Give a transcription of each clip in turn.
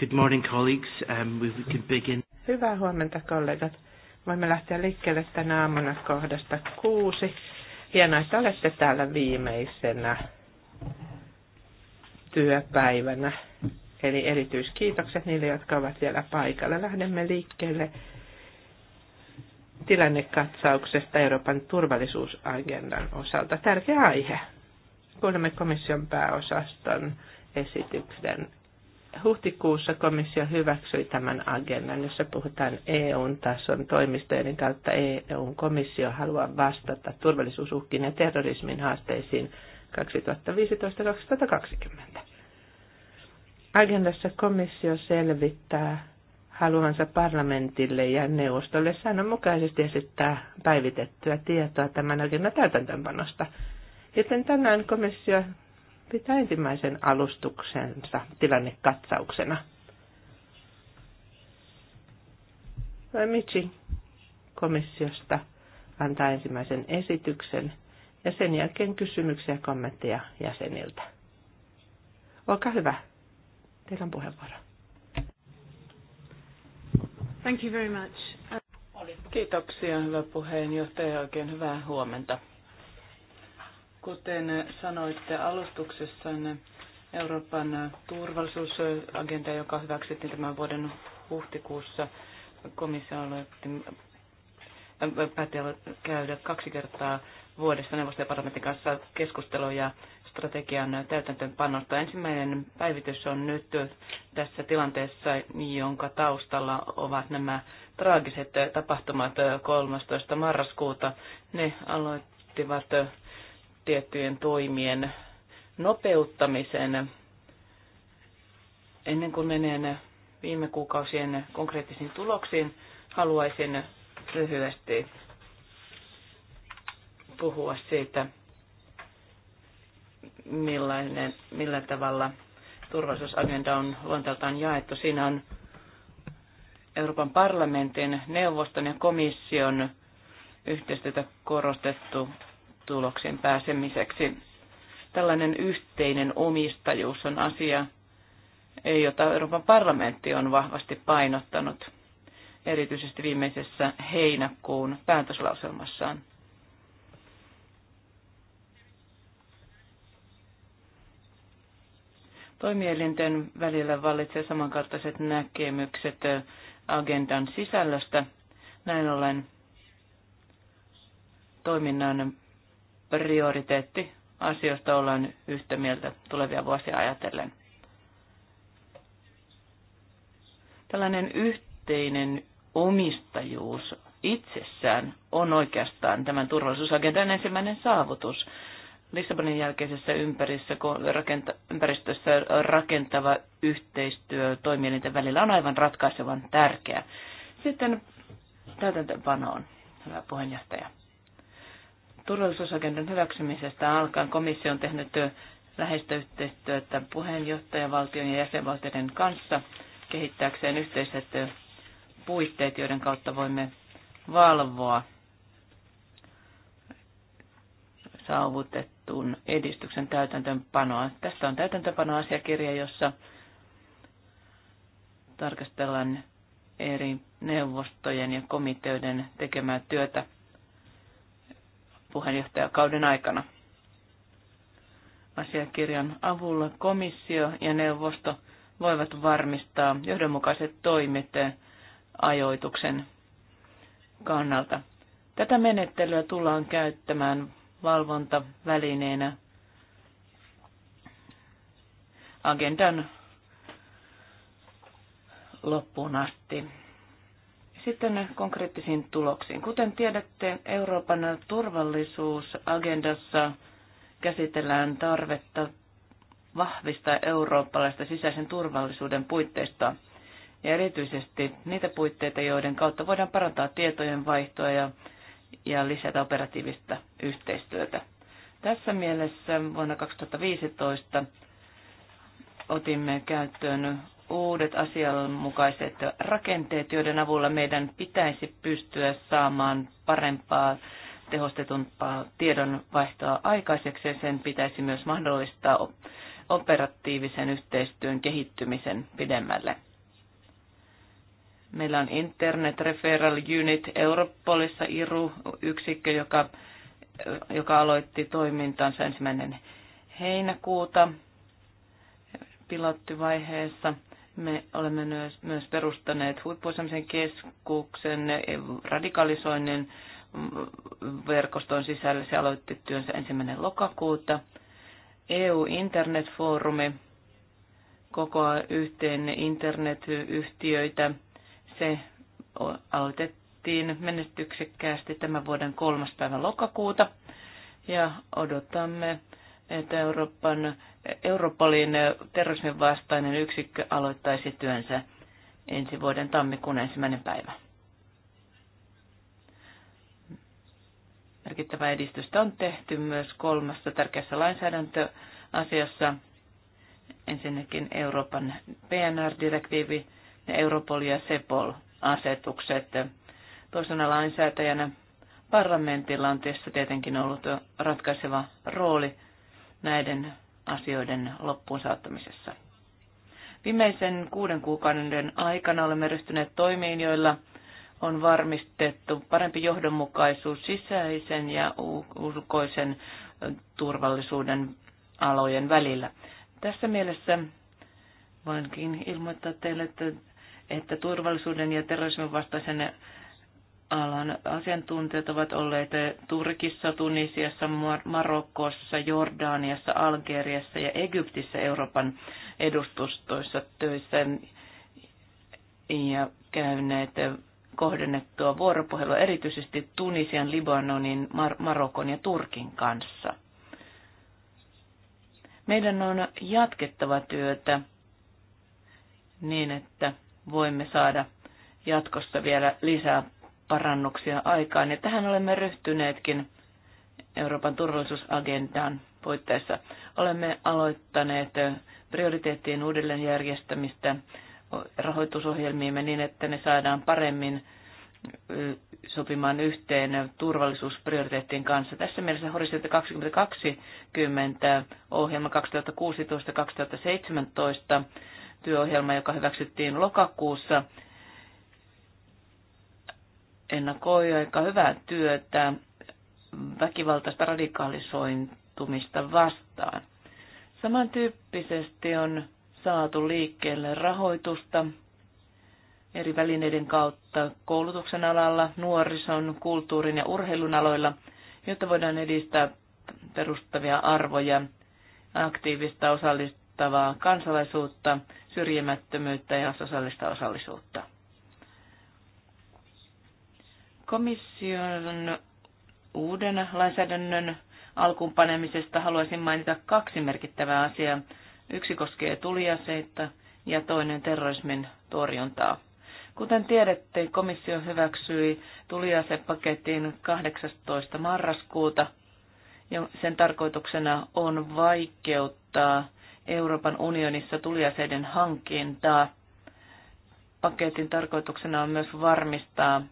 Good morning, colleagues. Um, we, we can begin. Hyvää huomenta, kollegat. Voimme lähteä liikkeelle tänä aamuna kohdasta kuusi. Hienoa, että olette täällä viimeisenä työpäivänä. Eli erityiskiitokset niille, jotka ovat vielä paikalla. Lähdemme liikkeelle tilannekatsauksesta Euroopan turvallisuusagendan osalta. Tärkeä aihe. Kuulemme komission pääosaston esityksen Huhtikuussa komissio hyväksyi tämän agendan, jossa puhutaan EU-tason toimistojen kautta EU-komissio haluaa vastata turvallisuusuhkiin ja terrorismin haasteisiin 2015-2020. Agendassa komissio selvittää haluansa parlamentille ja neuvostolle säännönmukaisesti esittää päivitettyä tietoa tämän agendan täytäntöönpanosta. Joten tänään komissio pitää ensimmäisen alustuksensa tilannekatsauksena. Mitsi komissiosta antaa ensimmäisen esityksen ja sen jälkeen kysymyksiä ja kommentteja jäseniltä. Olkaa hyvä. Teillä on puheenvuoro. Thank you very much. Kiitoksia, hyvä puheenjohtaja. Oikein hyvää huomenta. Kuten sanoitte alustuksessanne, Euroopan turvallisuusagenda, joka hyväksyttiin tämän vuoden huhtikuussa, komissio aloitti äh, päätellä käydä kaksi kertaa vuodessa neuvoston ja parlamentin kanssa keskusteluja strategian täytäntöönpanosta. Ensimmäinen päivitys on nyt tässä tilanteessa, jonka taustalla ovat nämä traagiset tapahtumat 13. marraskuuta. Ne aloittivat tiettyjen toimien nopeuttamisen. Ennen kuin menen viime kuukausien konkreettisiin tuloksiin, haluaisin lyhyesti puhua siitä, millainen, millä tavalla turvallisuusagenda on luonteeltaan jaettu. Siinä on Euroopan parlamentin, neuvoston ja komission yhteistyötä korostettu tuloksiin pääsemiseksi. Tällainen yhteinen omistajuus on asia, jota Euroopan parlamentti on vahvasti painottanut, erityisesti viimeisessä heinäkuun päätöslauselmassaan. Toimielinten välillä vallitsee samankaltaiset näkemykset agendan sisällöstä. Näin ollen toiminnan prioriteetti asioista ollaan yhtä mieltä tulevia vuosia ajatellen. Tällainen yhteinen omistajuus itsessään on oikeastaan tämän turvallisuusagendan ensimmäinen saavutus. Lissabonin jälkeisessä ympäristössä rakentava yhteistyö toimielinten välillä on aivan ratkaisevan tärkeä. Sitten on hyvä puheenjohtaja turvallisuusagendan hyväksymisestä alkaen komissio on tehnyt lähestöyhteistyötä puheenjohtajavaltion ja jäsenvaltioiden kanssa kehittääkseen yhteiset puitteet, joiden kautta voimme valvoa saavutettuun edistyksen täytäntöönpanoa. Tässä on täytäntöpanoasiakirja, jossa tarkastellaan eri neuvostojen ja komiteoiden tekemää työtä puheenjohtajakauden aikana. Asiakirjan avulla komissio ja neuvosto voivat varmistaa johdonmukaiset toimet ajoituksen kannalta. Tätä menettelyä tullaan käyttämään valvontavälineenä agendan loppuun asti. Sitten konkreettisiin tuloksiin. Kuten tiedätte, Euroopan turvallisuusagendassa käsitellään tarvetta vahvistaa eurooppalaista sisäisen turvallisuuden puitteista ja erityisesti niitä puitteita, joiden kautta voidaan parantaa tietojen vaihtoa ja, ja lisätä operatiivista yhteistyötä. Tässä mielessä vuonna 2015 otimme käyttöön uudet asianmukaiset rakenteet, joiden avulla meidän pitäisi pystyä saamaan parempaa tehostetumpaa tiedonvaihtoa aikaiseksi ja sen pitäisi myös mahdollistaa operatiivisen yhteistyön kehittymisen pidemmälle. Meillä on Internet Referral Unit Europolissa IRU-yksikkö, joka, joka aloitti toimintansa ensimmäinen heinäkuuta pilottivaiheessa. Me olemme myös, myös perustaneet huippuosaamisen keskuksen radikalisoinnin verkoston sisällä. Se aloitti työnsä ensimmäinen lokakuuta. EU-internetfoorumi kokoaa yhteen internetyhtiöitä. Se aloitettiin menestyksekkäästi tämän vuoden kolmas päivä lokakuuta ja odotamme että Euroopan, Euroopan terrorismin vastainen yksikkö aloittaisi työnsä ensi vuoden tammikuun ensimmäinen päivä. Merkittävää edistystä on tehty myös kolmassa tärkeässä lainsäädäntöasiassa. Ensinnäkin Euroopan PNR-direktiivi ja Europol ja CEPOL-asetukset. Toisena lainsäätäjänä parlamentilla on tietenkin ollut ratkaiseva rooli – näiden asioiden loppuun saattamisessa. Viimeisen kuuden kuukauden aikana olemme ryhtyneet toimiin, joilla on varmistettu parempi johdonmukaisuus sisäisen ja ulkoisen turvallisuuden alojen välillä. Tässä mielessä voinkin ilmoittaa teille, että, että turvallisuuden ja terrorismin vastaisen alan asiantuntijat ovat olleet Turkissa, Tunisiassa, Marokossa, Jordaniassa, Algeriassa ja Egyptissä Euroopan edustustoissa töissä ja käyneet kohdennettua vuoropuhelua erityisesti Tunisian, Libanonin, Mar- Marokon ja Turkin kanssa. Meidän on jatkettava työtä niin, että voimme saada jatkossa vielä lisää parannuksia aikaan. Ja tähän olemme ryhtyneetkin Euroopan turvallisuusagendan puitteissa. Olemme aloittaneet prioriteettien uudelleenjärjestämistä rahoitusohjelmiimme niin, että ne saadaan paremmin sopimaan yhteen turvallisuusprioriteettien kanssa. Tässä mielessä Horisontti 2020 ohjelma 2016-2017 työohjelma, joka hyväksyttiin lokakuussa, ennakoi aika hyvää työtä väkivaltaista radikaalisointumista vastaan. Samantyyppisesti on saatu liikkeelle rahoitusta eri välineiden kautta koulutuksen alalla, nuorison, kulttuurin ja urheilun aloilla, jotta voidaan edistää perustavia arvoja, aktiivista osallistavaa kansalaisuutta, syrjimättömyyttä ja sosiaalista osallisuutta. Komission uuden lainsäädännön alkuunpanemisesta haluaisin mainita kaksi merkittävää asiaa. Yksi koskee tuliaseita ja toinen terrorismin torjuntaa. Kuten tiedätte, komissio hyväksyi tuliasepaketin 18. marraskuuta. Ja sen tarkoituksena on vaikeuttaa Euroopan unionissa tuliaseiden hankintaa. Paketin tarkoituksena on myös varmistaa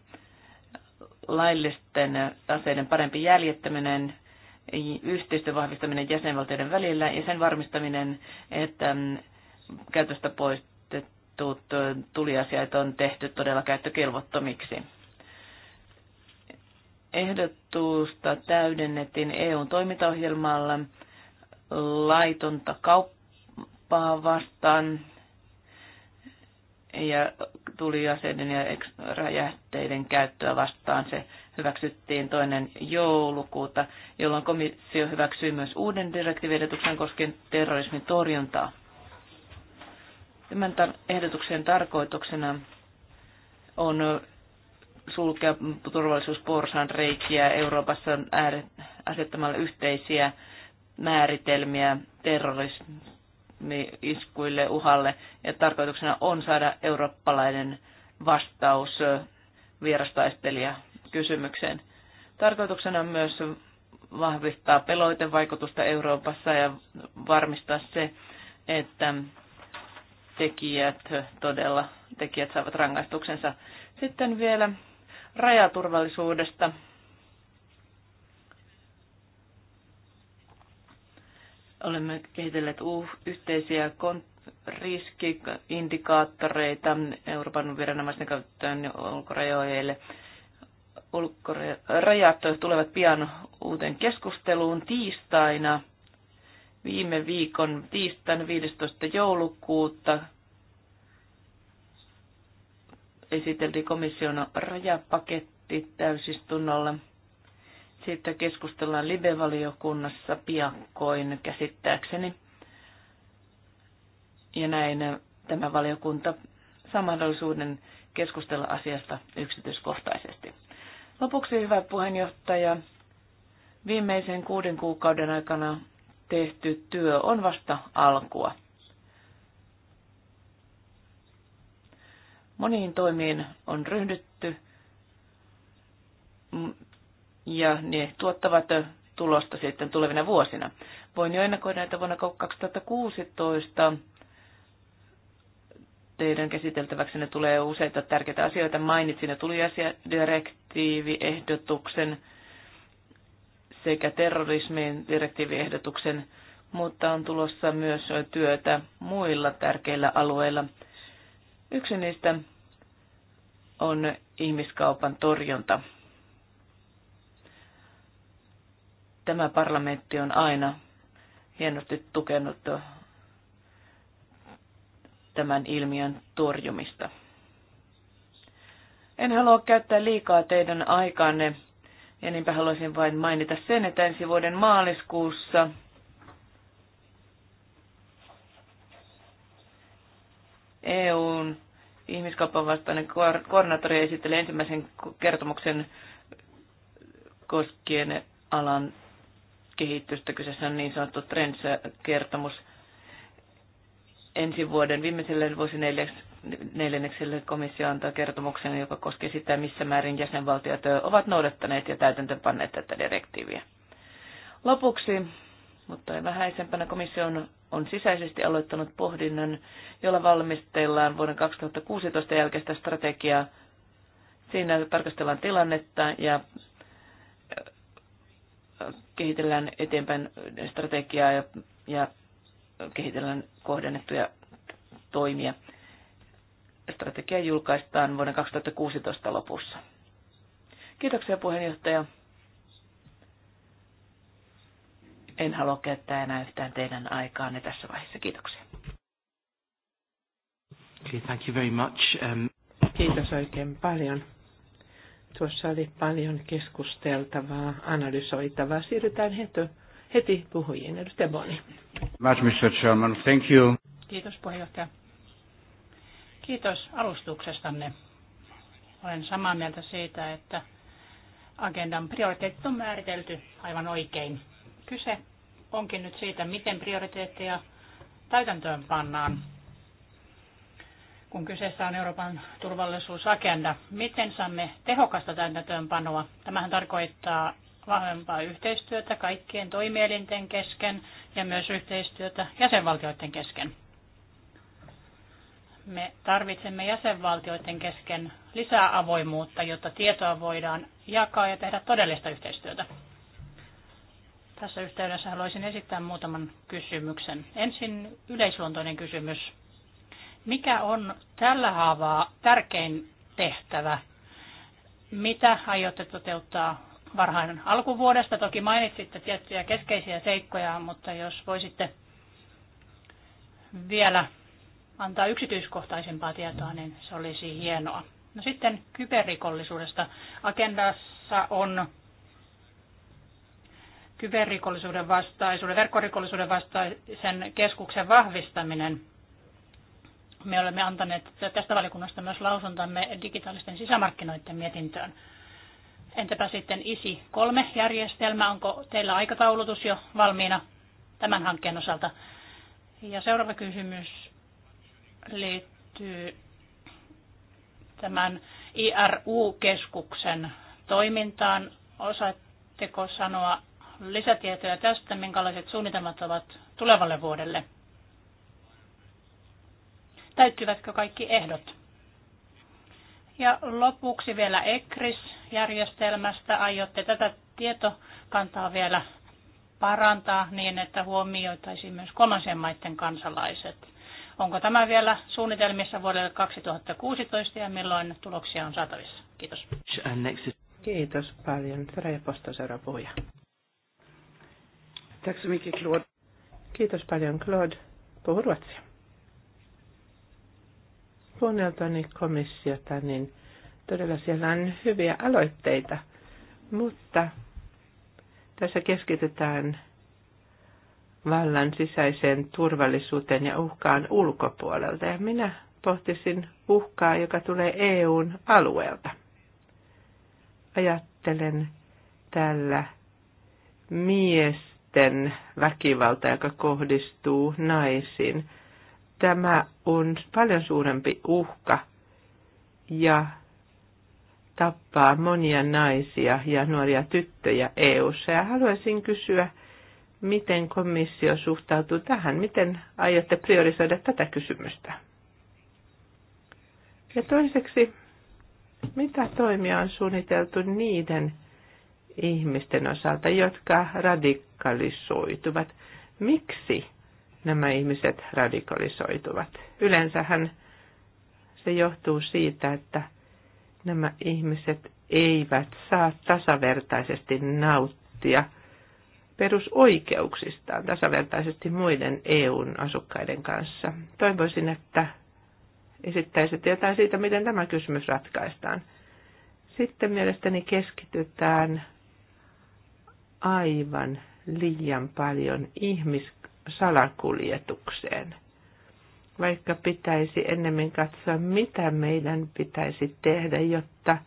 laillisten aseiden parempi jäljittäminen, yhteistyön vahvistaminen jäsenvaltioiden välillä ja sen varmistaminen, että mm, käytöstä poistetut tuliasiat on tehty todella käyttökelvottomiksi. Ehdotusta täydennettiin EUn toimintaohjelmalla laitonta kauppaa vastaan ja tuliaseiden ja räjähteiden käyttöä vastaan. Se hyväksyttiin toinen joulukuuta, jolloin komissio hyväksyi myös uuden direktiiviehdotuksen koskien terrorismin torjuntaa. Tämän ehdotuksen tarkoituksena on sulkea turvallisuusporsan reikiä Euroopassa asettamalla yhteisiä määritelmiä terrorismin terrorismi-iskuille, uhalle, ja tarkoituksena on saada eurooppalainen vastaus vierastaistelija kysymykseen. Tarkoituksena on myös vahvistaa vaikutusta Euroopassa ja varmistaa se, että tekijät todella, tekijät saavat rangaistuksensa. Sitten vielä rajaturvallisuudesta Olemme kehitelleet yhteisiä riskiindikaattoreita Euroopan viranomaisten käyttöön ulkorajoille. Ulkorajat tulevat pian uuteen keskusteluun tiistaina, viime viikon tiistaina 15. joulukuuta esiteltiin komission rajapaketti täysistunnolla. Siitä keskustellaan live-valiokunnassa piakkoin käsittääkseni. Ja näin tämä valiokunta saa mahdollisuuden keskustella asiasta yksityiskohtaisesti. Lopuksi, hyvä puheenjohtaja, viimeisen kuuden kuukauden aikana tehty työ on vasta alkua. Moniin toimiin on ryhdytty ja ne tuottavat tulosta sitten tulevina vuosina. Voin jo ennakoida, että vuonna 2016 teidän ne tulee useita tärkeitä asioita. Mainitsin jo tuliasiadirektiiviehdotuksen sekä terrorismin direktiiviehdotuksen, mutta on tulossa myös työtä muilla tärkeillä alueilla. Yksi niistä on ihmiskaupan torjunta. Tämä parlamentti on aina hienosti tukenut tämän ilmiön torjumista. En halua käyttää liikaa teidän aikaanne, ja niinpä haluaisin vain mainita sen, että ensi vuoden maaliskuussa EUn ihmiskaupan vastainen koordinaattori esittelee ensimmäisen kertomuksen koskien alan kehitystä. Kyseessä on niin sanottu Trends-kertomus. Ensi vuoden viimeiselle neljännekselle komissio antaa kertomuksen, joka koskee sitä, missä määrin jäsenvaltiot ovat noudattaneet ja täytäntöönpanneet tätä direktiiviä. Lopuksi, mutta ei vähäisempänä, komissio on, on sisäisesti aloittanut pohdinnan, jolla valmistellaan vuoden 2016 jälkeistä strategiaa. Siinä tarkastellaan tilannetta ja kehitellään eteenpäin strategiaa ja, ja kehitellään kohdennettuja toimia. Strategia julkaistaan vuoden 2016 lopussa. Kiitoksia puheenjohtaja. En halua käyttää enää yhtään teidän aikaanne tässä vaiheessa. Kiitoksia. Okay, thank you very much. Um... Kiitos oikein paljon. Tuossa oli paljon keskusteltavaa, analysoitavaa. Siirrytään heti, heti puhujiin. Edustaja Boni. Mr. Chairman. Thank you. Kiitos puheenjohtaja. Kiitos alustuksestanne. Olen samaa mieltä siitä, että agendan prioriteetit on määritelty aivan oikein. Kyse onkin nyt siitä, miten prioriteetteja täytäntöön pannaan kun kyseessä on Euroopan turvallisuusagenda. Miten saamme tehokasta täytäntöönpanoa? Tämähän tarkoittaa vahvempaa yhteistyötä kaikkien toimielinten kesken ja myös yhteistyötä jäsenvaltioiden kesken. Me tarvitsemme jäsenvaltioiden kesken lisää avoimuutta, jotta tietoa voidaan jakaa ja tehdä todellista yhteistyötä. Tässä yhteydessä haluaisin esittää muutaman kysymyksen. Ensin yleisluontoinen kysymys mikä on tällä haavaa tärkein tehtävä? Mitä aiotte toteuttaa varhain alkuvuodesta? Toki mainitsitte tiettyjä keskeisiä seikkoja, mutta jos voisitte vielä antaa yksityiskohtaisempaa tietoa, niin se olisi hienoa. No sitten kyberrikollisuudesta. Agendassa on kyberrikollisuuden vastaisuuden, verkkorikollisuuden vastaisen keskuksen vahvistaminen. Me olemme antaneet tästä valikunnasta myös lausuntamme digitaalisten sisämarkkinoiden mietintöön. Entäpä sitten ISI 3 järjestelmä, onko teillä aikataulutus jo valmiina tämän hankkeen osalta? Ja seuraava kysymys liittyy tämän IRU-keskuksen toimintaan. Osaatteko sanoa lisätietoja tästä, minkälaiset suunnitelmat ovat tulevalle vuodelle? täyttyvätkö kaikki ehdot. Ja lopuksi vielä ECRIS-järjestelmästä. Aiotte tätä tietokantaa vielä parantaa niin, että huomioitaisiin myös kolmansien maiden kansalaiset. Onko tämä vielä suunnitelmissa vuodelle 2016 ja milloin tuloksia on saatavissa? Kiitos. Kiitos paljon. Terve Posto, seuraava Kiitos paljon Claude. Puhu ruotsia kuunneltani komissiota, niin todella siellä on hyviä aloitteita, mutta tässä keskitytään vallan sisäiseen turvallisuuteen ja uhkaan ulkopuolelta. Ja minä pohtisin uhkaa, joka tulee EUn alueelta. Ajattelen tällä miesten väkivalta, joka kohdistuu naisiin tämä on paljon suurempi uhka ja tappaa monia naisia ja nuoria tyttöjä EU:ssa. Ja haluaisin kysyä, miten komissio suhtautuu tähän, miten aiotte priorisoida tätä kysymystä. Ja toiseksi, mitä toimia on suunniteltu niiden ihmisten osalta, jotka radikalisoituvat? Miksi nämä ihmiset radikalisoituvat. Yleensähän se johtuu siitä, että nämä ihmiset eivät saa tasavertaisesti nauttia perusoikeuksistaan tasavertaisesti muiden EUn asukkaiden kanssa. Toivoisin, että esittäisitte jotain siitä, miten tämä kysymys ratkaistaan. Sitten mielestäni keskitytään aivan liian paljon ihmis- salakuljetukseen, vaikka pitäisi ennemmin katsoa, mitä meidän pitäisi tehdä, jotta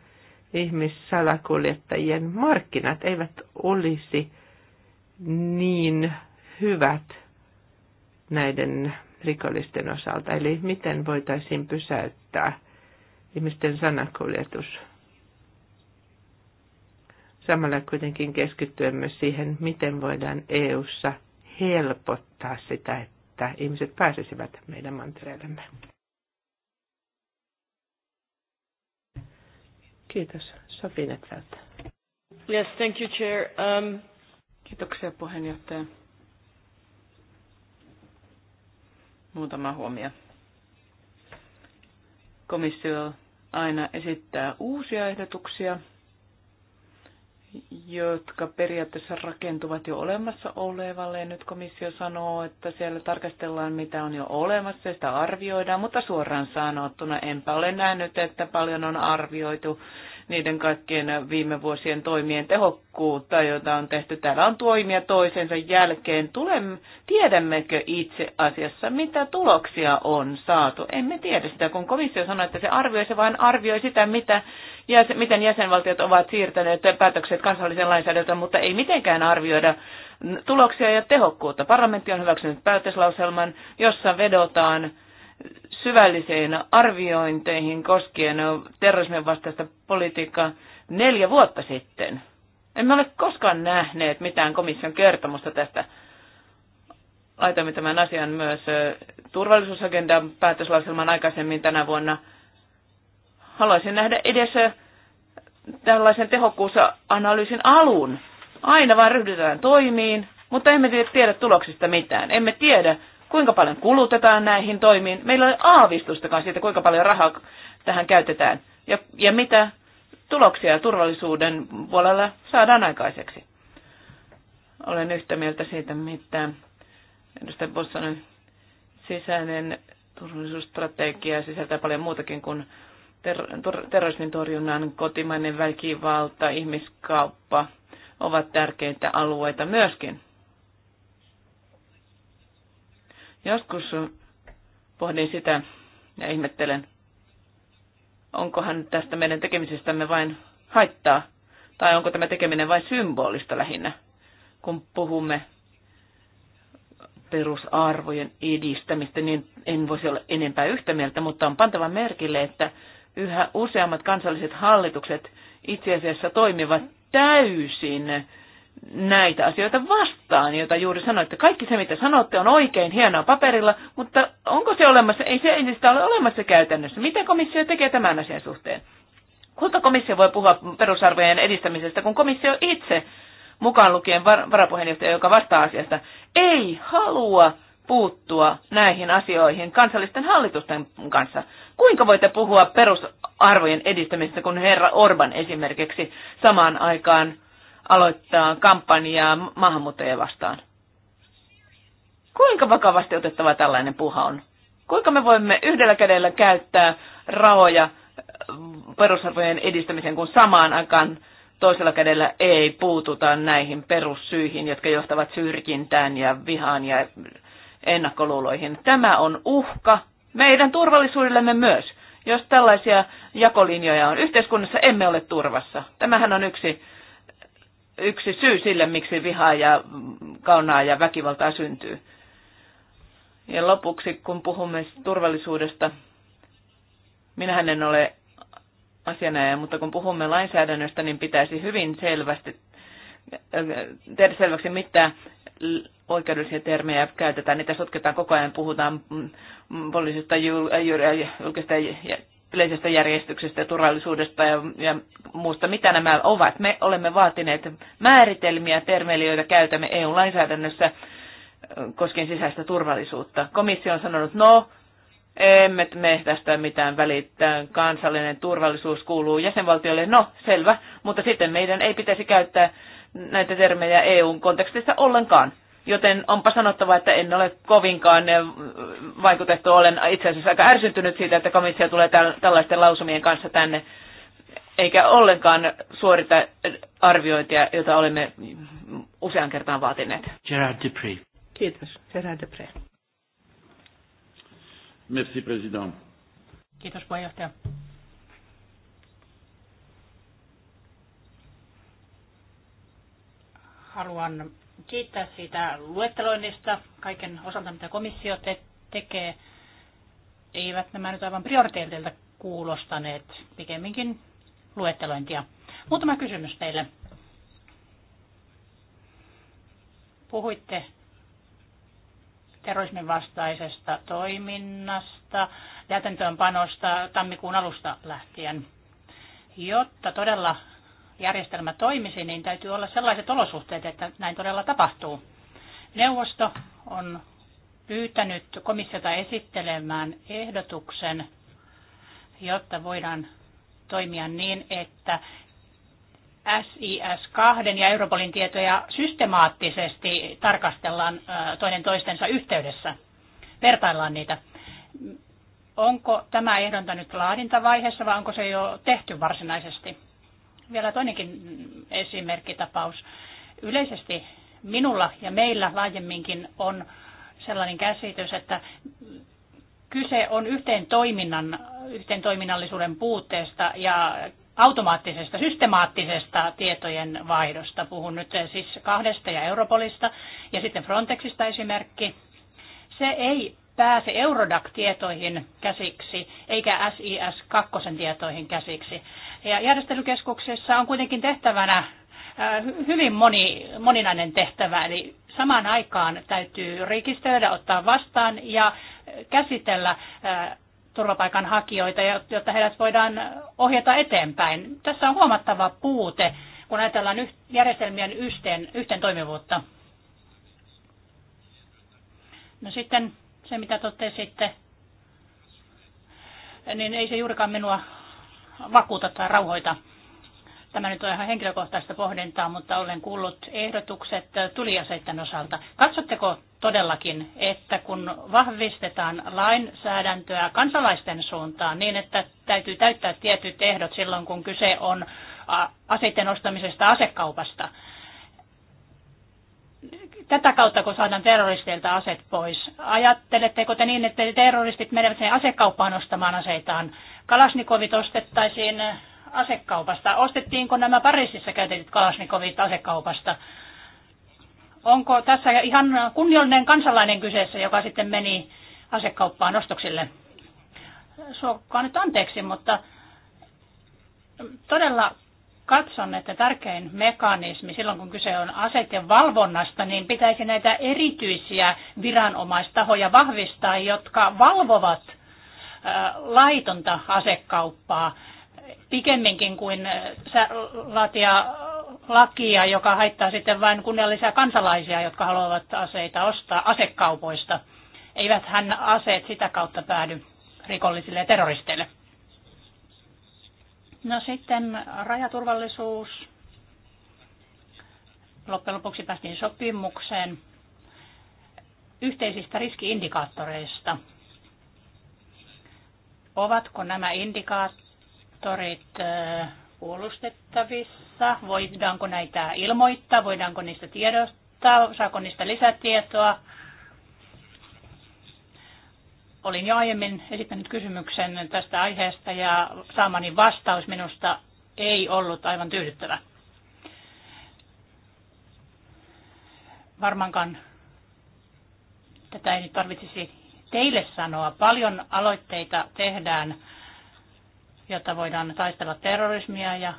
ihmissalakuljettajien markkinat eivät olisi niin hyvät näiden rikollisten osalta. Eli miten voitaisiin pysäyttää ihmisten sanakuljetus samalla kuitenkin keskittyen myös siihen, miten voidaan EU:ssa helpottaa sitä, että ihmiset pääsisivät meidän mantereellemme. Kiitos. Sofi Netfeltä. Yes, thank you, Chair. Um, kiitoksia puheenjohtaja. Muutama huomio. Komissio aina esittää uusia ehdotuksia – jotka periaatteessa rakentuvat jo olemassa olevalle. Ja nyt komissio sanoo, että siellä tarkastellaan mitä on jo olemassa ja sitä arvioidaan, mutta suoraan sanottuna enpä ole nähnyt, että paljon on arvioitu niiden kaikkien viime vuosien toimien tehokkuutta, joita on tehty. Täällä on toimia toisensa jälkeen. tulem, tiedämmekö itse asiassa, mitä tuloksia on saatu? Emme tiedä sitä, kun komissio sanoi, että se arvioi, se vain arvioi sitä, mitä ja se, miten jäsenvaltiot ovat siirtäneet päätökset kansalliseen lainsäädäntöön, mutta ei mitenkään arvioida tuloksia ja tehokkuutta. Parlamentti on hyväksynyt päätöslauselman, jossa vedotaan syvälliseen arviointeihin koskien terrorismin vastaista politiikkaa neljä vuotta sitten. Emme ole koskaan nähneet mitään komission kertomusta tästä. Laitoimme tämän asian myös turvallisuusagendan päätöslauselman aikaisemmin tänä vuonna – Haluaisin nähdä edes tällaisen tehokkuusanalyysin alun. Aina vaan ryhdytään toimiin, mutta emme tiedä tuloksista mitään. Emme tiedä, kuinka paljon kulutetaan näihin toimiin. Meillä ei aavistustakaan siitä, kuinka paljon rahaa tähän käytetään ja, ja mitä tuloksia turvallisuuden puolella saadaan aikaiseksi. Olen yhtä mieltä siitä, mitä edustaja Bossonen sisäinen turvallisuusstrategia sisältää paljon muutakin kuin ter- terrorismin torjunnan kotimainen väkivalta, ihmiskauppa ovat tärkeitä alueita myöskin. Joskus pohdin sitä ja ihmettelen, onkohan tästä meidän tekemisestämme vain haittaa, tai onko tämä tekeminen vain symbolista lähinnä, kun puhumme perusarvojen edistämistä, niin en voisi olla enempää yhtä mieltä, mutta on pantava merkille, että yhä useammat kansalliset hallitukset itse asiassa toimivat täysin näitä asioita vastaan, joita juuri sanoitte. Kaikki se, mitä sanotte, on oikein hienoa paperilla, mutta onko se olemassa? Ei se ei sitä ole olemassa käytännössä. Mitä komissio tekee tämän asian suhteen? Kuinka komissio voi puhua perusarvojen edistämisestä, kun komissio itse, mukaan lukien var- varapuheenjohtaja, joka vastaa asiasta, ei halua puuttua näihin asioihin kansallisten hallitusten kanssa. Kuinka voitte puhua perusarvojen edistämisestä, kun herra Orban esimerkiksi samaan aikaan aloittaa kampanjaa maahanmuuttajia vastaan? Kuinka vakavasti otettava tällainen puha on? Kuinka me voimme yhdellä kädellä käyttää rahoja mm, perusarvojen edistämiseen, kun samaan aikaan toisella kädellä ei puututa näihin perussyihin, jotka johtavat syrjintään ja vihaan ja ennakkoluuloihin. Tämä on uhka meidän turvallisuudellemme myös. Jos tällaisia jakolinjoja on yhteiskunnassa, emme ole turvassa. Tämähän on yksi, yksi syy sille, miksi vihaa ja kaunaa ja väkivaltaa syntyy. Ja lopuksi, kun puhumme turvallisuudesta, minähän en ole asianajaja, mutta kun puhumme lainsäädännöstä, niin pitäisi hyvin selvästi tehdä selväksi, mitä oikeudellisia termejä käytetään, niitä sotketaan koko ajan, puhutaan mm, mm, poliisista, äh, äh, julkista yleisestä järjestyksestä ja turvallisuudesta ja, ja muusta, mitä nämä ovat. Me olemme vaatineet määritelmiä, termejä, joita käytämme EU-lainsäädännössä äh, koskien sisäistä turvallisuutta. Komissio on sanonut, no, emme me tästä mitään välittää. Kansallinen turvallisuus kuuluu jäsenvaltioille. No, selvä. Mutta sitten meidän ei pitäisi käyttää näitä termejä EUn kontekstissa ollenkaan. Joten onpa sanottava, että en ole kovinkaan eh, vaikutettu. Olen itse asiassa aika ärsyntynyt siitä, että komissio tulee tällaisten lausumien kanssa tänne, eikä ollenkaan suorita arviointia, jota olemme usean kertaan vaatineet. Gerard Dupré. Kiitos. Gerard Dupré. Merci, Président. Kiitos, puheenjohtaja. Haluan kiittää siitä luetteloinnista kaiken osalta, mitä komissio te- tekee. Eivät nämä nyt aivan prioriteetilta kuulostaneet, pikemminkin luettelointia. Muutama kysymys teille. Puhuitte terrorismin vastaisesta toiminnasta, panosta tammikuun alusta lähtien. Jotta todella järjestelmä toimisi, niin täytyy olla sellaiset olosuhteet, että näin todella tapahtuu. Neuvosto on pyytänyt komissiota esittelemään ehdotuksen, jotta voidaan toimia niin, että SIS2 ja Europolin tietoja systemaattisesti tarkastellaan toinen toistensa yhteydessä, vertaillaan niitä. Onko tämä ehdonta nyt laadintavaiheessa vai onko se jo tehty varsinaisesti? vielä toinenkin esimerkkitapaus. Yleisesti minulla ja meillä laajemminkin on sellainen käsitys, että kyse on yhteen, toiminnan, yhteen toiminnallisuuden puutteesta ja automaattisesta, systemaattisesta tietojen vaihdosta. Puhun nyt siis kahdesta ja Europolista ja sitten Frontexista esimerkki. Se ei pääse Eurodac-tietoihin käsiksi eikä SIS-2 tietoihin käsiksi. Ja järjestelykeskuksessa on kuitenkin tehtävänä äh, hyvin moni, moninainen tehtävä, eli samaan aikaan täytyy rekisteröidä, ottaa vastaan ja käsitellä äh, turvapaikanhakijoita, jotta heidät voidaan ohjata eteenpäin. Tässä on huomattava puute, kun ajatellaan järjestelmien yhteen, yhteen toimivuutta. No sitten se, mitä totesitte, niin ei se juurikaan minua vakuuta tai rauhoita. Tämä nyt on ihan henkilökohtaista pohdintaa, mutta olen kuullut ehdotukset tuliaseiden osalta. Katsotteko todellakin, että kun vahvistetaan lainsäädäntöä kansalaisten suuntaan niin, että täytyy täyttää tietyt ehdot silloin, kun kyse on aseiden ostamisesta asekaupasta, tätä kautta, kun saadaan terroristeilta aset pois, ajatteletteko te niin, että terroristit menevät sen asekauppaan ostamaan aseitaan Kalasnikovit ostettaisiin eh, asekaupasta. Ostettiinko nämä Pariisissa käytetyt kalasnikovit asekaupasta? Onko tässä ihan kunniollinen kansalainen kyseessä, joka sitten meni asekauppaan ostoksille? Suokkaan nyt anteeksi, mutta todella katson, että tärkein mekanismi silloin, kun kyse on aseiden valvonnasta, niin pitäisi näitä erityisiä viranomaistahoja vahvistaa, jotka valvovat laitonta asekauppaa pikemminkin kuin laatia lakia, joka haittaa sitten vain kunniallisia kansalaisia, jotka haluavat aseita ostaa asekaupoista. Eivät hän aseet sitä kautta päädy rikollisille ja terroristeille. No sitten rajaturvallisuus. Loppujen lopuksi päästiin sopimukseen yhteisistä riskiindikaattoreista – Ovatko nämä indikaattorit puolustettavissa? Voidaanko näitä ilmoittaa? Voidaanko niistä tiedottaa? Saako niistä lisätietoa? Olin jo aiemmin esittänyt kysymyksen tästä aiheesta ja saamani vastaus minusta ei ollut aivan tyydyttävä. Varmaankaan tätä ei nyt tarvitsisi teille sanoa. Paljon aloitteita tehdään, jotta voidaan taistella terrorismia ja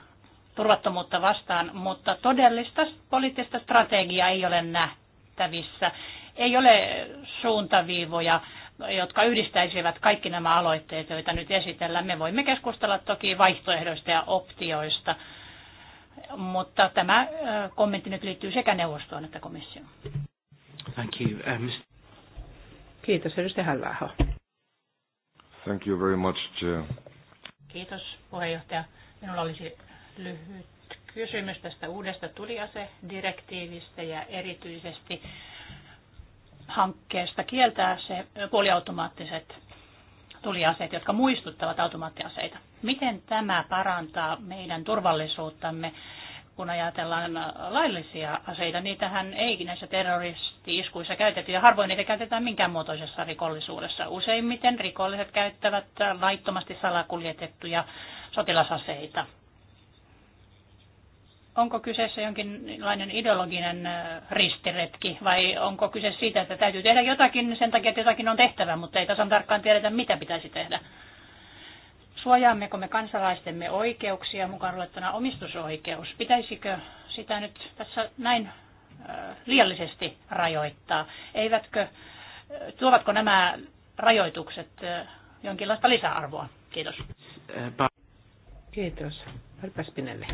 turvattomuutta vastaan, mutta todellista poliittista strategiaa ei ole nähtävissä. Ei ole suuntaviivoja, jotka yhdistäisivät kaikki nämä aloitteet, joita nyt esitellään. Me voimme keskustella toki vaihtoehdoista ja optioista, mutta tämä kommentti nyt liittyy sekä neuvostoon että komissioon. Thank you. Um... Kiitos, edustaja halla Thank you very much, Chair. Kiitos, puheenjohtaja. Minulla olisi lyhyt kysymys tästä uudesta tuliasedirektiivistä ja erityisesti hankkeesta kieltää se puoliautomaattiset tuliaseet, jotka muistuttavat automaattiaseita. Miten tämä parantaa meidän turvallisuuttamme kun ajatellaan laillisia aseita, niitähän ei näissä terroristi-iskuissa käytetty ja harvoin niitä käytetään minkään muotoisessa rikollisuudessa. Useimmiten rikolliset käyttävät laittomasti salakuljetettuja sotilasaseita. Onko kyseessä jonkinlainen ideologinen ristiretki vai onko kyse siitä, että täytyy tehdä jotakin sen takia, että jotakin on tehtävä, mutta ei tasan tarkkaan tiedetä, mitä pitäisi tehdä? Suojaammeko me kansalaistemme oikeuksia, mukaan luettuna omistusoikeus? Pitäisikö sitä nyt tässä näin äh, liiallisesti rajoittaa? Eivätkö, äh, tuovatko nämä rajoitukset äh, jonkinlaista lisäarvoa? Kiitos. Kiitos. Alpa Spinelli.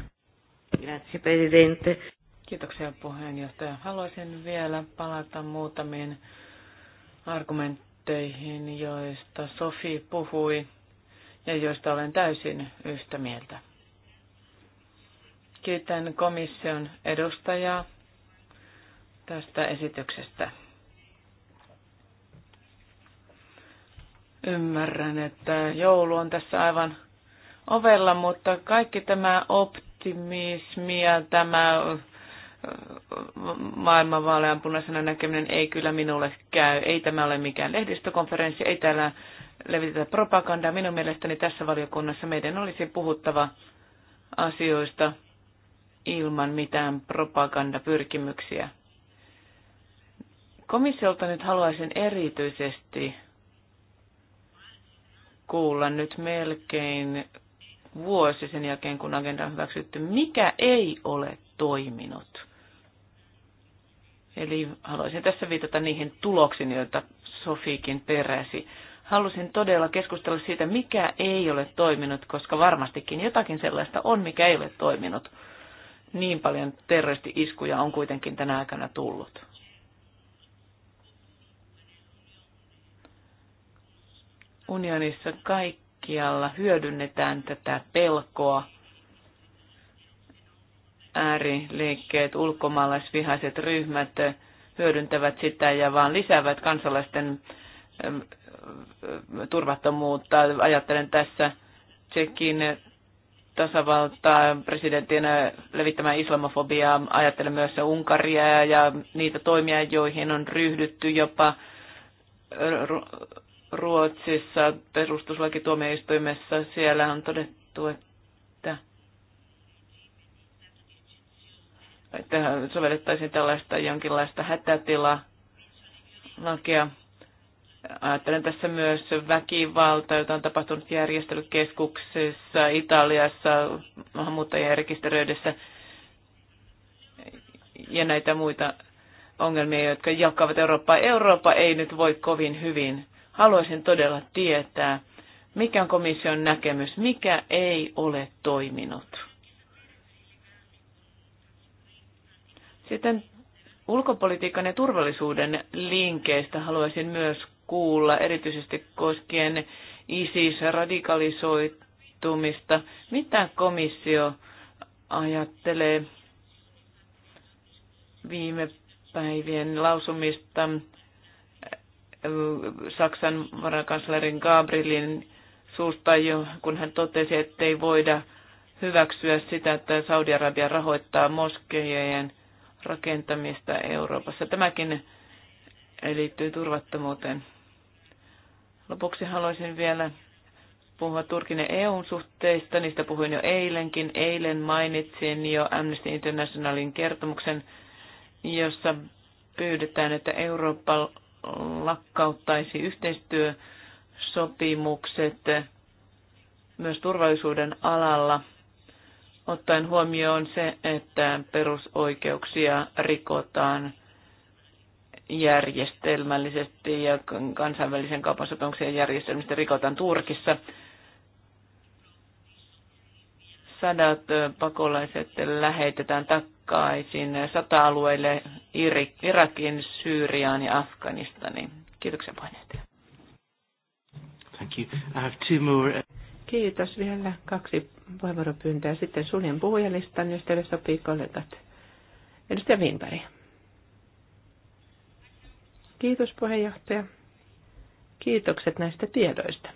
Grazie, Presidente. Kiitoksia puheenjohtaja. Haluaisin vielä palata muutamiin argumentteihin, joista Sofi puhui ja joista olen täysin yhtä mieltä. Kiitän komission edustajaa tästä esityksestä. Ymmärrän, että joulu on tässä aivan ovella, mutta kaikki tämä optimismi ja tämä maailman vaaleanpunaisena näkeminen ei kyllä minulle käy. Ei tämä ole mikään lehdistökonferenssi, ei täällä levitetä propagandaa. Minun mielestäni tässä valiokunnassa meidän olisi puhuttava asioista ilman mitään propagandapyrkimyksiä. Komissiolta nyt haluaisin erityisesti kuulla nyt melkein vuosi sen jälkeen, kun agenda on hyväksytty, mikä ei ole toiminut. Eli haluaisin tässä viitata niihin tuloksiin, joita Sofiikin peräsi halusin todella keskustella siitä, mikä ei ole toiminut, koska varmastikin jotakin sellaista on, mikä ei ole toiminut. Niin paljon terroristi-iskuja on kuitenkin tänä aikana tullut. Unionissa kaikkialla hyödynnetään tätä pelkoa. Ääriliikkeet, ulkomaalaisvihaiset ryhmät hyödyntävät sitä ja vaan lisäävät kansalaisten turvattomuutta. Ajattelen tässä Tsekin tasavaltaa presidentin levittämään islamofobiaa. Ajattelen myös Unkaria ja niitä toimia, joihin on ryhdytty jopa Ruotsissa perustuslakituomioistuimessa. Siellä on todettu, että, että sovellettaisiin tällaista jonkinlaista hätätilaa lakia. Ajattelen tässä myös väkivaltaa, jota on tapahtunut järjestelykeskuksessa Italiassa, maahanmuuttajien rekisteröidessä ja näitä muita ongelmia, jotka jakavat Eurooppaa. Eurooppa ei nyt voi kovin hyvin. Haluaisin todella tietää, mikä on komission näkemys, mikä ei ole toiminut. Sitten ulkopolitiikan ja turvallisuuden linkeistä haluaisin myös kuulla, erityisesti koskien ISIS-radikalisoitumista. Mitä komissio ajattelee viime päivien lausumista äh, Saksan varakanslerin Gabrielin suusta, kun hän totesi, ettei voida hyväksyä sitä, että Saudi-Arabia rahoittaa moskeijojen rakentamista Euroopassa. Tämäkin liittyy turvattomuuteen. Lopuksi haluaisin vielä puhua Turkin ja EUn suhteista. Niistä puhuin jo eilenkin. Eilen mainitsin jo Amnesty Internationalin kertomuksen, jossa pyydetään, että Eurooppa lakkauttaisi yhteistyösopimukset myös turvallisuuden alalla, ottaen huomioon se, että perusoikeuksia rikotaan järjestelmällisesti ja kansainvälisen kaupan järjestelmistä rikotaan Turkissa. Sadat pakolaiset lähetetään takaisin sata-alueille Irakin, Syyriaan ja Afganistaniin. Kiitoksia puheenjohtaja. Thank you. I have two more. Uh, Kiitos. Vielä kaksi puheenvuoropyyntöä. Sitten suljen puhujalistan, jos teille sopii kollegat. Edustaja Winberg. Kiitos puheenjohtaja. Kiitokset näistä tiedoista.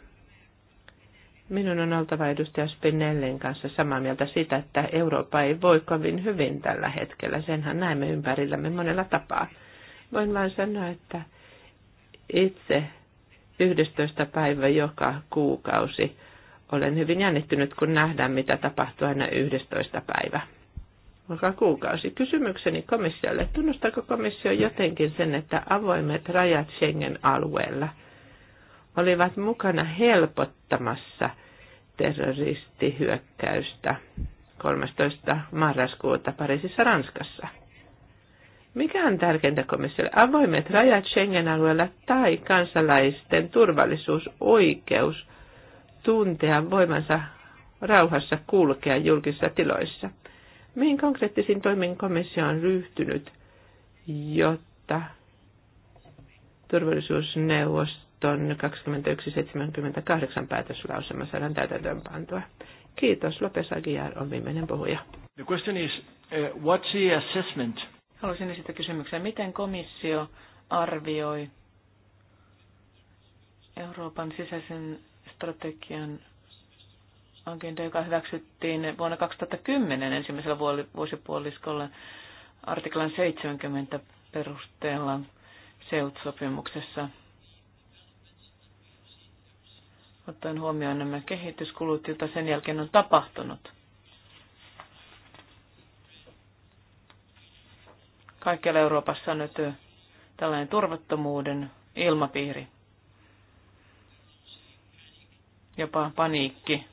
Minun on oltava edustaja Spinellin kanssa samaa mieltä sitä, että Eurooppa ei voi kovin hyvin tällä hetkellä. Senhän näemme ympärillämme monella tapaa. Voin vain sanoa, että itse 11. päivä joka kuukausi olen hyvin jännittynyt, kun nähdään, mitä tapahtuu aina 11. päivä joka kuukausi. Kysymykseni komissiolle, tunnustaako komissio jotenkin sen, että avoimet rajat Schengen-alueella olivat mukana helpottamassa terroristihyökkäystä 13. marraskuuta Pariisissa Ranskassa? Mikä on tärkeintä komissiolle? Avoimet rajat Schengen-alueella tai kansalaisten turvallisuus, oikeus tuntea voimansa rauhassa kulkea julkisissa tiloissa – Mihin konkreettisiin toimiin komissio on ryhtynyt, jotta turvallisuusneuvoston 2178 päätöslauselma saadaan täytäntöön pantua? Kiitos. Lopes Aguiar on viimeinen puhuja. The question is, uh, what's the assessment? Haluaisin esittää kysymyksen, miten komissio arvioi Euroopan sisäisen strategian agenda, joka hyväksyttiin vuonna 2010 ensimmäisellä vuosipuoliskolla artiklan 70 perusteella SEUT-sopimuksessa. Ottaen huomioon nämä kehityskulut, joita sen jälkeen on tapahtunut. Kaikkialla Euroopassa on nyt tällainen turvattomuuden ilmapiiri. Jopa paniikki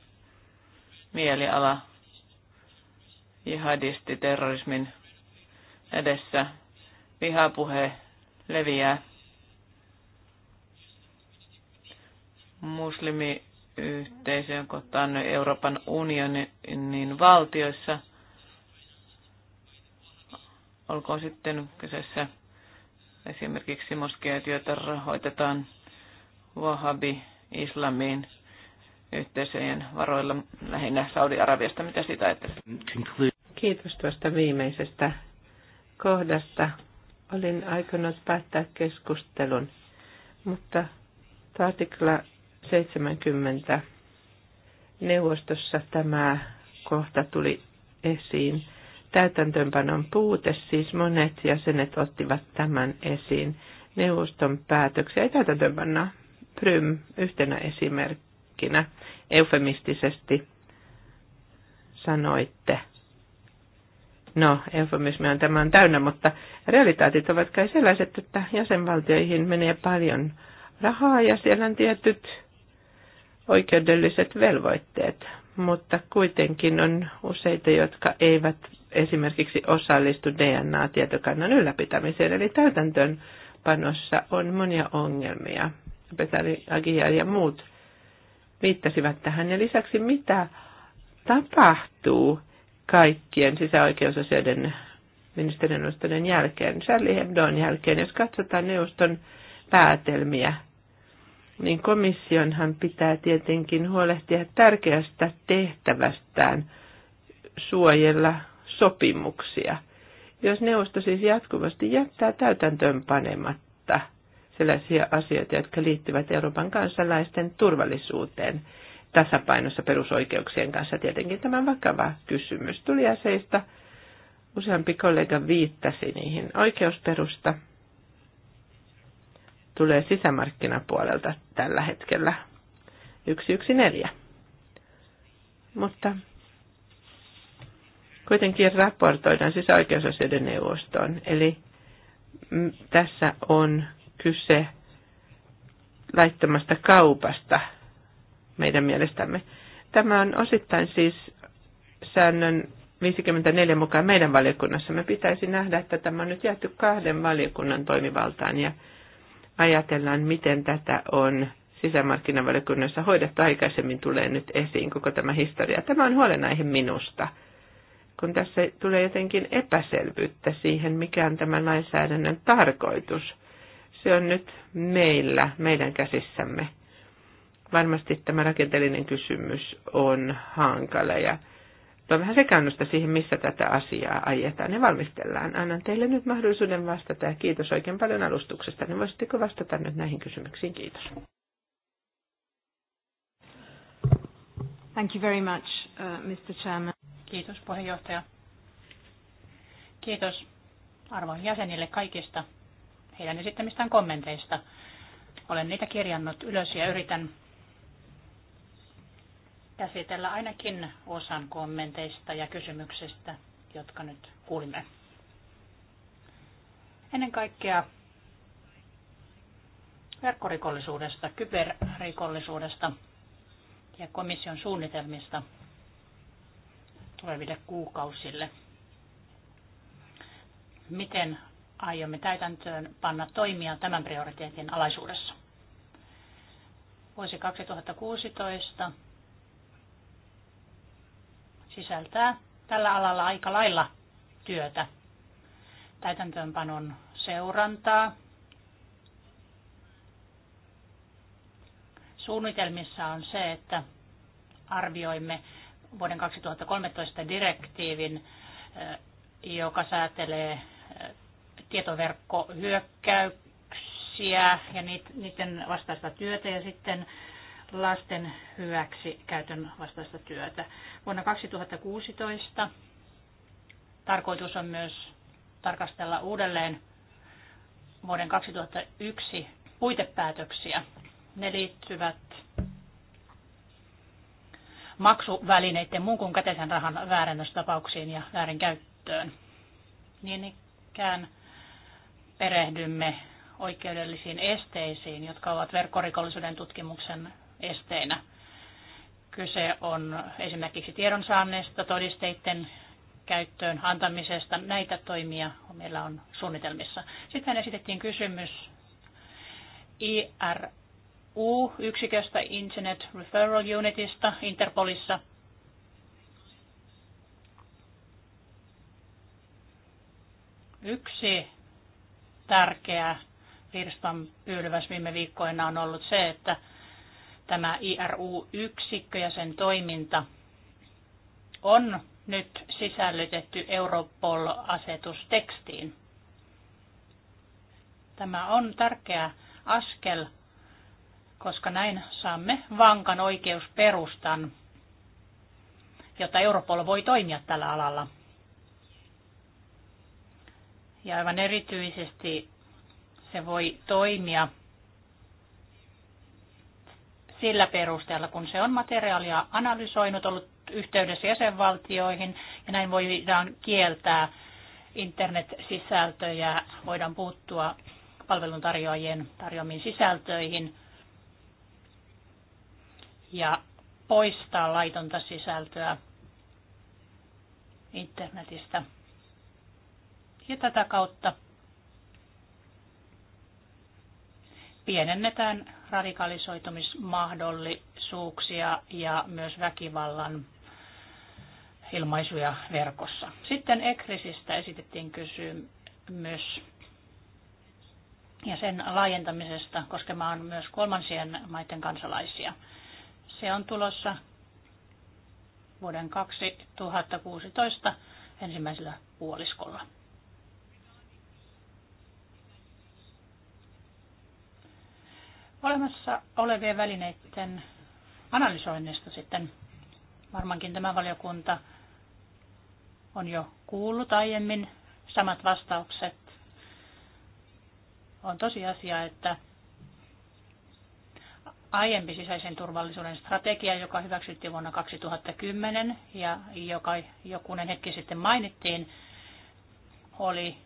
mieliala jihadisti terrorismin edessä. Vihapuhe leviää. muslimiyhteisöön kohtaan Euroopan unionin valtioissa. Olkoon sitten kyseessä esimerkiksi moskeet, joita rahoitetaan wahhabi-islamiin yhteisöjen varoilla lähinnä Saudi-Arabiasta. Mitä siitä ajattelet? Kiitos tuosta viimeisestä kohdasta. Olin aikonut päättää keskustelun, mutta artikla 70 neuvostossa tämä kohta tuli esiin. Täytäntöönpanon puute, siis monet jäsenet ottivat tämän esiin. Neuvoston päätöksiä ei täytäntöönpanna. Prym yhtenä esimerkkinä esimerkkinä eufemistisesti sanoitte. No, eufemismi on tämän täynnä, mutta realitaatit ovat kai sellaiset, että jäsenvaltioihin menee paljon rahaa ja siellä on tietyt oikeudelliset velvoitteet, mutta kuitenkin on useita, jotka eivät esimerkiksi osallistu DNA-tietokannan ylläpitämiseen, eli panossa on monia ongelmia. Petari Agia ja muut viittasivat tähän. Ja lisäksi mitä tapahtuu kaikkien sisäoikeusasioiden ministerineuvoston jälkeen, Charlie Hebdon jälkeen, jos katsotaan neuvoston päätelmiä, niin komissionhan pitää tietenkin huolehtia tärkeästä tehtävästään suojella sopimuksia. Jos neuvosto siis jatkuvasti jättää täytäntöönpanematta sellaisia asioita, jotka liittyvät Euroopan kansalaisten turvallisuuteen tasapainossa perusoikeuksien kanssa. Tietenkin tämä on vakava kysymys aseista. Useampi kollega viittasi niihin oikeusperusta. Tulee sisämarkkinapuolelta tällä hetkellä 114. Mutta kuitenkin raportoidaan sisäoikeusasioiden neuvostoon. Eli tässä on kyse laittomasta kaupasta meidän mielestämme. Tämä on osittain siis säännön 54 mukaan meidän valiokunnassamme pitäisi nähdä, että tämä on nyt jääty kahden valiokunnan toimivaltaan ja ajatellaan, miten tätä on sisämarkkinavaliokunnassa hoidettu aikaisemmin tulee nyt esiin koko tämä historia. Tämä on huolenaihe minusta, kun tässä tulee jotenkin epäselvyyttä siihen, mikä on tämän lainsäädännön tarkoitus. Se on nyt meillä, meidän käsissämme. Varmasti tämä rakenteellinen kysymys on hankala ja on vähän sekannusta siihen, missä tätä asiaa ajetaan ja valmistellaan. Annan teille nyt mahdollisuuden vastata ja kiitos oikein paljon alustuksesta. Niin voisitteko vastata nyt näihin kysymyksiin? Kiitos. Thank you very much, uh, Mr. Chairman. Kiitos puheenjohtaja. Kiitos arvon jäsenille kaikista heidän esittämistään kommenteista. Olen niitä kirjannut ylös ja yritän käsitellä ainakin osan kommenteista ja kysymyksistä, jotka nyt kuulimme. Ennen kaikkea verkkorikollisuudesta, kyberrikollisuudesta ja komission suunnitelmista tuleville kuukausille. Miten aiomme täytäntöön panna toimia tämän prioriteetin alaisuudessa. Vuosi 2016 sisältää tällä alalla aika lailla työtä. Täytäntöönpanon seurantaa. Suunnitelmissa on se, että arvioimme vuoden 2013 direktiivin, eh, joka säätelee tietoverkkohyökkäyksiä ja niiden vastaista työtä ja sitten lasten hyväksi käytön vastaista työtä. Vuonna 2016 tarkoitus on myös tarkastella uudelleen vuoden 2001 puitepäätöksiä. Ne liittyvät maksuvälineiden muun kuin käteisen rahan väärennöstapauksiin ja väärinkäyttöön. Niin ikään perehdymme oikeudellisiin esteisiin, jotka ovat verkkorikollisuuden tutkimuksen esteenä. Kyse on esimerkiksi tiedonsaannesta, todisteiden käyttöön antamisesta. Näitä toimia meillä on suunnitelmissa. Sitten esitettiin kysymys IRU-yksiköstä, Internet Referral Unitista Interpolissa. Yksi tärkeä virstan pylväs viime viikkoina on ollut se, että tämä IRU-yksikkö ja sen toiminta on nyt sisällytetty Europol-asetustekstiin. Tämä on tärkeä askel, koska näin saamme vankan oikeusperustan, jotta Europol voi toimia tällä alalla – ja aivan erityisesti se voi toimia sillä perusteella, kun se on materiaalia analysoinut, ollut yhteydessä jäsenvaltioihin ja näin voidaan kieltää internet-sisältöjä, voidaan puuttua palveluntarjoajien tarjoamiin sisältöihin ja poistaa laitonta sisältöä internetistä. Ja tätä kautta pienennetään radikalisoitumismahdollisuuksia ja myös väkivallan ilmaisuja verkossa. Sitten ekrisistä esitettiin kysymys ja sen laajentamisesta koskemaan myös kolmansien maiden kansalaisia. Se on tulossa vuoden 2016 ensimmäisellä puoliskolla. olemassa olevien välineiden analysoinnista sitten. Varmaankin tämä valiokunta on jo kuullut aiemmin samat vastaukset. On tosiasia, että aiempi sisäisen turvallisuuden strategia, joka hyväksyttiin vuonna 2010 ja joka jokunen hetki sitten mainittiin, oli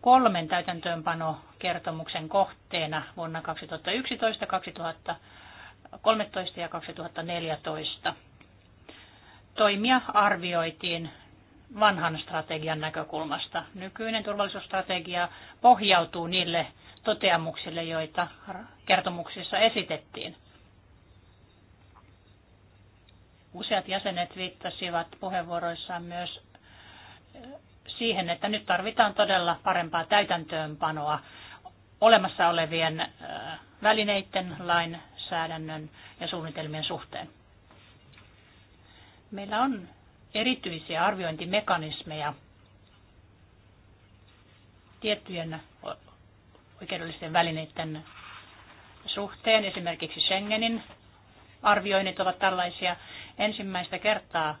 kolmen täytäntöönpanokertomuksen kohteena vuonna 2011, 2013 ja 2014. Toimia arvioitiin vanhan strategian näkökulmasta. Nykyinen turvallisuusstrategia pohjautuu niille toteamuksille, joita kertomuksissa esitettiin. Useat jäsenet viittasivat puheenvuoroissaan myös siihen, että nyt tarvitaan todella parempaa täytäntöönpanoa olemassa olevien välineiden, lainsäädännön ja suunnitelmien suhteen. Meillä on erityisiä arviointimekanismeja tiettyjen oikeudellisten välineiden suhteen. Esimerkiksi Schengenin arvioinnit ovat tällaisia. Ensimmäistä kertaa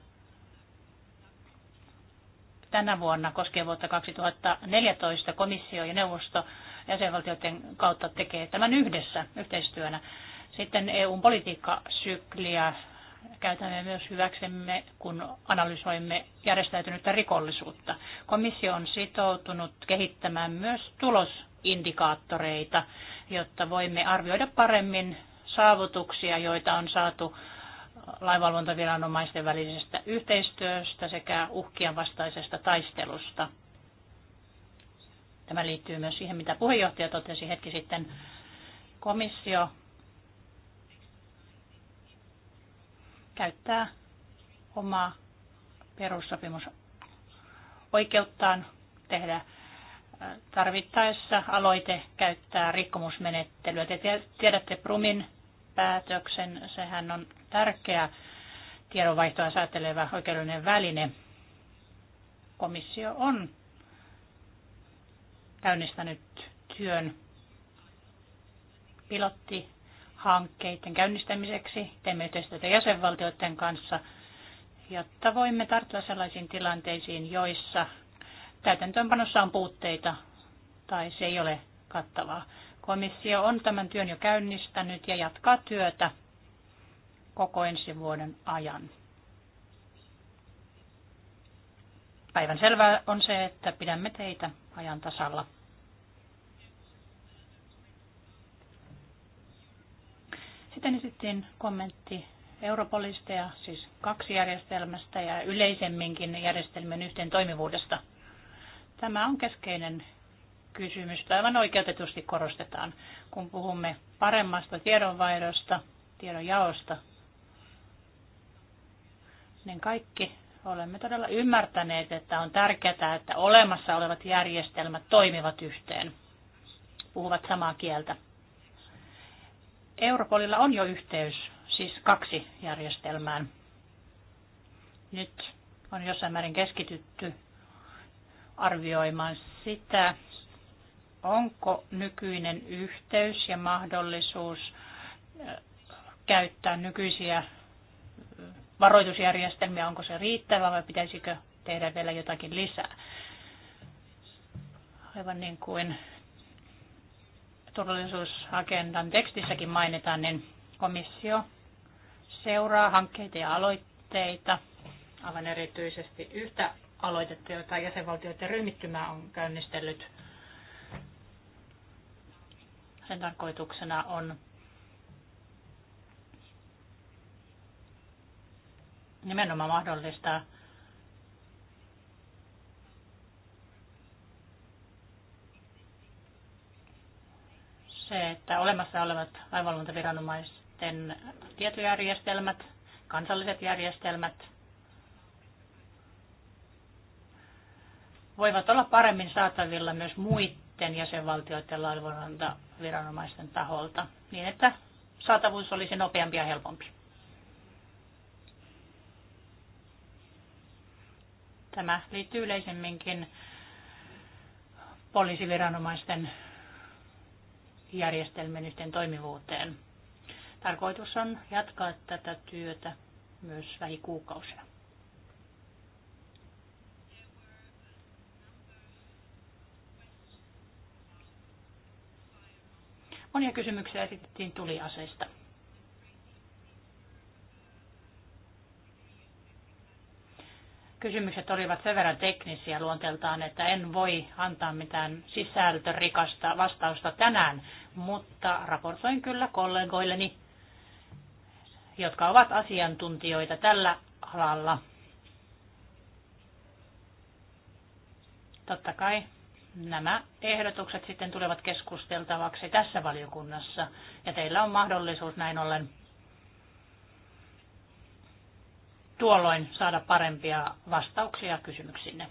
tänä vuonna koskee vuotta 2014 komissio ja neuvosto jäsenvaltioiden kautta tekee tämän yhdessä yhteistyönä. Sitten EUn politiikkasykliä käytämme myös hyväksemme, kun analysoimme järjestäytynyttä rikollisuutta. Komissio on sitoutunut kehittämään myös tulosindikaattoreita, jotta voimme arvioida paremmin saavutuksia, joita on saatu lainvalvontaviranomaisten välisestä yhteistyöstä sekä uhkien vastaisesta taistelusta. Tämä liittyy myös siihen, mitä puheenjohtaja totesi hetki sitten. Komissio käyttää omaa perussopimusoikeuttaan tehdä tarvittaessa aloite käyttää rikkomusmenettelyä. Te tiedätte Prumin päätöksen. Sehän on tärkeä tiedonvaihtoa säätelevä oikeudellinen väline. Komissio on käynnistänyt työn pilottihankkeiden käynnistämiseksi. Teemme yhteistyötä jäsenvaltioiden kanssa, jotta voimme tarttua sellaisiin tilanteisiin, joissa täytäntöönpanossa on puutteita tai se ei ole kattavaa. Komissio on tämän työn jo käynnistänyt ja jatkaa työtä koko ensi vuoden ajan. Päivän selvää on se, että pidämme teitä ajan tasalla. Sitten esittiin kommentti Europolista ja siis kaksi järjestelmästä ja yleisemminkin järjestelmien yhteen toimivuudesta. Tämä on keskeinen kysymystä aivan oikeutetusti korostetaan, kun puhumme paremmasta tiedonvaihdosta, tiedonjaosta, niin kaikki olemme todella ymmärtäneet, että on tärkeää, että olemassa olevat järjestelmät toimivat yhteen, puhuvat samaa kieltä. Europolilla on jo yhteys, siis kaksi järjestelmään. Nyt on jossain määrin keskitytty arvioimaan sitä, onko nykyinen yhteys ja mahdollisuus käyttää nykyisiä varoitusjärjestelmiä, onko se riittävä vai pitäisikö tehdä vielä jotakin lisää. Aivan niin kuin turvallisuusagendan tekstissäkin mainitaan, niin komissio seuraa hankkeita ja aloitteita, aivan erityisesti yhtä aloitetta, jota jäsenvaltioiden ryhmittymä on käynnistellyt sen tarkoituksena on nimenomaan mahdollistaa se, että olemassa olevat lainvalvontaviranomaisten tietojärjestelmät, kansalliset järjestelmät voivat olla paremmin saatavilla myös muiden jäsenvaltioiden lainvalvonta viranomaisten taholta niin, että saatavuus olisi nopeampi ja helpompi. Tämä liittyy yleisemminkin poliisiviranomaisten järjestelmien yhteen toimivuuteen. Tarkoitus on jatkaa tätä työtä myös lähikuukausina. Monia kysymyksiä esitettiin tuliaseista. Kysymykset olivat sen verran teknisiä luonteeltaan, että en voi antaa mitään sisältörikasta vastausta tänään, mutta raportoin kyllä kollegoilleni, jotka ovat asiantuntijoita tällä alalla. Totta kai nämä ehdotukset sitten tulevat keskusteltavaksi tässä valiokunnassa ja teillä on mahdollisuus näin ollen tuolloin saada parempia vastauksia kysymyksinne.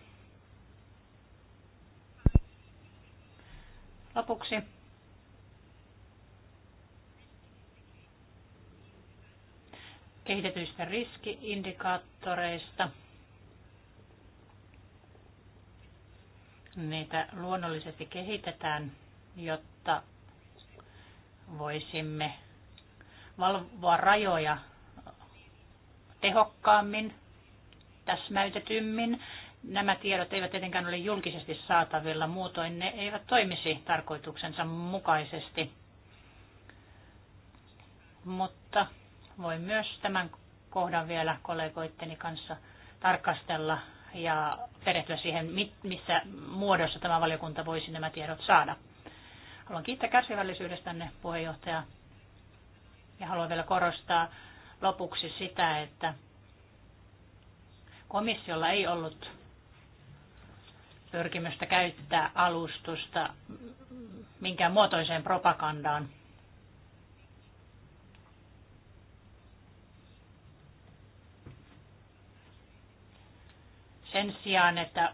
Lopuksi kehitetyistä riskiindikaattoreista – Niitä luonnollisesti kehitetään, jotta voisimme valvoa rajoja tehokkaammin, täsmäytetymmin. Nämä tiedot eivät tietenkään ole julkisesti saatavilla, muutoin ne eivät toimisi tarkoituksensa mukaisesti. Mutta voin myös tämän kohdan vielä kollegoitteni kanssa tarkastella ja perehtyä siihen, missä muodossa tämä valiokunta voisi nämä tiedot saada. Haluan kiittää kärsivällisyydestänne, puheenjohtaja. Ja haluan vielä korostaa lopuksi sitä, että komissiolla ei ollut pyrkimystä käyttää alustusta minkään muotoiseen propagandaan – sen sijaan, että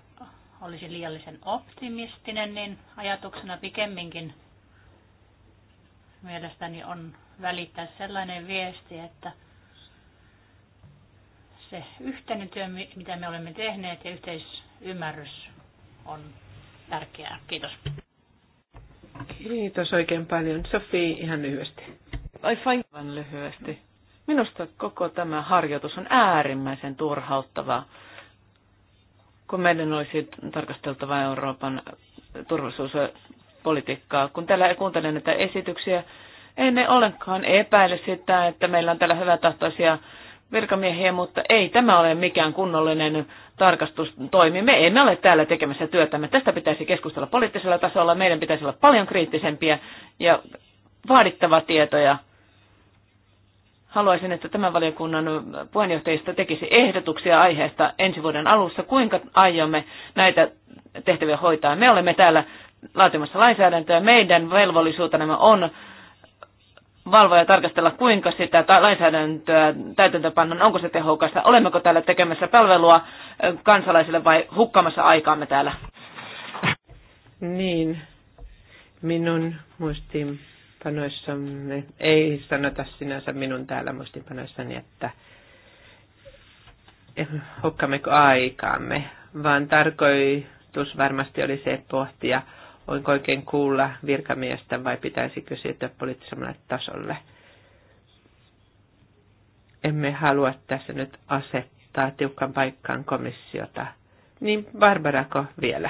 olisi liiallisen optimistinen, niin ajatuksena pikemminkin mielestäni on välittää sellainen viesti, että se yhteinen työ, mitä me olemme tehneet ja yhteisymmärrys on tärkeää. Kiitos. Kiitos oikein paljon. Sofi, ihan lyhyesti. Ai vain lyhyesti. Minusta koko tämä harjoitus on äärimmäisen turhauttavaa kun meidän olisi tarkasteltava Euroopan turvallisuuspolitiikkaa. Kun täällä kuuntele näitä esityksiä, en ne ollenkaan epäile sitä, että meillä on täällä hyvätahtoisia virkamiehiä, mutta ei tämä ole mikään kunnollinen tarkastustoimi. Me emme ole täällä tekemässä Me Tästä pitäisi keskustella poliittisella tasolla. Meidän pitäisi olla paljon kriittisempiä ja vaadittava tietoja haluaisin, että tämän valiokunnan puheenjohtajista tekisi ehdotuksia aiheesta ensi vuoden alussa, kuinka aiomme näitä tehtäviä hoitaa. Me olemme täällä laatimassa lainsäädäntöä. Meidän velvollisuutena on valvoja tarkastella, kuinka sitä lainsäädäntöä täytäntöpannan, onko se tehokasta, olemmeko täällä tekemässä palvelua kansalaisille vai hukkaamassa aikaamme täällä. Niin, minun muistiin muistiinpanoissa ei sanota sinänsä minun täällä muistiinpanoissani, että hukkammeko aikaamme, vaan tarkoitus varmasti oli se pohtia, voinko oikein kuulla virkamiestä vai pitäisikö siirtyä poliittisemmalle tasolle. Emme halua tässä nyt asettaa tiukkaan paikkaan komissiota. Niin Barbarako vielä?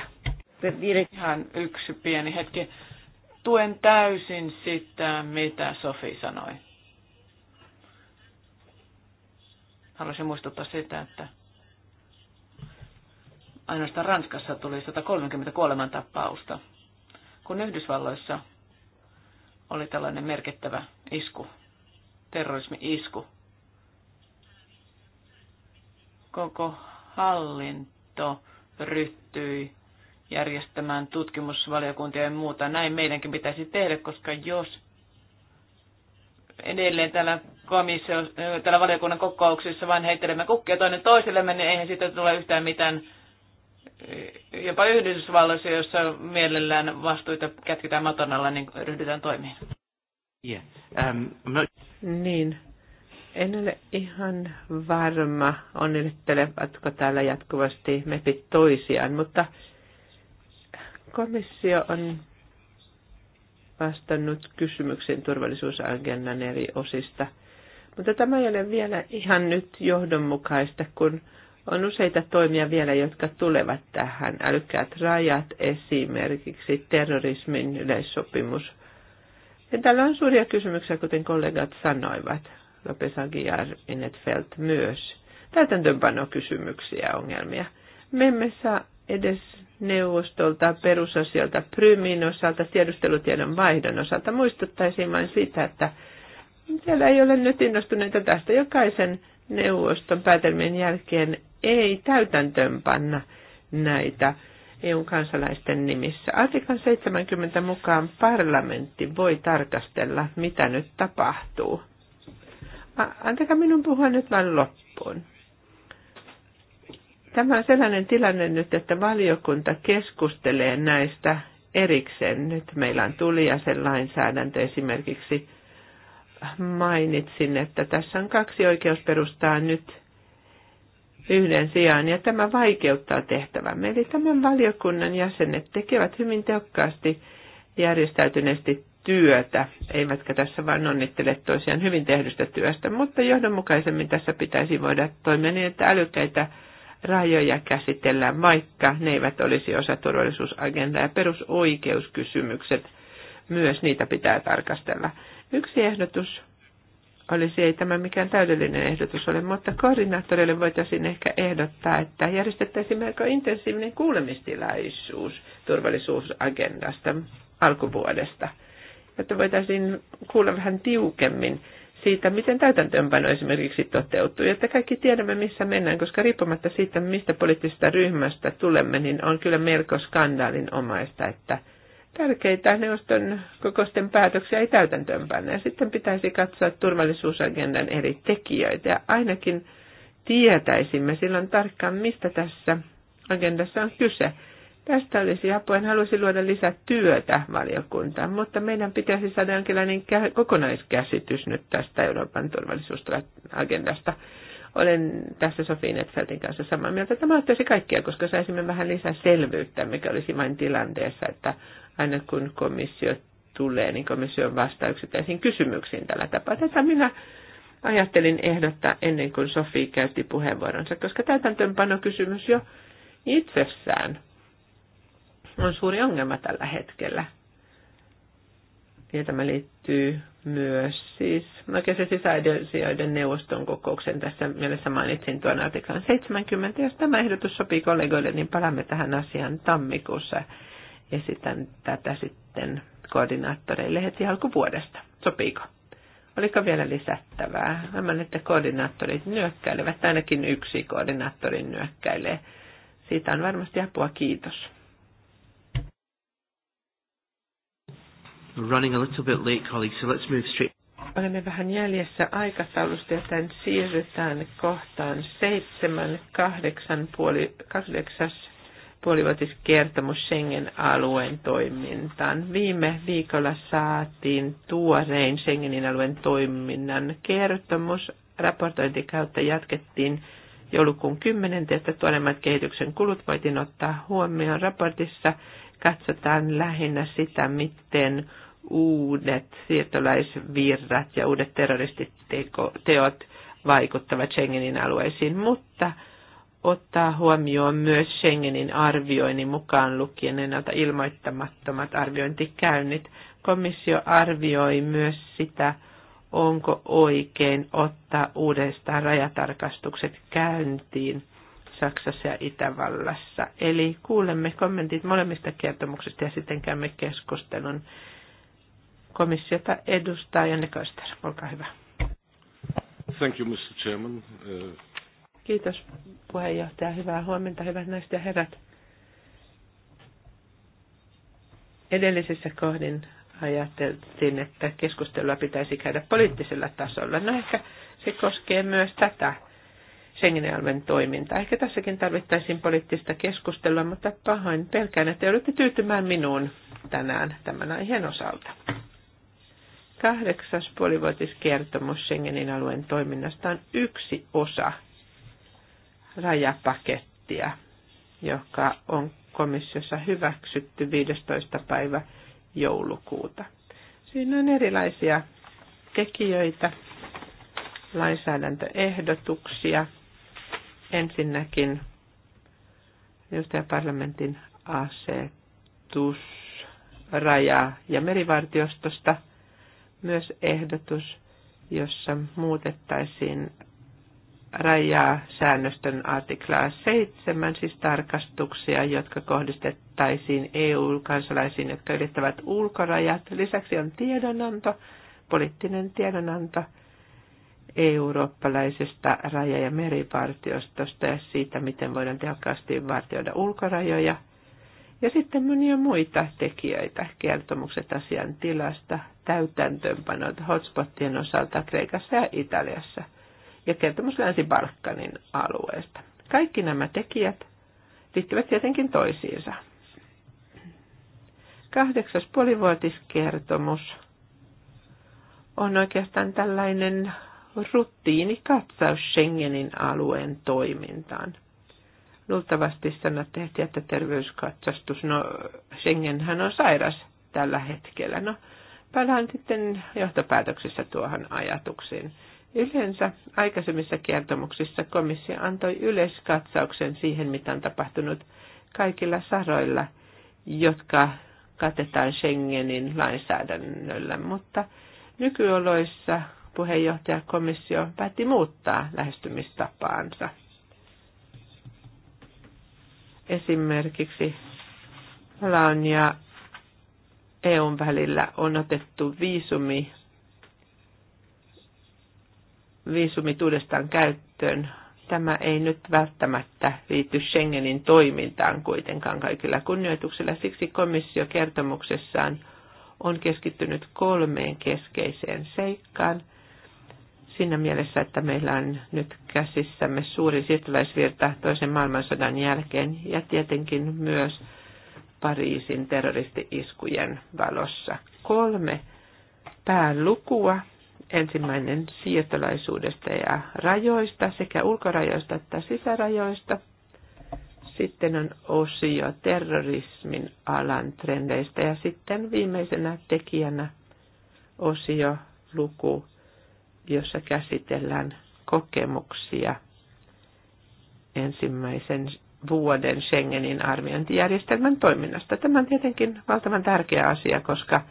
Ihan yksi pieni hetki tuen täysin sitä, mitä Sofi sanoi. Haluaisin muistuttaa sitä, että ainoastaan Ranskassa tuli 130 tapausta, kun Yhdysvalloissa oli tällainen merkittävä isku, terrorismi-isku. Koko hallinto ryhtyi järjestämään tutkimusvaliokuntia ja muuta. Näin meidänkin pitäisi tehdä, koska jos edelleen täällä, komissio, äh, täällä valiokunnan kokouksissa vain heittelemme kukkia toinen toisillemme, niin eihän siitä tule yhtään mitään äh, jopa Yhdysvalloissa, jossa mielellään vastuita kätketään maton alla, niin ryhdytään toimiin. Yeah. Um, no... Niin. En ole ihan varma, onnittelevatko täällä jatkuvasti mepit toisiaan, mutta Komissio on vastannut kysymyksen turvallisuusagendan eri osista, mutta tämä ei ole vielä ihan nyt johdonmukaista, kun on useita toimia vielä, jotka tulevat tähän. Älykkäät rajat esimerkiksi, terrorismin yleissopimus. Ja täällä on suuria kysymyksiä, kuten kollegat sanoivat, Lopes Aguiar, Innetfeld myös. Täytäntöönpanokysymyksiä, ongelmia. Me emme saa edes neuvostolta perusasioilta Prymin osalta, tiedustelutiedon vaihdon osalta. Muistuttaisin vain sitä, että siellä ei ole nyt innostuneita tästä. Jokaisen neuvoston päätelmien jälkeen ei täytäntöönpanna näitä EUn kansalaisten nimissä. Artikan 70 mukaan parlamentti voi tarkastella, mitä nyt tapahtuu. Antakaa minun puhua nyt vain loppuun. Tämä on sellainen tilanne nyt, että valiokunta keskustelee näistä erikseen. Nyt meillä on sen lainsäädäntö esimerkiksi. Mainitsin, että tässä on kaksi oikeusperustaa nyt yhden sijaan, ja tämä vaikeuttaa tehtävämme. Eli tämän valiokunnan jäsenet tekevät hyvin tehokkaasti järjestäytyneesti työtä, eivätkä tässä vain onnittele toisiaan hyvin tehdystä työstä, mutta johdonmukaisemmin tässä pitäisi voida toimia niin, että älykkäitä rajoja käsitellään, vaikka ne eivät olisi osa turvallisuusagendaa ja perusoikeuskysymykset, myös niitä pitää tarkastella. Yksi ehdotus olisi, ei tämä mikään täydellinen ehdotus ole, mutta koordinaattorille voitaisiin ehkä ehdottaa, että järjestettäisiin melko intensiivinen kuulemistilaisuus turvallisuusagendasta alkuvuodesta, jotta voitaisiin kuulla vähän tiukemmin siitä, miten täytäntöönpano esimerkiksi toteutuu, että kaikki tiedämme, missä mennään, koska riippumatta siitä, mistä poliittisesta ryhmästä tulemme, niin on kyllä melko skandaalin omaista, että tärkeitä neuvoston kokosten päätöksiä ei täytäntöönpanna. Ja sitten pitäisi katsoa turvallisuusagendan eri tekijöitä ja ainakin tietäisimme silloin tarkkaan, mistä tässä agendassa on kyse. Tästä olisi apua. En halusi luoda lisää työtä valiokuntaan, mutta meidän pitäisi saada jonkinlainen kokonaiskäsitys nyt tästä Euroopan turvallisuusagendasta. Olen tässä Sofiin Etfeltin kanssa samaa mieltä. Tämä auttaisi kaikkia, koska saisimme vähän lisää selvyyttä, mikä olisi vain tilanteessa, että aina kun komissio tulee, niin komission vastaukset esiin kysymyksiin tällä tapaa. Tätä minä ajattelin ehdottaa ennen kuin Sofi käytti puheenvuoronsa, koska täytäntöönpano kysymys jo itsessään on suuri ongelma tällä hetkellä. Ja tämä liittyy myös siis, oikein se sisäasioiden neuvoston kokouksen tässä mielessä mainitsin tuon artiklan 70. Jos tämä ehdotus sopii kollegoille, niin palaamme tähän asiaan tammikuussa. Esitän tätä sitten koordinaattoreille heti alkuvuodesta. Sopiiko? Oliko vielä lisättävää? Nämä nyt koordinaattorit nyökkäilevät, ainakin yksi koordinaattori nyökkäilee. Siitä on varmasti apua, kiitos. running a little bit late, colleagues, so let's move straight. Olemme vähän jäljessä aikataulusta, joten siirrytään kohtaan seitsemän, kahdeksan, puoli, kahdeksas puolivuotiskertomus Schengen-alueen toimintaan. Viime viikolla saatiin tuorein Schengenin alueen toiminnan kertomus. kautta jatkettiin joulukuun 10. että tuoreimmat kehityksen kulut voitiin ottaa huomioon raportissa. Katsotaan lähinnä sitä, miten uudet siirtolaisvirrat ja uudet terroristiteot vaikuttavat Schengenin alueisiin, mutta ottaa huomioon myös Schengenin arvioinnin mukaan lukien ennalta ilmoittamattomat arviointikäynnit. Komissio arvioi myös sitä, onko oikein ottaa uudestaan rajatarkastukset käyntiin Saksassa ja Itävallassa. Eli kuulemme kommentit molemmista kertomuksista ja sitten käymme keskustelun komissiota edustaa Janne Köster. Olkaa hyvä. Thank you, Mr. Chairman. Uh, Kiitos puheenjohtaja. Hyvää huomenta, hyvät naiset ja herrat. Edellisessä kohdin ajateltiin, että keskustelua pitäisi käydä poliittisella tasolla. No ehkä se koskee myös tätä schengen alueen toimintaa. Ehkä tässäkin tarvittaisiin poliittista keskustelua, mutta pahoin pelkään, että joudutte tyytymään minuun tänään tämän aiheen osalta. Kahdeksas puolivuotiskertomus Schengenin alueen toiminnasta on yksi osa rajapakettia, joka on komissiossa hyväksytty 15. päivä joulukuuta. Siinä on erilaisia tekijöitä, lainsäädäntöehdotuksia. Ensinnäkin parlamentin asetus raja- ja merivartiostosta – myös ehdotus, jossa muutettaisiin rajaa säännöstön artiklaa 7, siis tarkastuksia, jotka kohdistettaisiin EU-kansalaisiin, jotka ylittävät ulkorajat. Lisäksi on tiedonanto, poliittinen tiedonanto eurooppalaisesta raja- ja merivartiostosta ja siitä, miten voidaan tehokkaasti vartioida ulkorajoja. Ja sitten monia muita tekijöitä, kertomukset asian tilasta, täytäntöönpanoita hotspottien osalta Kreikassa ja Italiassa ja kertomus Länsi-Balkanin alueesta. Kaikki nämä tekijät liittyvät tietenkin toisiinsa. Kahdeksas puolivuotiskertomus on oikeastaan tällainen rutiinikatsaus Schengenin alueen toimintaan. Luultavasti sanotte heti, että terveyskatsastus, no Schengenhän on sairas tällä hetkellä. No, Palaan sitten johtopäätöksessä tuohon ajatuksiin. Yleensä aikaisemmissa kertomuksissa komissio antoi yleiskatsauksen siihen, mitä on tapahtunut kaikilla saroilla, jotka katetaan Schengenin lainsäädännöllä, mutta nykyoloissa puheenjohtajakomissio päätti muuttaa lähestymistapaansa. Esimerkiksi Laun ja EUn välillä on otettu viisumi, viisumit uudestaan käyttöön. Tämä ei nyt välttämättä liity Schengenin toimintaan kuitenkaan kaikilla kunnioituksella. Siksi komissio kertomuksessaan on keskittynyt kolmeen keskeiseen seikkaan. Siinä mielessä, että meillä on nyt käsissämme suuri siirtolaisvirta toisen maailmansodan jälkeen ja tietenkin myös – Pariisin terroristi-iskujen valossa. Kolme päälukua, ensimmäinen siirtolaisuudesta ja rajoista, sekä ulkorajoista että sisärajoista. Sitten on osio terrorismin alan trendeistä ja sitten viimeisenä tekijänä osio luku, jossa käsitellään kokemuksia ensimmäisen vuoden Schengenin arviointijärjestelmän toiminnasta. Tämä on tietenkin valtavan tärkeä asia, koska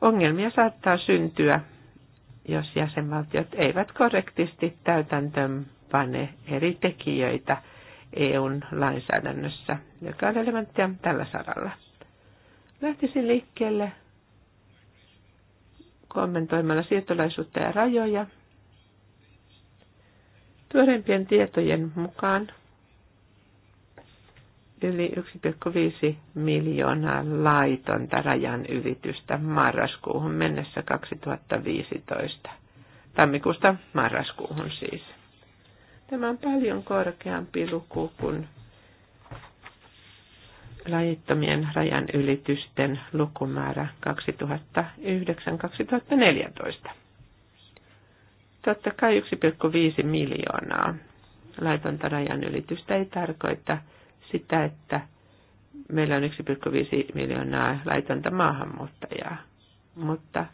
ongelmia saattaa syntyä, jos jäsenvaltiot eivät korrektisti täytäntöön pane eri tekijöitä EUn lainsäädännössä, joka on relevanttia tällä saralla. Lähtisin liikkeelle kommentoimalla siirtolaisuutta ja rajoja. Tuoreimpien tietojen mukaan yli 1,5 miljoonaa laitonta rajan ylitystä marraskuuhun mennessä 2015. Tammikuusta marraskuuhun siis. Tämä on paljon korkeampi luku kuin laittomien rajan ylitysten lukumäärä 2009-2014. Totta kai 1,5 miljoonaa laitonta rajan ylitystä ei tarkoita sitä, että meillä on 1,5 miljoonaa laitonta maahanmuuttajaa, mutta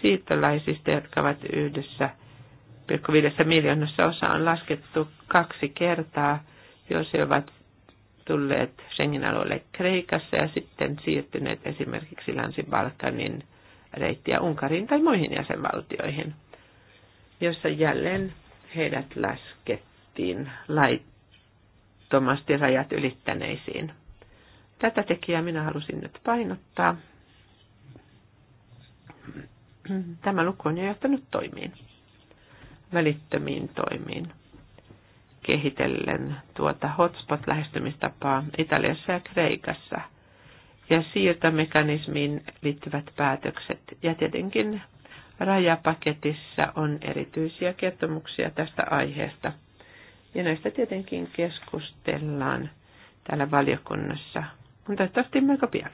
siirtolaisista, jotka ovat yhdessä 1,5 miljoonassa osa on laskettu kaksi kertaa, jos he ovat tulleet Schengen-alueelle Kreikassa ja sitten siirtyneet esimerkiksi Länsi-Balkanin reittiä Unkariin tai muihin jäsenvaltioihin, jossa jälleen heidät laskettiin lait ehdottomasti rajat ylittäneisiin. Tätä tekijää minä halusin nyt painottaa. Tämä luku on jo johtanut toimiin, välittömiin toimiin. Kehitellen tuota hotspot-lähestymistapaa Italiassa ja Kreikassa ja siirtomekanismiin liittyvät päätökset. Ja tietenkin rajapaketissa on erityisiä kertomuksia tästä aiheesta – ja näistä tietenkin keskustellaan täällä valiokunnassa, mutta toivottavasti melko pian.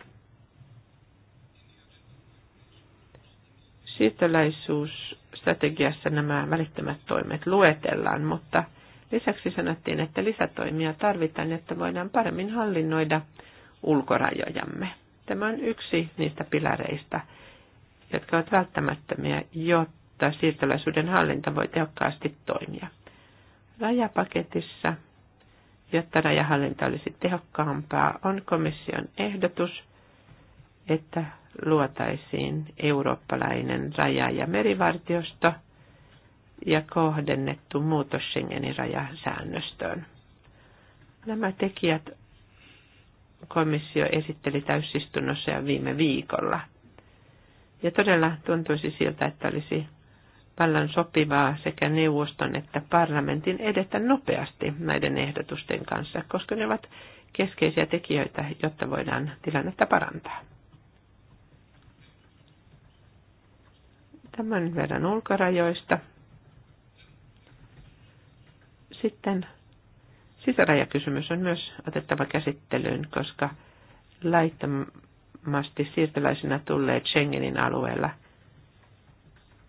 Siirtolaisuusstrategiassa nämä välittömät toimet luetellaan, mutta lisäksi sanottiin, että lisätoimia tarvitaan, että voidaan paremmin hallinnoida ulkorajojamme. Tämä on yksi niistä pilareista, jotka ovat välttämättömiä, jotta siirtolaisuuden hallinta voi tehokkaasti toimia rajapaketissa, jotta rajahallinta olisi tehokkaampaa, on komission ehdotus, että luotaisiin eurooppalainen raja- ja merivartiosto ja kohdennettu muutos Schengenin rajasäännöstöön. Nämä tekijät komissio esitteli täysistunnossa ja viime viikolla. Ja todella tuntuisi siltä, että olisi vallan sopivaa sekä neuvoston että parlamentin edetä nopeasti näiden ehdotusten kanssa, koska ne ovat keskeisiä tekijöitä, jotta voidaan tilannetta parantaa. Tämän verran ulkorajoista. Sitten sisärajakysymys on myös otettava käsittelyyn, koska laittomasti siirtolaisina tulleet Schengenin alueella –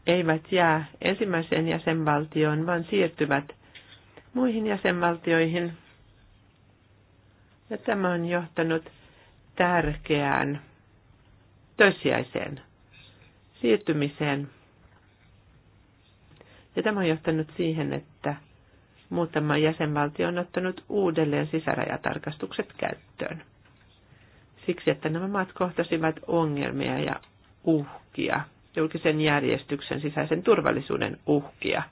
eivät jää ensimmäiseen jäsenvaltioon, vaan siirtyvät muihin jäsenvaltioihin. Ja tämä on johtanut tärkeään tosiaiseen siirtymiseen. Ja tämä on johtanut siihen, että muutama jäsenvaltio on ottanut uudelleen sisärajatarkastukset käyttöön. Siksi, että nämä maat kohtasivat ongelmia ja uhkia – julkisen järjestyksen sisäisen turvallisuuden uhkia.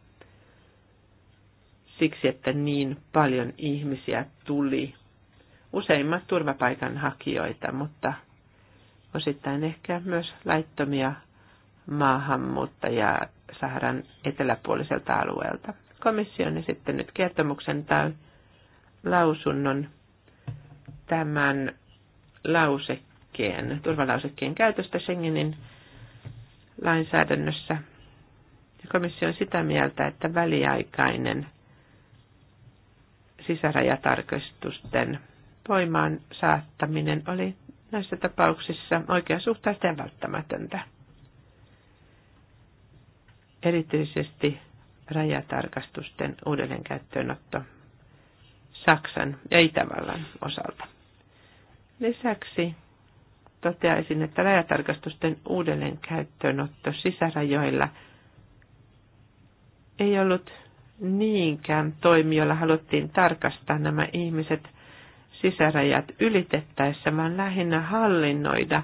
Siksi, että niin paljon ihmisiä tuli. Useimmat turvapaikanhakijoita, mutta osittain ehkä myös laittomia maahanmuuttajia Saharan eteläpuoliselta alueelta. Komissio on esittänyt kertomuksen tai lausunnon tämän lausekkeen, turvalausekkeen käytöstä Schengenin lainsäädännössä. Ja komissio on sitä mieltä, että väliaikainen sisärajatarkastusten voimaan saattaminen oli näissä tapauksissa oikeasuhtaista ja välttämätöntä. Erityisesti rajatarkastusten uudelleenkäyttöönotto Saksan ja Itävallan osalta. Lisäksi toteaisin, että rajatarkastusten käyttöönotto sisärajoilla ei ollut niinkään toimi, jolla haluttiin tarkastaa nämä ihmiset sisärajat ylitettäessä, vaan lähinnä hallinnoida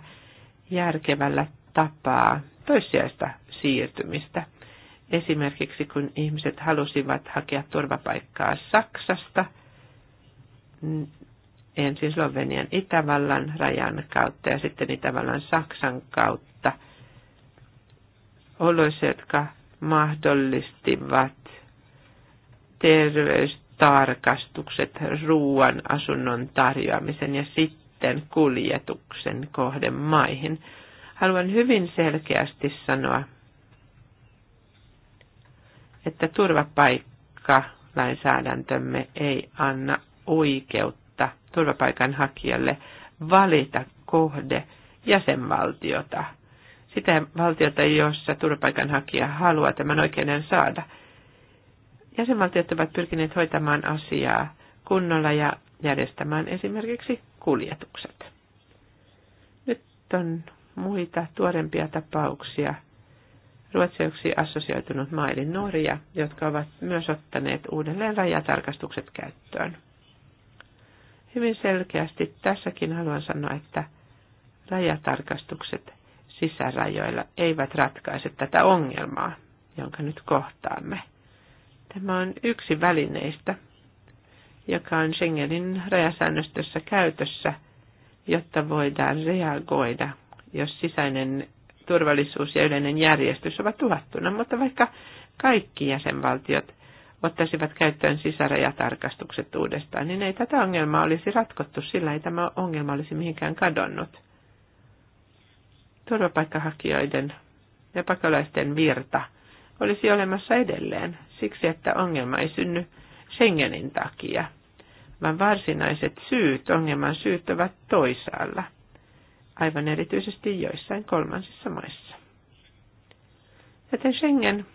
järkevällä tapaa toissijaista siirtymistä. Esimerkiksi kun ihmiset halusivat hakea turvapaikkaa Saksasta, ensin Slovenian Itävallan rajan kautta ja sitten Itävallan Saksan kautta oloissa, jotka mahdollistivat terveystarkastukset, ruoan, asunnon tarjoamisen ja sitten kuljetuksen maihin. Haluan hyvin selkeästi sanoa, että turvapaikka lainsäädäntömme ei anna oikeutta mahdollisuutta turvapaikanhakijalle valita kohde jäsenvaltiota, sitä valtiota, jossa turvapaikanhakija haluaa tämän oikeuden saada. Jäsenvaltiot ovat pyrkineet hoitamaan asiaa kunnolla ja järjestämään esimerkiksi kuljetukset. Nyt on muita tuorempia tapauksia. Ruotsiksi assosioitunut maa eli Norja, jotka ovat myös ottaneet uudelleen rajatarkastukset käyttöön. Hyvin selkeästi tässäkin haluan sanoa, että rajatarkastukset sisärajoilla eivät ratkaise tätä ongelmaa, jonka nyt kohtaamme. Tämä on yksi välineistä, joka on Schengenin rajasäännöstössä käytössä, jotta voidaan reagoida, jos sisäinen turvallisuus ja yleinen järjestys ovat uhattuna, mutta vaikka kaikki jäsenvaltiot ottaisivat käyttöön sisärajatarkastukset uudestaan, niin ei tätä ongelmaa olisi ratkottu, sillä ei tämä ongelma olisi mihinkään kadonnut. Turvapaikkahakijoiden ja pakolaisten virta olisi olemassa edelleen, siksi että ongelma ei synny Schengenin takia, vaan varsinaiset syyt, ongelman syyt ovat toisaalla, aivan erityisesti joissain kolmansissa maissa. Joten Schengen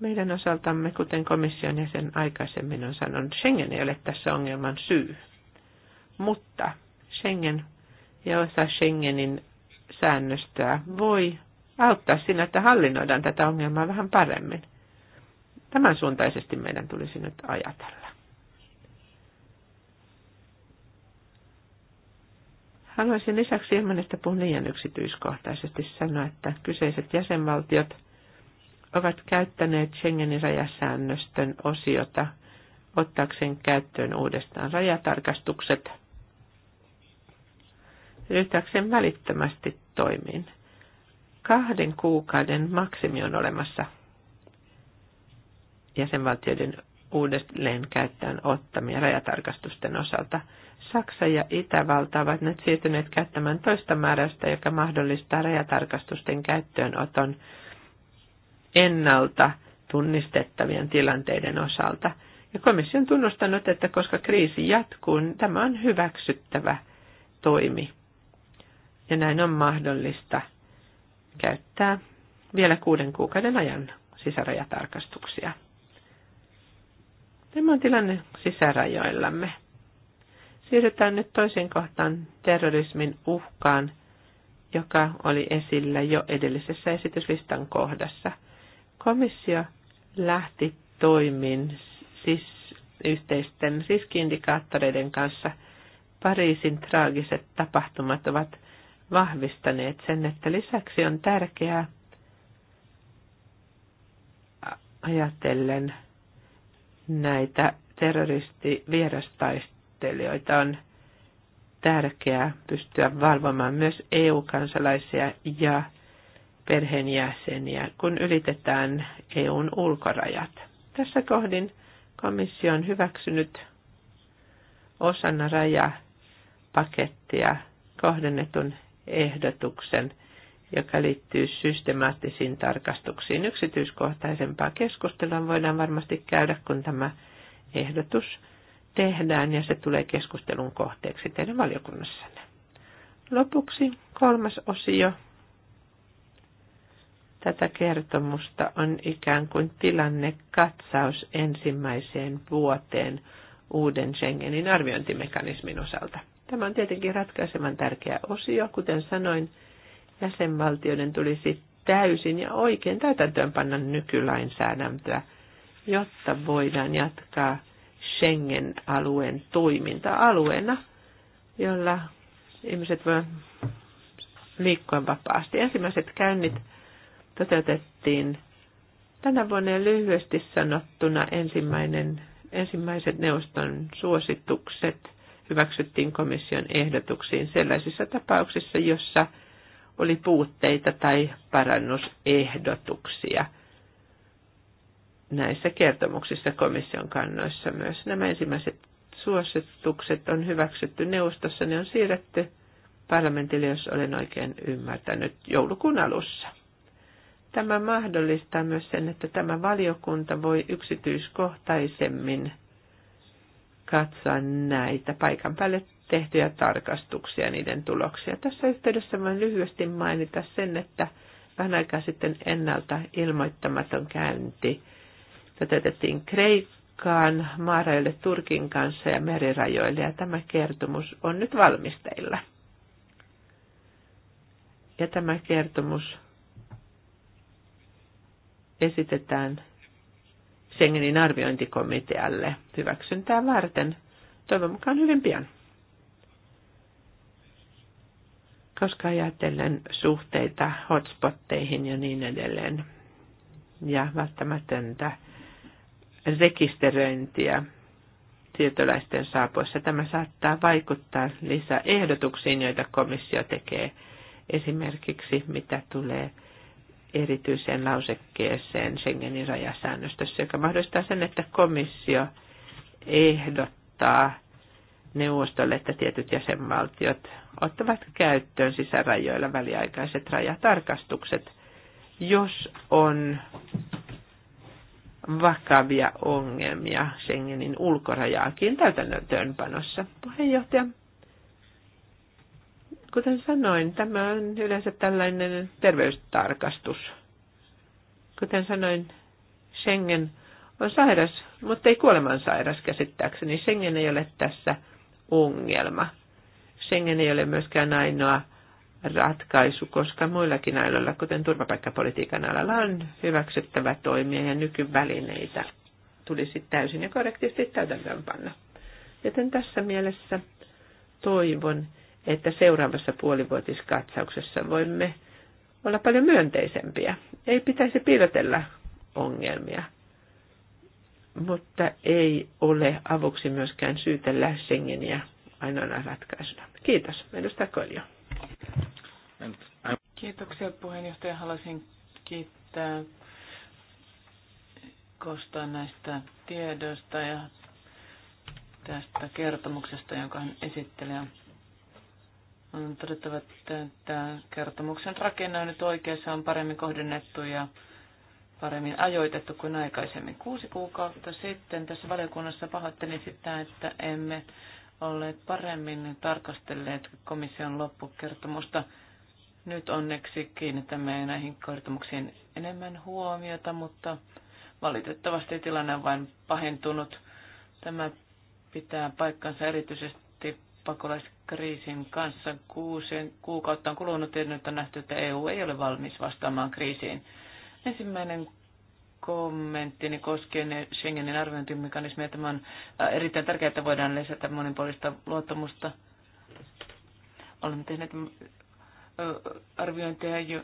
meidän osaltamme, kuten komission jäsen aikaisemmin on sanonut, Schengen ei ole tässä ongelman syy. Mutta Schengen ja osa Schengenin säännöstöä voi auttaa siinä, että hallinnoidaan tätä ongelmaa vähän paremmin. Tämän suuntaisesti meidän tulisi nyt ajatella. Haluaisin lisäksi ilman, että puhun liian yksityiskohtaisesti sanoa, että kyseiset jäsenvaltiot – ovat käyttäneet Schengenin rajasäännöstön osiota ottaakseen käyttöön uudestaan rajatarkastukset Ryhtääkseen välittömästi toimiin. Kahden kuukauden maksimi on olemassa jäsenvaltioiden uudelleen käyttöön ottamia rajatarkastusten osalta. Saksa ja Itävalta ovat nyt siirtyneet käyttämään toista määräystä, joka mahdollistaa rajatarkastusten käyttöönoton ennalta tunnistettavien tilanteiden osalta. Ja komission tunnustanut, että koska kriisi jatkuu, niin tämä on hyväksyttävä toimi. Ja näin on mahdollista käyttää vielä kuuden kuukauden ajan sisärajatarkastuksia. Tämä on tilanne sisärajoillamme. Siirrytään nyt toiseen kohtaan terrorismin uhkaan, joka oli esillä jo edellisessä esityslistan kohdassa – Komissio lähti toimin siis yhteisten riskiindikaattoreiden kanssa. Pariisin traagiset tapahtumat ovat vahvistaneet sen, että lisäksi on tärkeää ajatellen näitä terroristivierastaistelijoita on tärkeää pystyä valvomaan myös EU-kansalaisia ja perheenjäseniä, kun ylitetään EUn ulkorajat. Tässä kohdin komissio on hyväksynyt osana rajapakettia kohdennetun ehdotuksen, joka liittyy systemaattisiin tarkastuksiin. Yksityiskohtaisempaa keskustelua voidaan varmasti käydä, kun tämä ehdotus tehdään ja se tulee keskustelun kohteeksi teidän valiokunnassanne. Lopuksi kolmas osio Tätä kertomusta on ikään kuin tilannekatsaus ensimmäiseen vuoteen uuden Schengenin arviointimekanismin osalta. Tämä on tietenkin ratkaisevan tärkeä osio, kuten sanoin, jäsenvaltioiden tulisi täysin ja oikein täytäntöönpanna nykylainsäädäntöä, jotta voidaan jatkaa Schengen-alueen toiminta alueena, jolla ihmiset voivat liikkua vapaasti. Ensimmäiset käynnit toteutettiin tänä vuonna lyhyesti sanottuna ensimmäinen, ensimmäiset neuvoston suositukset hyväksyttiin komission ehdotuksiin sellaisissa tapauksissa, jossa oli puutteita tai parannusehdotuksia – näissä kertomuksissa komission kannoissa myös. Nämä ensimmäiset suositukset on hyväksytty neuvostossa, ne on siirretty parlamentille, jos olen oikein ymmärtänyt, joulukuun alussa. Tämä mahdollistaa myös sen, että tämä valiokunta voi yksityiskohtaisemmin katsoa näitä paikan päälle tehtyjä tarkastuksia ja niiden tuloksia. Tässä yhteydessä voin lyhyesti mainita sen, että vähän aikaa sitten ennalta ilmoittamaton käynti toteutettiin Kreikkaan, maarajoille Turkin kanssa ja merirajoille, ja tämä kertomus on nyt valmisteilla. Ja tämä kertomus esitetään Schengenin arviointikomitealle hyväksyntää varten, toivon mukaan hyvin pian. Koska ajatellen suhteita hotspotteihin ja niin edelleen ja välttämätöntä rekisteröintiä siirtolaisten saapuessa. Tämä saattaa vaikuttaa lisäehdotuksiin, joita komissio tekee esimerkiksi mitä tulee erityiseen lausekkeeseen Schengenin rajasäännöstössä, joka mahdollistaa sen, että komissio ehdottaa neuvostolle, että tietyt jäsenvaltiot ottavat käyttöön sisärajoilla väliaikaiset rajatarkastukset, jos on vakavia ongelmia Schengenin ulkorajaakin täytäntöönpanossa. Puheenjohtaja, Kuten sanoin, tämä on yleensä tällainen terveystarkastus. Kuten sanoin, Schengen on sairas, mutta ei kuoleman sairas käsittääkseni. Schengen ei ole tässä ongelma. Schengen ei ole myöskään ainoa ratkaisu, koska muillakin aloilla, kuten turvapaikkapolitiikan alalla, on hyväksyttävä toimia ja nykyvälineitä tulisi täysin ja korrektisti täytäntöönpanna. Joten tässä mielessä toivon, että seuraavassa puolivuotiskatsauksessa voimme olla paljon myönteisempiä. Ei pitäisi piilotella ongelmia, mutta ei ole avuksi myöskään syytellä Schengeniä ainoana ratkaisuna. Kiitos, edustaja Koljo. Kiitoksia puheenjohtaja. Haluaisin kiittää Kosta näistä tiedoista ja tästä kertomuksesta, jonka hän esittelee. On todettava, että kertomuksen rakenne on nyt oikeassa, on paremmin kohdennettu ja paremmin ajoitettu kuin aikaisemmin. Kuusi kuukautta sitten tässä valiokunnassa pahoittelin sitä, että emme olleet paremmin tarkastelleet komission loppukertomusta. Nyt onneksi kiinnitämme näihin kertomuksiin enemmän huomiota, mutta valitettavasti tilanne on vain pahentunut. Tämä pitää paikkansa erityisesti pakolaiskriisin kanssa. Kuusi kuukautta on kulunut ja nyt on nähty, että EU ei ole valmis vastaamaan kriisiin. Ensimmäinen kommenttini koskee Schengenin arviointimekanismia. Tämä on äh, erittäin tärkeää, että voidaan lisätä monipuolista luottamusta. Olemme tehneet äh, arviointeja,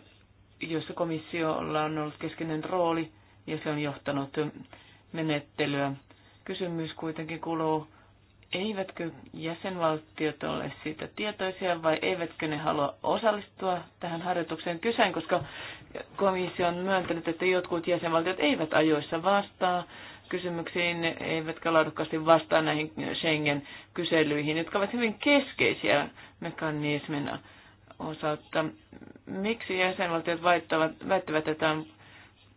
joissa komissiolla on ollut keskeinen rooli ja se on johtanut menettelyä. Kysymys kuitenkin kuuluu, eivätkö jäsenvaltiot ole siitä tietoisia vai eivätkö ne halua osallistua tähän harjoitukseen kyseen, koska komissio on myöntänyt, että jotkut jäsenvaltiot eivät ajoissa vastaa kysymyksiin, eivätkä laadukkaasti vastaa näihin Schengen-kyselyihin, jotka ovat hyvin keskeisiä mekanismina osalta. Miksi jäsenvaltiot väittävät, että on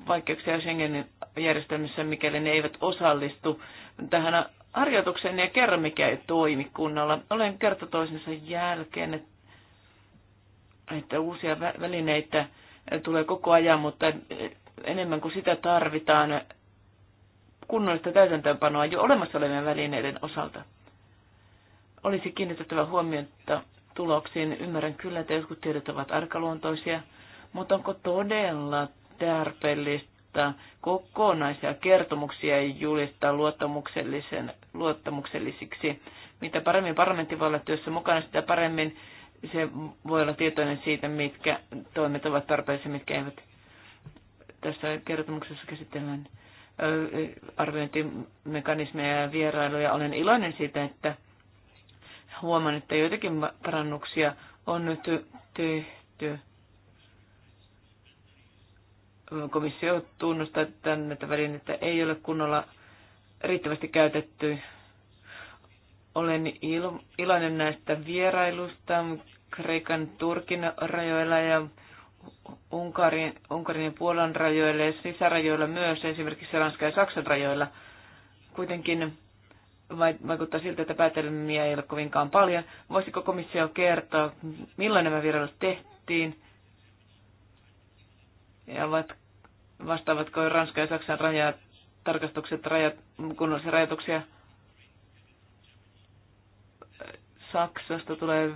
vaikeuksia Schengen-järjestelmissä, mikäli ne eivät osallistu tähän harjoitukseni ja kerran, mikä ei toimi kunnolla. Olen kerta toisensa jälkeen, että uusia välineitä tulee koko ajan, mutta enemmän kuin sitä tarvitaan kunnollista täytäntöönpanoa jo olemassa olevien välineiden osalta. Olisi kiinnitettävä huomiota tuloksiin. Ymmärrän kyllä, että jotkut tiedot ovat arkaluontoisia, mutta onko todella tarpeellista kirjoittaa kokonaisia kertomuksia ja julistaa luottamuksellisen, luottamuksellisiksi. Mitä paremmin parlamentti voi olla työssä mukana, sitä paremmin se voi olla tietoinen siitä, mitkä toimet ovat tarpeellisia, mitkä eivät. Tässä kertomuksessa käsitellään arviointimekanismeja ja vierailuja. Olen iloinen siitä, että huomaan, että joitakin parannuksia on nyt tehty Komissio tunnustaa, että tätä välinettä ei ole kunnolla riittävästi käytetty. Olen ilo, iloinen näistä vierailusta Kreikan Turkin rajoilla ja Unkarin, Unkarin ja Puolan rajoilla ja sisärajoilla myös, esimerkiksi Ranskan ja Saksan rajoilla. Kuitenkin vaikuttaa siltä, että päätelmiä ei ole kovinkaan paljon. Voisiko komissio kertoa, milloin nämä vierailut tehtiin ja ovat, vastaavatko Ranskan ja Saksan rajat, tarkastukset rajat, kunnollisia rajoituksia? Saksasta tulee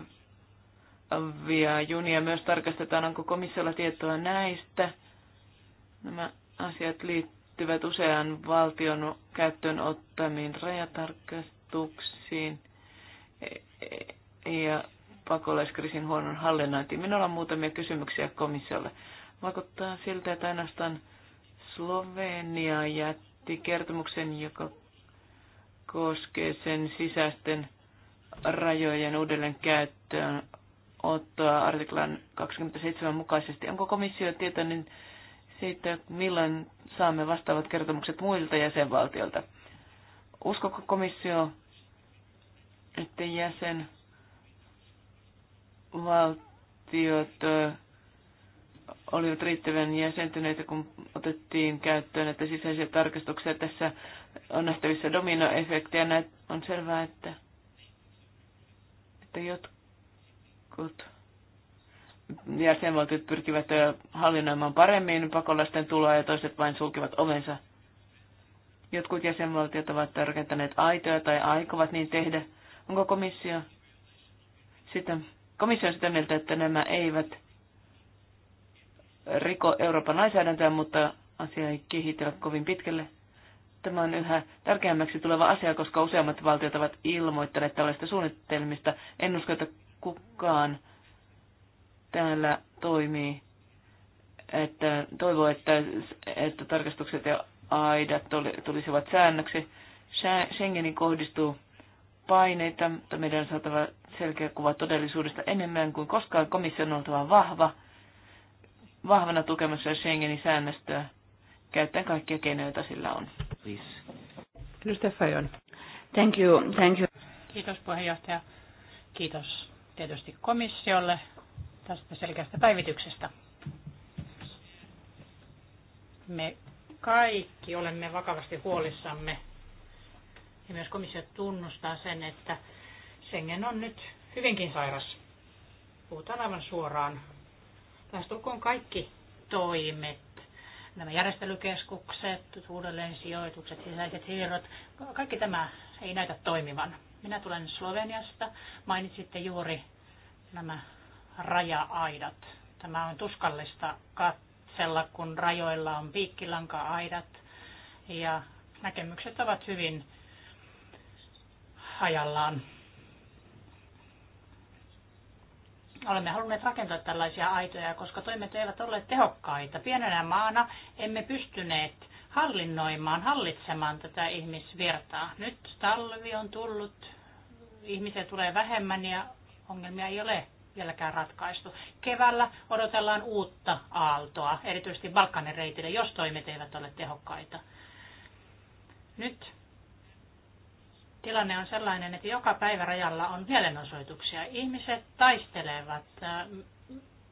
via junia myös tarkastetaan, onko komissiolla tietoa näistä. Nämä asiat liittyvät usean valtion käyttöön ottamiin rajatarkastuksiin ja pakolaiskriisin huonon hallinnointiin. Minulla on muutamia kysymyksiä komissiolle. Vaikuttaa siltä, että ainoastaan Slovenia jätti kertomuksen, joka koskee sen sisäisten rajojen uudelleen käyttöön ottaa artiklan 27 mukaisesti. Onko komissio tietoinen siitä, milloin saamme vastaavat kertomukset muilta jäsenvaltioilta? Uskoko komissio, että jäsenvaltiot olivat riittävän jäsentyneitä, kun otettiin käyttöön näitä sisäisiä tarkastuksia. Tässä on nähtävissä dominoefektiä. On selvää, että, että jotkut jäsenvaltiot pyrkivät hallinnoimaan paremmin pakolaisten tuloa ja toiset vain sulkivat ovensa. Jotkut jäsenvaltiot ovat rakentaneet aitoja tai aikovat niin tehdä. Onko komissio sitä, komissio on sitä mieltä, että nämä eivät riko Euroopan lainsäädäntöä, mutta asia ei kehitellä kovin pitkälle. Tämä on yhä tärkeämmäksi tuleva asia, koska useammat valtiot ovat ilmoittaneet tällaista suunnitelmista. En usko, että kukaan täällä toimii, että toivoo, että, että tarkastukset ja aidat tulisivat säännöksi. Schengenin kohdistuu paineita, mutta meidän on saatava selkeä kuva todellisuudesta enemmän kuin koskaan. Komission on oltava vahva vahvana tukemassa Schengenin säännöstöä käyttäen kaikkia keinoja, joita sillä on. Please. Edustaja Fajon. Thank you. Thank you. Kiitos puheenjohtaja. Kiitos tietysti komissiolle tästä selkeästä päivityksestä. Me kaikki olemme vakavasti huolissamme ja myös komissio tunnustaa sen, että Schengen on nyt hyvinkin sairas. Puhutaan aivan suoraan lähestulkoon kaikki toimet, nämä järjestelykeskukset, uudelleen sijoitukset, sisäiset siirrot, kaikki tämä ei näytä toimivan. Minä tulen Sloveniasta, mainitsitte juuri nämä raja-aidat. Tämä on tuskallista katsella, kun rajoilla on piikkilanka-aidat ja näkemykset ovat hyvin hajallaan olemme halunneet rakentaa tällaisia aitoja, koska toimet eivät olleet tehokkaita. Pienenä maana emme pystyneet hallinnoimaan, hallitsemaan tätä ihmisvirtaa. Nyt talvi on tullut, ihmisiä tulee vähemmän ja ongelmia ei ole vieläkään ratkaistu. Keväällä odotellaan uutta aaltoa, erityisesti Balkanin reitille, jos toimet eivät ole tehokkaita. Nyt tilanne on sellainen, että joka päivä rajalla on mielenosoituksia. Ihmiset taistelevat äh,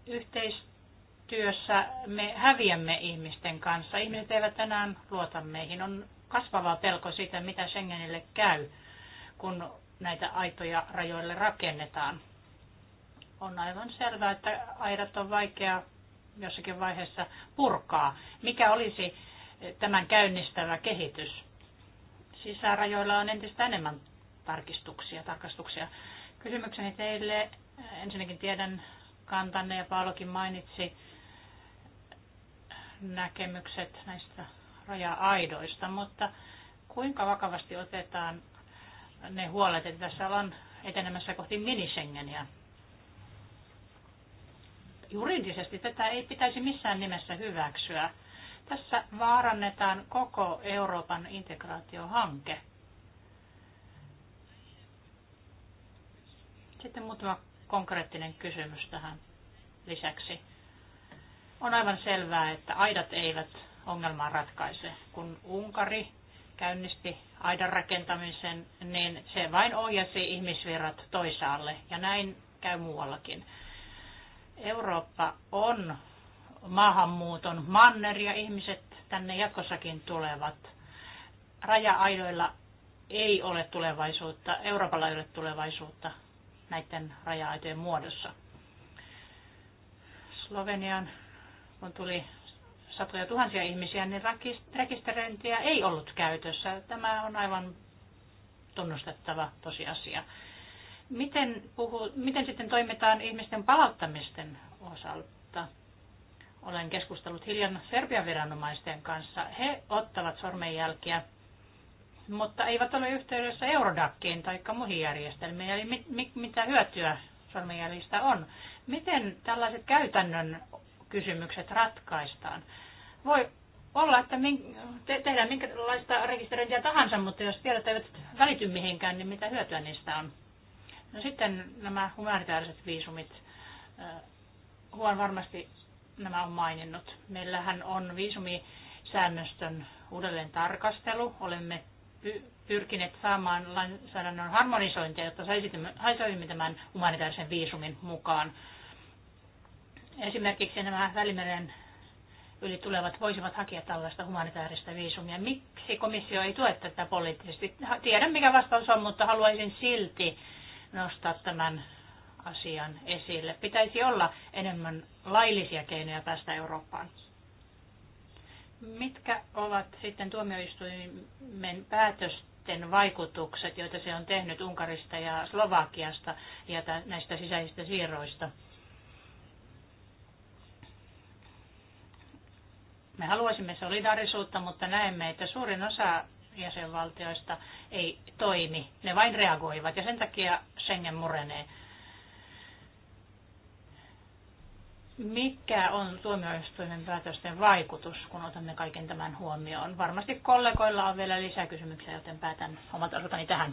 yhteistyössä, me häviämme ihmisten kanssa. Ihmiset eivät tänään luota meihin. On kasvava pelko siitä, mitä Schengenille käy, kun näitä aitoja rajoille rakennetaan. On aivan selvää, että aidat on vaikea jossakin vaiheessa purkaa. Mikä olisi tämän käynnistävä kehitys? sisärajoilla on entistä enemmän tarkistuksia, tarkastuksia. Kysymykseni teille, ensinnäkin tiedän kantanne ja Paalokin mainitsi näkemykset näistä raja-aidoista, mutta kuinka vakavasti otetaan ne huolet, että tässä ollaan etenemässä kohti ja Juridisesti tätä ei pitäisi missään nimessä hyväksyä tässä vaarannetaan koko Euroopan integraatiohanke. Sitten muutama konkreettinen kysymys tähän lisäksi. On aivan selvää, että aidat eivät ongelmaa ratkaise. Kun Unkari käynnisti aidan rakentamisen, niin se vain ohjasi ihmisvirrat toisaalle ja näin käy muuallakin. Eurooppa on maahanmuuton manner ja ihmiset tänne jatkossakin tulevat. Raja-aidoilla ei ole tulevaisuutta, Euroopalla ei ole tulevaisuutta näiden raja-aitojen muodossa. Slovenian kun tuli satoja tuhansia ihmisiä, niin rekisteröintiä ei ollut käytössä. Tämä on aivan tunnustettava tosiasia. Miten, puhu, miten sitten toimitaan ihmisten palauttamisten osalta? Olen keskustellut hiljan Serbian viranomaisten kanssa. He ottavat sormenjälkiä, mutta eivät ole yhteydessä Eurodakkiin tai muihin järjestelmiin. Eli mit, mit, mitä hyötyä sormenjäljistä on? Miten tällaiset käytännön kysymykset ratkaistaan? Voi olla, että min, te, tehdään minkälaista rekisteröintiä tahansa, mutta jos tiedot eivät välity mihinkään, niin mitä hyötyä niistä on? No sitten nämä humanitaariset viisumit. Äh, Huon varmasti nämä on maininnut. Meillähän on viisumisäännöstön uudelleen tarkastelu. Olemme pyrkineet saamaan lainsäädännön harmonisointia, jotta saisimme tämän humanitaarisen viisumin mukaan. Esimerkiksi nämä Välimeren yli tulevat voisivat hakea tällaista humanitaarista viisumia. Miksi komissio ei tue tätä poliittisesti? Tiedän mikä vastaus on, mutta haluaisin silti nostaa tämän asian esille. Pitäisi olla enemmän laillisia keinoja päästä Eurooppaan. Mitkä ovat sitten tuomioistuimen päätösten vaikutukset, joita se on tehnyt Unkarista ja Slovakiasta ja näistä sisäisistä siirroista? Me haluaisimme solidaarisuutta, mutta näemme, että suurin osa jäsenvaltioista ei toimi. Ne vain reagoivat ja sen takia Schengen murenee. Mikä on tuomioistuimen päätösten vaikutus, kun otamme kaiken tämän huomioon? Varmasti kollegoilla on vielä lisäkysymyksiä, joten päätän omat osaltani tähän.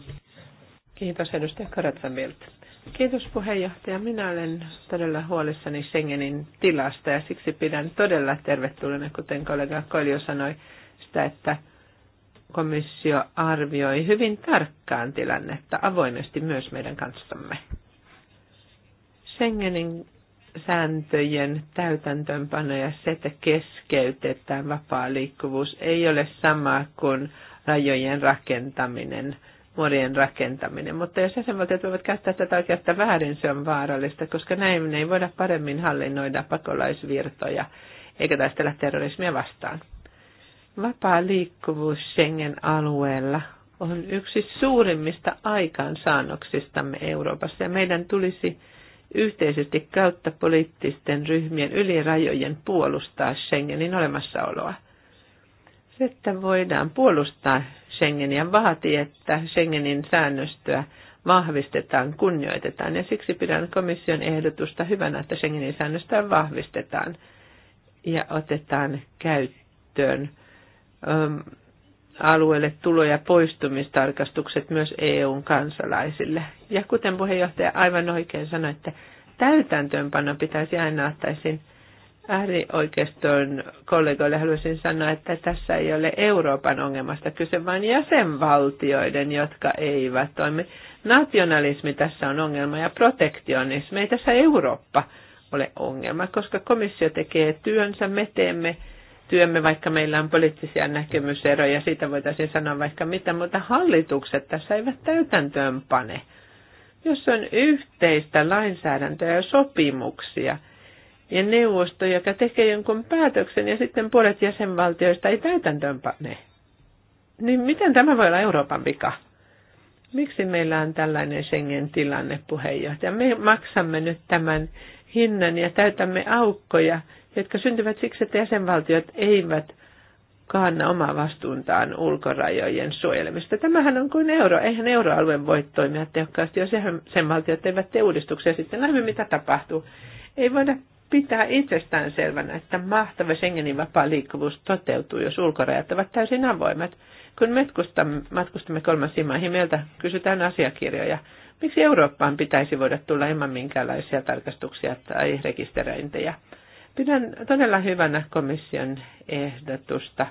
Kiitos edustaja Karatsamilta. Kiitos puheenjohtaja. Minä olen todella huolissani Schengenin tilasta ja siksi pidän todella tervetulleena, kuten kollega Koljo sanoi, sitä, että komissio arvioi hyvin tarkkaan tilannetta avoimesti myös meidän kanssamme. Schengenin sääntöjen täytäntöönpano ja se, että keskeytetään vapaa liikkuvuus, ei ole sama kuin rajojen rakentaminen, muorien rakentaminen. Mutta jos jäsenvaltiot voivat käyttää tätä oikeutta väärin, se on vaarallista, koska näin ei voida paremmin hallinnoida pakolaisvirtoja eikä taistella terrorismia vastaan. Vapaa liikkuvuus Schengen-alueella on yksi suurimmista aikaansaannoksistamme Euroopassa ja meidän tulisi yhteisesti kautta poliittisten ryhmien yli rajojen puolustaa Schengenin olemassaoloa. Se, että voidaan puolustaa Schengeniä, vaatii, että Schengenin säännöstöä vahvistetaan, kunnioitetaan ja siksi pidän komission ehdotusta hyvänä, että Schengenin säännöstöä vahvistetaan ja otetaan käyttöön alueelle tulo- ja poistumistarkastukset myös EUn kansalaisille. Ja kuten puheenjohtaja aivan oikein sanoi, että täytäntöönpano pitäisi aina ottaisin äärioikeiston kollegoille haluaisin sanoa, että tässä ei ole Euroopan ongelmasta kyse, vaan jäsenvaltioiden, jotka eivät toimi. Nationalismi tässä on ongelma ja protektionismi. Ei tässä Eurooppa ole ongelma, koska komissio tekee työnsä, me teemme työmme, vaikka meillä on poliittisia näkemyseroja, siitä voitaisiin sanoa vaikka mitä, mutta hallitukset tässä eivät täytäntöön pane. Jos on yhteistä lainsäädäntöä ja sopimuksia, ja neuvosto, joka tekee jonkun päätöksen, ja sitten puolet jäsenvaltioista ei täytäntöön pane, niin miten tämä voi olla Euroopan vika? Miksi meillä on tällainen Schengen-tilanne, puheenjohtaja? Me maksamme nyt tämän hinnan ja täytämme aukkoja, jotka syntyvät siksi, että jäsenvaltiot eivät kanna omaa vastuuntaan ulkorajojen suojelemista. Tämähän on kuin euro. Eihän euroalue voi toimia tehokkaasti, jos jäsenvaltiot eivät tee uudistuksia. Sitten näemme, mitä tapahtuu. Ei voida pitää itsestään selvänä, että mahtava Schengenin vapaa liikkuvuus toteutuu, jos ulkorajat ovat täysin avoimet. Kun matkustamme, matkustamme kolmansiin maihin, meiltä kysytään asiakirjoja. Miksi Eurooppaan pitäisi voida tulla ilman minkäänlaisia tarkastuksia tai rekisteröintejä? Pidän todella hyvänä komission ehdotusta.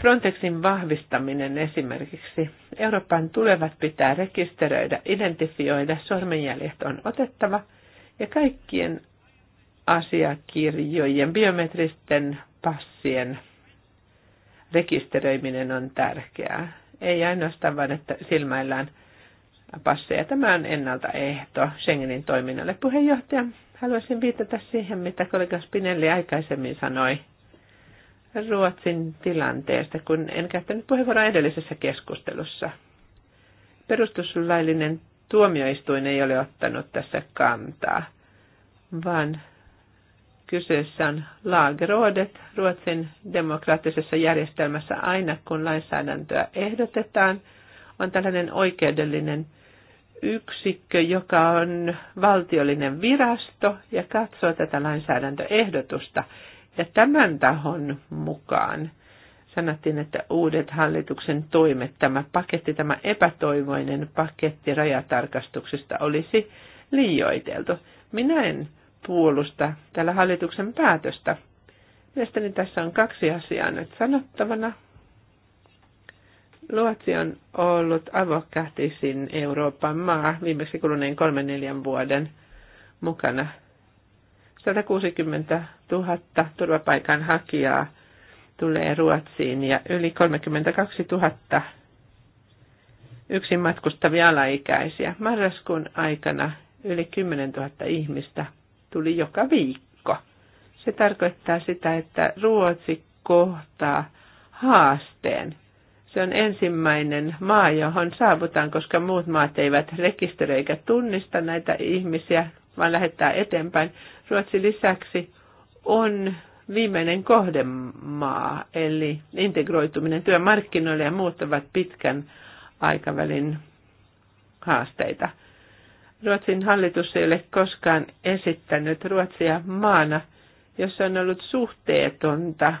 Frontexin vahvistaminen esimerkiksi. Euroopan tulevat pitää rekisteröidä, identifioida, sormenjäljet on otettava ja kaikkien asiakirjojen, biometristen passien rekisteröiminen on tärkeää. Ei ainoastaan vain, että silmäillään passeja. Tämä on ennalta ehto Schengenin toiminnalle. Puheenjohtaja, Haluaisin viitata siihen, mitä kollega Spinelli aikaisemmin sanoi Ruotsin tilanteesta, kun en käyttänyt puheenvuoroa edellisessä keskustelussa. Perustuslaillinen tuomioistuin ei ole ottanut tässä kantaa, vaan kyseessä on laagerodet Ruotsin demokraattisessa järjestelmässä aina kun lainsäädäntöä ehdotetaan, on tällainen oikeudellinen – yksikkö, joka on valtiollinen virasto ja katsoo tätä lainsäädäntöehdotusta. Ja tämän tahon mukaan sanottiin, että uudet hallituksen toimet, tämä paketti, tämä epätoivoinen paketti rajatarkastuksista olisi liioiteltu. Minä en puolusta tällä hallituksen päätöstä. Mielestäni tässä on kaksi asiaa nyt sanottavana. Luotsi on ollut avokätisin Euroopan maa viimeksi kuluneen kolmen neljän vuoden mukana. 160 000 turvapaikanhakijaa tulee Ruotsiin ja yli 32 000 yksin matkustavia alaikäisiä. Marraskuun aikana yli 10 000 ihmistä tuli joka viikko. Se tarkoittaa sitä, että Ruotsi kohtaa haasteen se on ensimmäinen maa, johon saavutaan, koska muut maat eivät rekisteröi eikä tunnista näitä ihmisiä, vaan lähettää eteenpäin. Ruotsi lisäksi on viimeinen kohdemaa, eli integroituminen työmarkkinoille ja muut ovat pitkän aikavälin haasteita. Ruotsin hallitus ei ole koskaan esittänyt Ruotsia maana, jossa on ollut suhteetonta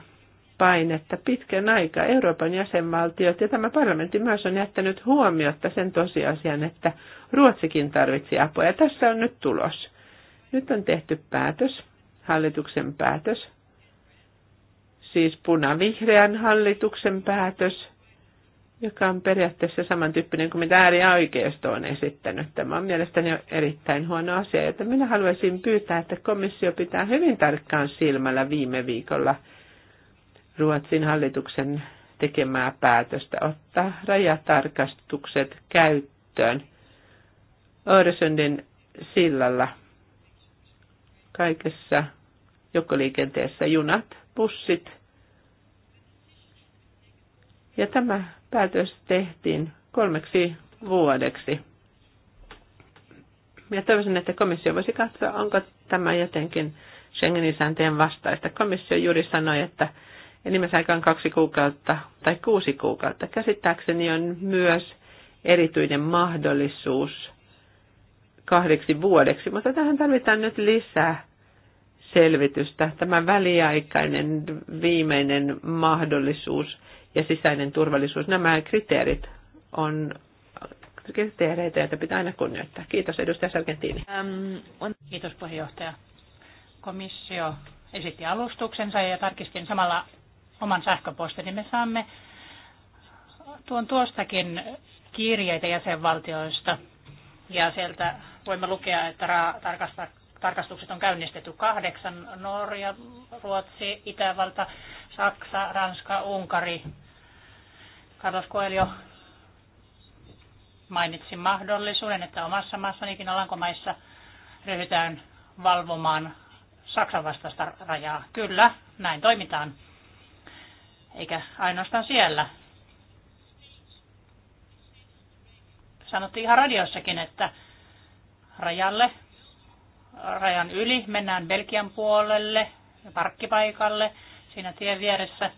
painetta pitkän aikaa Euroopan jäsenvaltiot ja tämä parlamentti myös on jättänyt huomiota sen tosiasian, että Ruotsikin tarvitsi apua ja tässä on nyt tulos. Nyt on tehty päätös, hallituksen päätös, siis punavihreän hallituksen päätös, joka on periaatteessa samantyyppinen kuin mitä äärioikeisto on esittänyt. Tämä on mielestäni erittäin huono asia, että minä haluaisin pyytää, että komissio pitää hyvin tarkkaan silmällä viime viikolla – Ruotsin hallituksen tekemää päätöstä ottaa rajatarkastukset käyttöön Öresundin sillalla kaikessa joukkoliikenteessä junat, bussit. Ja tämä päätös tehtiin kolmeksi vuodeksi. Ja toivoisin, että komissio voisi katsoa, onko tämä jotenkin Schengenin sääntöjen vastaista. Komissio juuri sanoi, että enimmäisaikaan kaksi kuukautta tai kuusi kuukautta. Käsittääkseni on myös erityinen mahdollisuus kahdeksi vuodeksi, mutta tähän tarvitaan nyt lisää selvitystä. Tämä väliaikainen viimeinen mahdollisuus ja sisäinen turvallisuus, nämä kriteerit on kriteereitä, joita pitää aina kunnioittaa. Kiitos edustaja Sargentini. Kiitos puheenjohtaja. Komissio esitti alustuksensa ja tarkistin samalla oman sähköpostin, niin me saamme tuon tuostakin kirjeitä jäsenvaltioista. Ja sieltä voimme lukea, että tarkastukset on käynnistetty kahdeksan. Norja, Ruotsi, Itävalta, Saksa, Ranska, Unkari. Carlos Coelho mainitsi mahdollisuuden, että omassa maassanikin Alankomaissa ryhdytään valvomaan Saksan vastaista rajaa. Kyllä, näin toimitaan eikä ainoastaan siellä. Sanottiin ihan radiossakin, että rajalle, rajan yli mennään Belgian puolelle, parkkipaikalle siinä tien vieressä.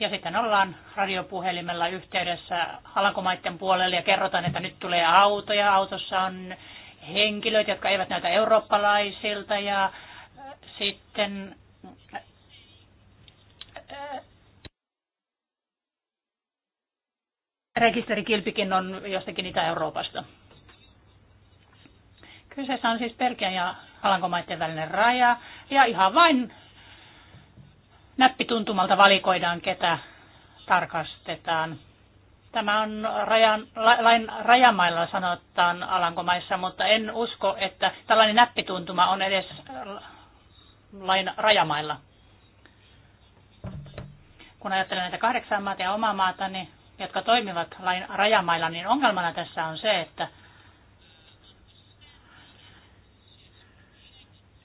Ja sitten ollaan radiopuhelimella yhteydessä Alankomaiden puolelle ja kerrotaan, että nyt tulee autoja. Autossa on henkilöitä, jotka eivät näytä eurooppalaisilta ja sitten rekisterikilpikin on jostakin Itä-Euroopasta. Kyseessä on siis Pelkian ja Alankomaiden välinen raja, ja ihan vain näppituntumalta valikoidaan, ketä tarkastetaan. Tämä on rajan, lain rajamailla sanotaan Alankomaissa, mutta en usko, että tällainen näppituntuma on edes lain rajamailla kun ajattelen näitä kahdeksan maata ja omaa niin, jotka toimivat lain rajamailla, niin ongelmana tässä on se, että,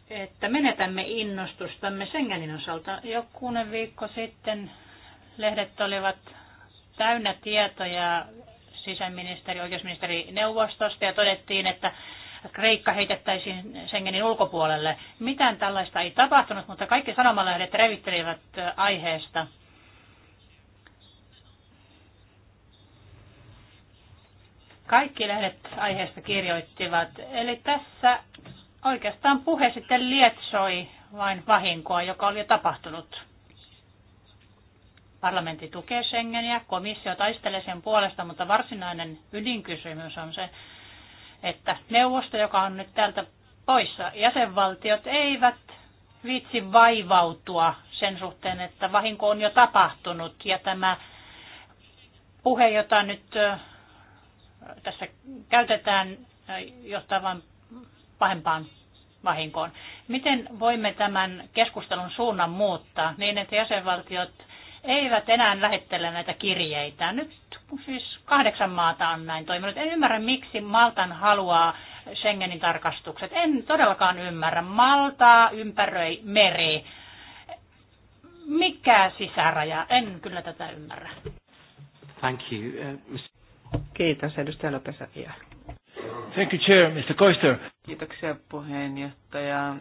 että menetämme innostustamme Schengenin osalta. Jokunen viikko sitten lehdet olivat täynnä tietoja sisäministeri, oikeusministeri neuvostosta ja todettiin, että Kreikka heitettäisiin Schengenin ulkopuolelle. Mitään tällaista ei tapahtunut, mutta kaikki sanomalehdet revittelivät aiheesta. Kaikki lehdet aiheesta kirjoittivat. Eli tässä oikeastaan puhe sitten lietsoi vain vahinkoa, joka oli jo tapahtunut. Parlamentti tukee Schengeniä, komissio taistelee sen puolesta, mutta varsinainen ydinkysymys on se, että neuvosto, joka on nyt täältä poissa, jäsenvaltiot eivät viitsi vaivautua sen suhteen, että vahinko on jo tapahtunut ja tämä puhe, jota nyt tässä käytetään, johtavan pahempaan vahinkoon. Miten voimme tämän keskustelun suunnan muuttaa niin, että jäsenvaltiot eivät enää lähettele näitä kirjeitä? Nyt siis kahdeksan maata on näin toiminut. En ymmärrä, miksi Maltan haluaa Schengenin tarkastukset. En todellakaan ymmärrä. Maltaa ympäröi meri. Mikä sisäraja? En kyllä tätä ymmärrä. Thank you. Uh, Kiitos, edustaja Lopes Thank you, Chair, Mr. Koister. Kiitoksia puheenjohtaja.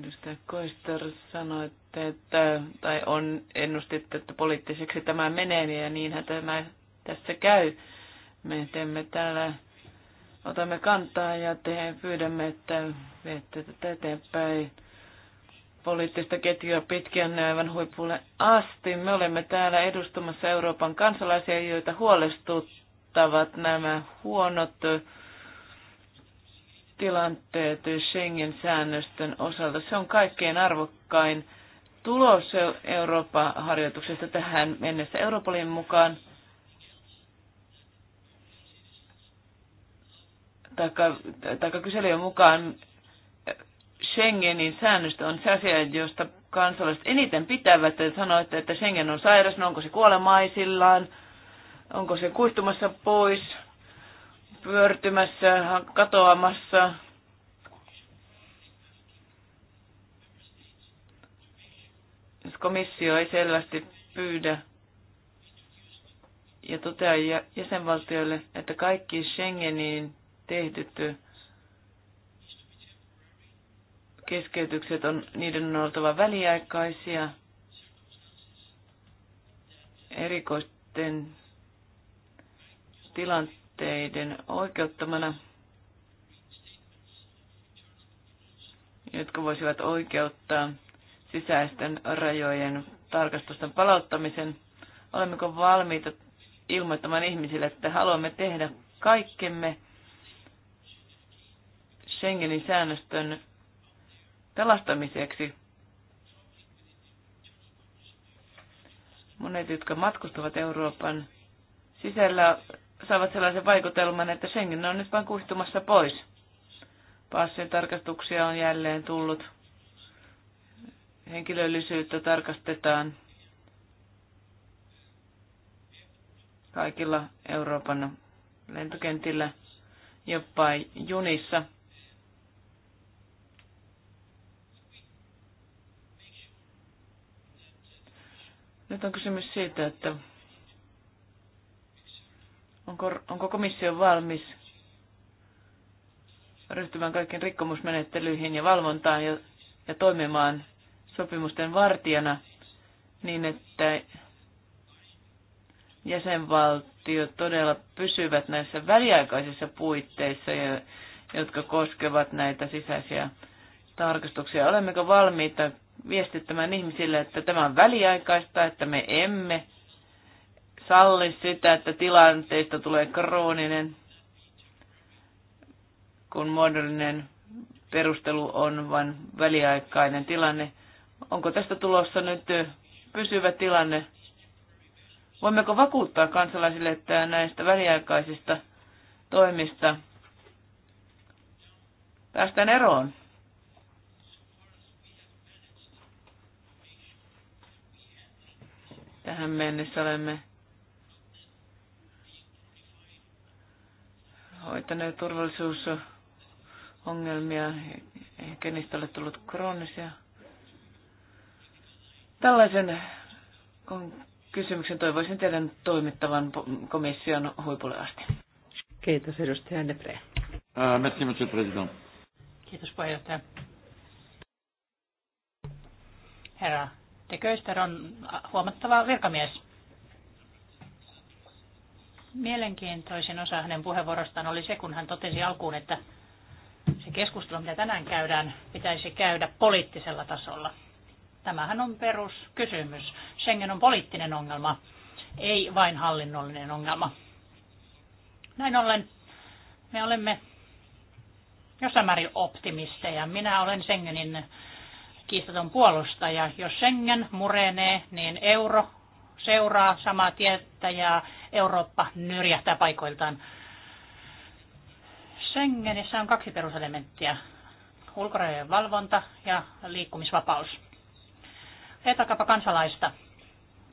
Edustaja Koister sanoi, että, tai on ennustettu, että poliittiseksi tämä menee, ja niinhän tämä tässä käy. Me teemme täällä, otamme kantaa ja te pyydämme, että viette tätä eteenpäin poliittista ketjua pitkän näivän huipulle asti. Me olemme täällä edustamassa Euroopan kansalaisia, joita huolestuttavat nämä huonot tilanteet Schengen-säännösten osalta. Se on kaikkein arvokkain tulos Euroopan harjoituksesta tähän mennessä Europolin mukaan. Taikka, taikka kyselyjen mukaan Schengenin säännöstö on se asia, josta kansalaiset eniten pitävät. Että sanoitte, että Schengen on sairas, no onko se kuolemaisillaan, onko se kuihtumassa pois, pyörtymässä, katoamassa. komissio ei selvästi pyydä ja toteaa jäsenvaltioille, että kaikki Schengeniin tehdyt keskeytykset on, niiden on oltava väliaikaisia erikoisten tilanteiden oikeuttamana, jotka voisivat oikeuttaa sisäisten rajojen tarkastusten palauttamisen. Olemmeko valmiita ilmoittamaan ihmisille, että haluamme tehdä kaikkemme Schengenin säännöstön pelastamiseksi. Monet, jotka matkustavat Euroopan sisällä, saavat sellaisen vaikutelman, että Schengen on nyt vain kuihtumassa pois. Passin tarkastuksia on jälleen tullut. Henkilöllisyyttä tarkastetaan kaikilla Euroopan lentokentillä, jopa junissa – Nyt on kysymys siitä, että onko, onko komissio valmis ryhtymään kaikkiin rikkomusmenettelyihin ja valvontaan ja, ja toimimaan sopimusten vartijana niin, että jäsenvaltiot todella pysyvät näissä väliaikaisissa puitteissa, jotka koskevat näitä sisäisiä tarkastuksia. Olemmeko valmiita viestittämään ihmisille, että tämä on väliaikaista, että me emme salli sitä, että tilanteista tulee krooninen, kun muodollinen perustelu on vain väliaikainen tilanne. Onko tästä tulossa nyt pysyvä tilanne? Voimmeko vakuuttaa kansalaisille, että näistä väliaikaisista toimista päästään eroon? Tähän mennessä olemme hoitaneet turvallisuusongelmia, eikä niistä ole tullut kroonisia. Tällaisen kysymyksen toivoisin teidän toimittavan komission huipulle asti. Kiitos edustaja Debre. Uh, merci, monsieur président. Kiitos puheenjohtaja. Herra De Köster on huomattava virkamies. Mielenkiintoisin osa hänen puheenvuorostaan oli se, kun hän totesi alkuun, että se keskustelu, mitä tänään käydään, pitäisi käydä poliittisella tasolla. Tämähän on peruskysymys. Schengen on poliittinen ongelma, ei vain hallinnollinen ongelma. Näin ollen me olemme jossain määrin optimisteja. Minä olen Schengenin kiistaton puolustaja. Jos Schengen murenee, niin euro seuraa samaa tietä ja Eurooppa nyrjähtää paikoiltaan. Schengenissä on kaksi peruselementtiä. Ulkorajojen valvonta ja liikkumisvapaus. Etakapa kansalaista,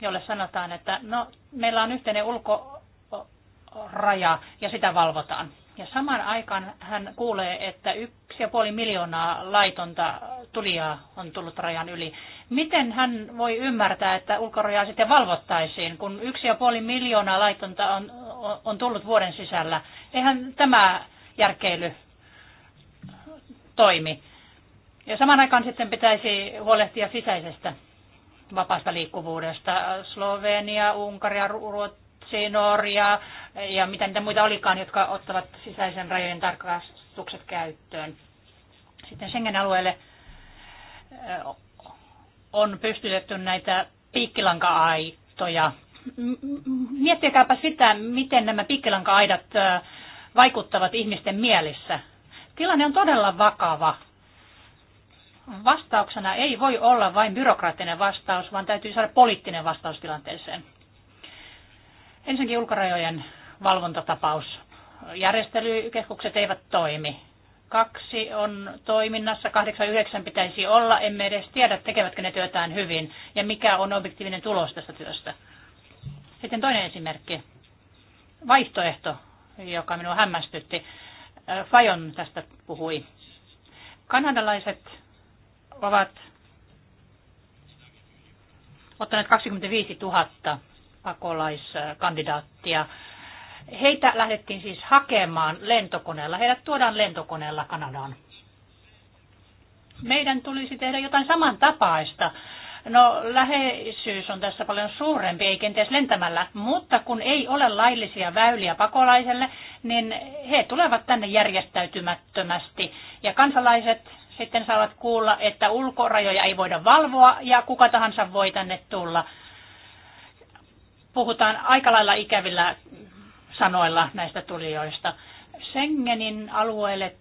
jolle sanotaan, että no, meillä on yhteinen ulkoraja ja sitä valvotaan. Ja samaan aikaan hän kuulee, että 1,5 miljoonaa laitonta tulijaa on tullut rajan yli. Miten hän voi ymmärtää, että ulkorajaa sitten valvottaisiin, kun 1,5 miljoonaa laitonta on, on tullut vuoden sisällä? Eihän tämä järkeily toimi. Ja samaan aikaan sitten pitäisi huolehtia sisäisestä vapaasta liikkuvuudesta. Slovenia, Unkaria, Ruotsi Ruotsi, ja mitä niitä muita olikaan, jotka ottavat sisäisen rajojen tarkastukset käyttöön. Sitten Schengen-alueelle on pystytetty näitä piikkilanka-aitoja. Miettikääpä sitä, miten nämä piikkilanka-aidat vaikuttavat ihmisten mielissä. Tilanne on todella vakava. Vastauksena ei voi olla vain byrokraattinen vastaus, vaan täytyy saada poliittinen vastaus tilanteeseen. Ensinnäkin ulkorajojen valvontatapaus. Järjestelykeskukset eivät toimi. Kaksi on toiminnassa, kahdeksan yhdeksän pitäisi olla. Emme edes tiedä, tekevätkö ne työtään hyvin ja mikä on objektiivinen tulos tästä työstä. Sitten toinen esimerkki. Vaihtoehto, joka minua hämmästytti. Fajon tästä puhui. Kanadalaiset ovat ottaneet 25 000 pakolaiskandidaattia. Heitä lähdettiin siis hakemaan lentokoneella. Heidät tuodaan lentokoneella Kanadaan. Meidän tulisi tehdä jotain samantapaista. No läheisyys on tässä paljon suurempi, ei kenties lentämällä, mutta kun ei ole laillisia väyliä pakolaiselle, niin he tulevat tänne järjestäytymättömästi. Ja kansalaiset sitten saavat kuulla, että ulkorajoja ei voida valvoa ja kuka tahansa voi tänne tulla puhutaan aika lailla ikävillä sanoilla näistä tulijoista. Schengenin alueelle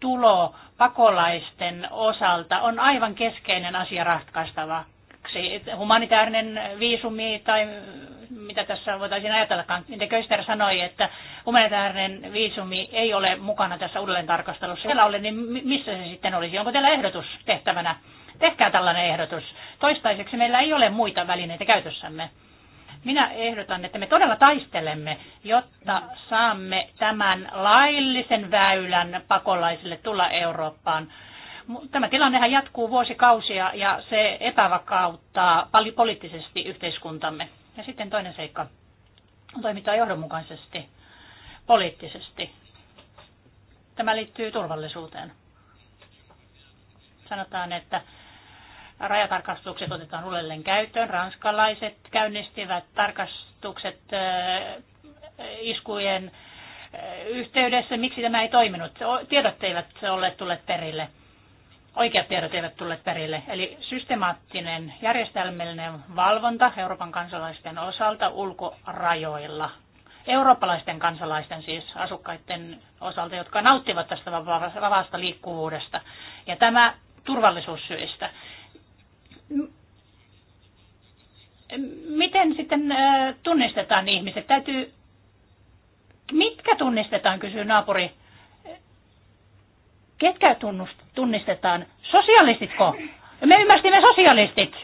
tulo pakolaisten osalta on aivan keskeinen asia ratkaistavaksi. Humanitaarinen viisumi tai mitä tässä voitaisiin ajatellakaan, mitä Köster sanoi, että humanitaarinen viisumi ei ole mukana tässä uudelleen tarkastelussa. Siellä oli, niin missä se sitten olisi? Onko teillä ehdotus tehtävänä? Tehkää tällainen ehdotus. Toistaiseksi meillä ei ole muita välineitä käytössämme. Minä ehdotan, että me todella taistelemme, jotta saamme tämän laillisen väylän pakolaisille tulla Eurooppaan. Tämä tilannehan jatkuu vuosikausia ja se epävakauttaa paljon poliittisesti yhteiskuntamme. Ja sitten toinen seikka on toimittaa johdonmukaisesti, poliittisesti. Tämä liittyy turvallisuuteen. Sanotaan, että rajatarkastukset otetaan uudelleen käyttöön. Ranskalaiset käynnistivät tarkastukset iskujen yhteydessä. Miksi tämä ei toiminut? Tiedot eivät olleet tulleet perille. Oikeat tiedot eivät tulleet perille. Eli systemaattinen järjestelmällinen valvonta Euroopan kansalaisten osalta ulkorajoilla. Eurooppalaisten kansalaisten siis asukkaiden osalta, jotka nauttivat tästä vapaasta liikkuvuudesta. Ja tämä turvallisuussyistä miten sitten äh, tunnistetaan ihmiset? Täytyy, mitkä tunnistetaan, kysyy naapuri. Ketkä tunnistetaan? Sosialistitko? Me ymmärsimme sosialistit.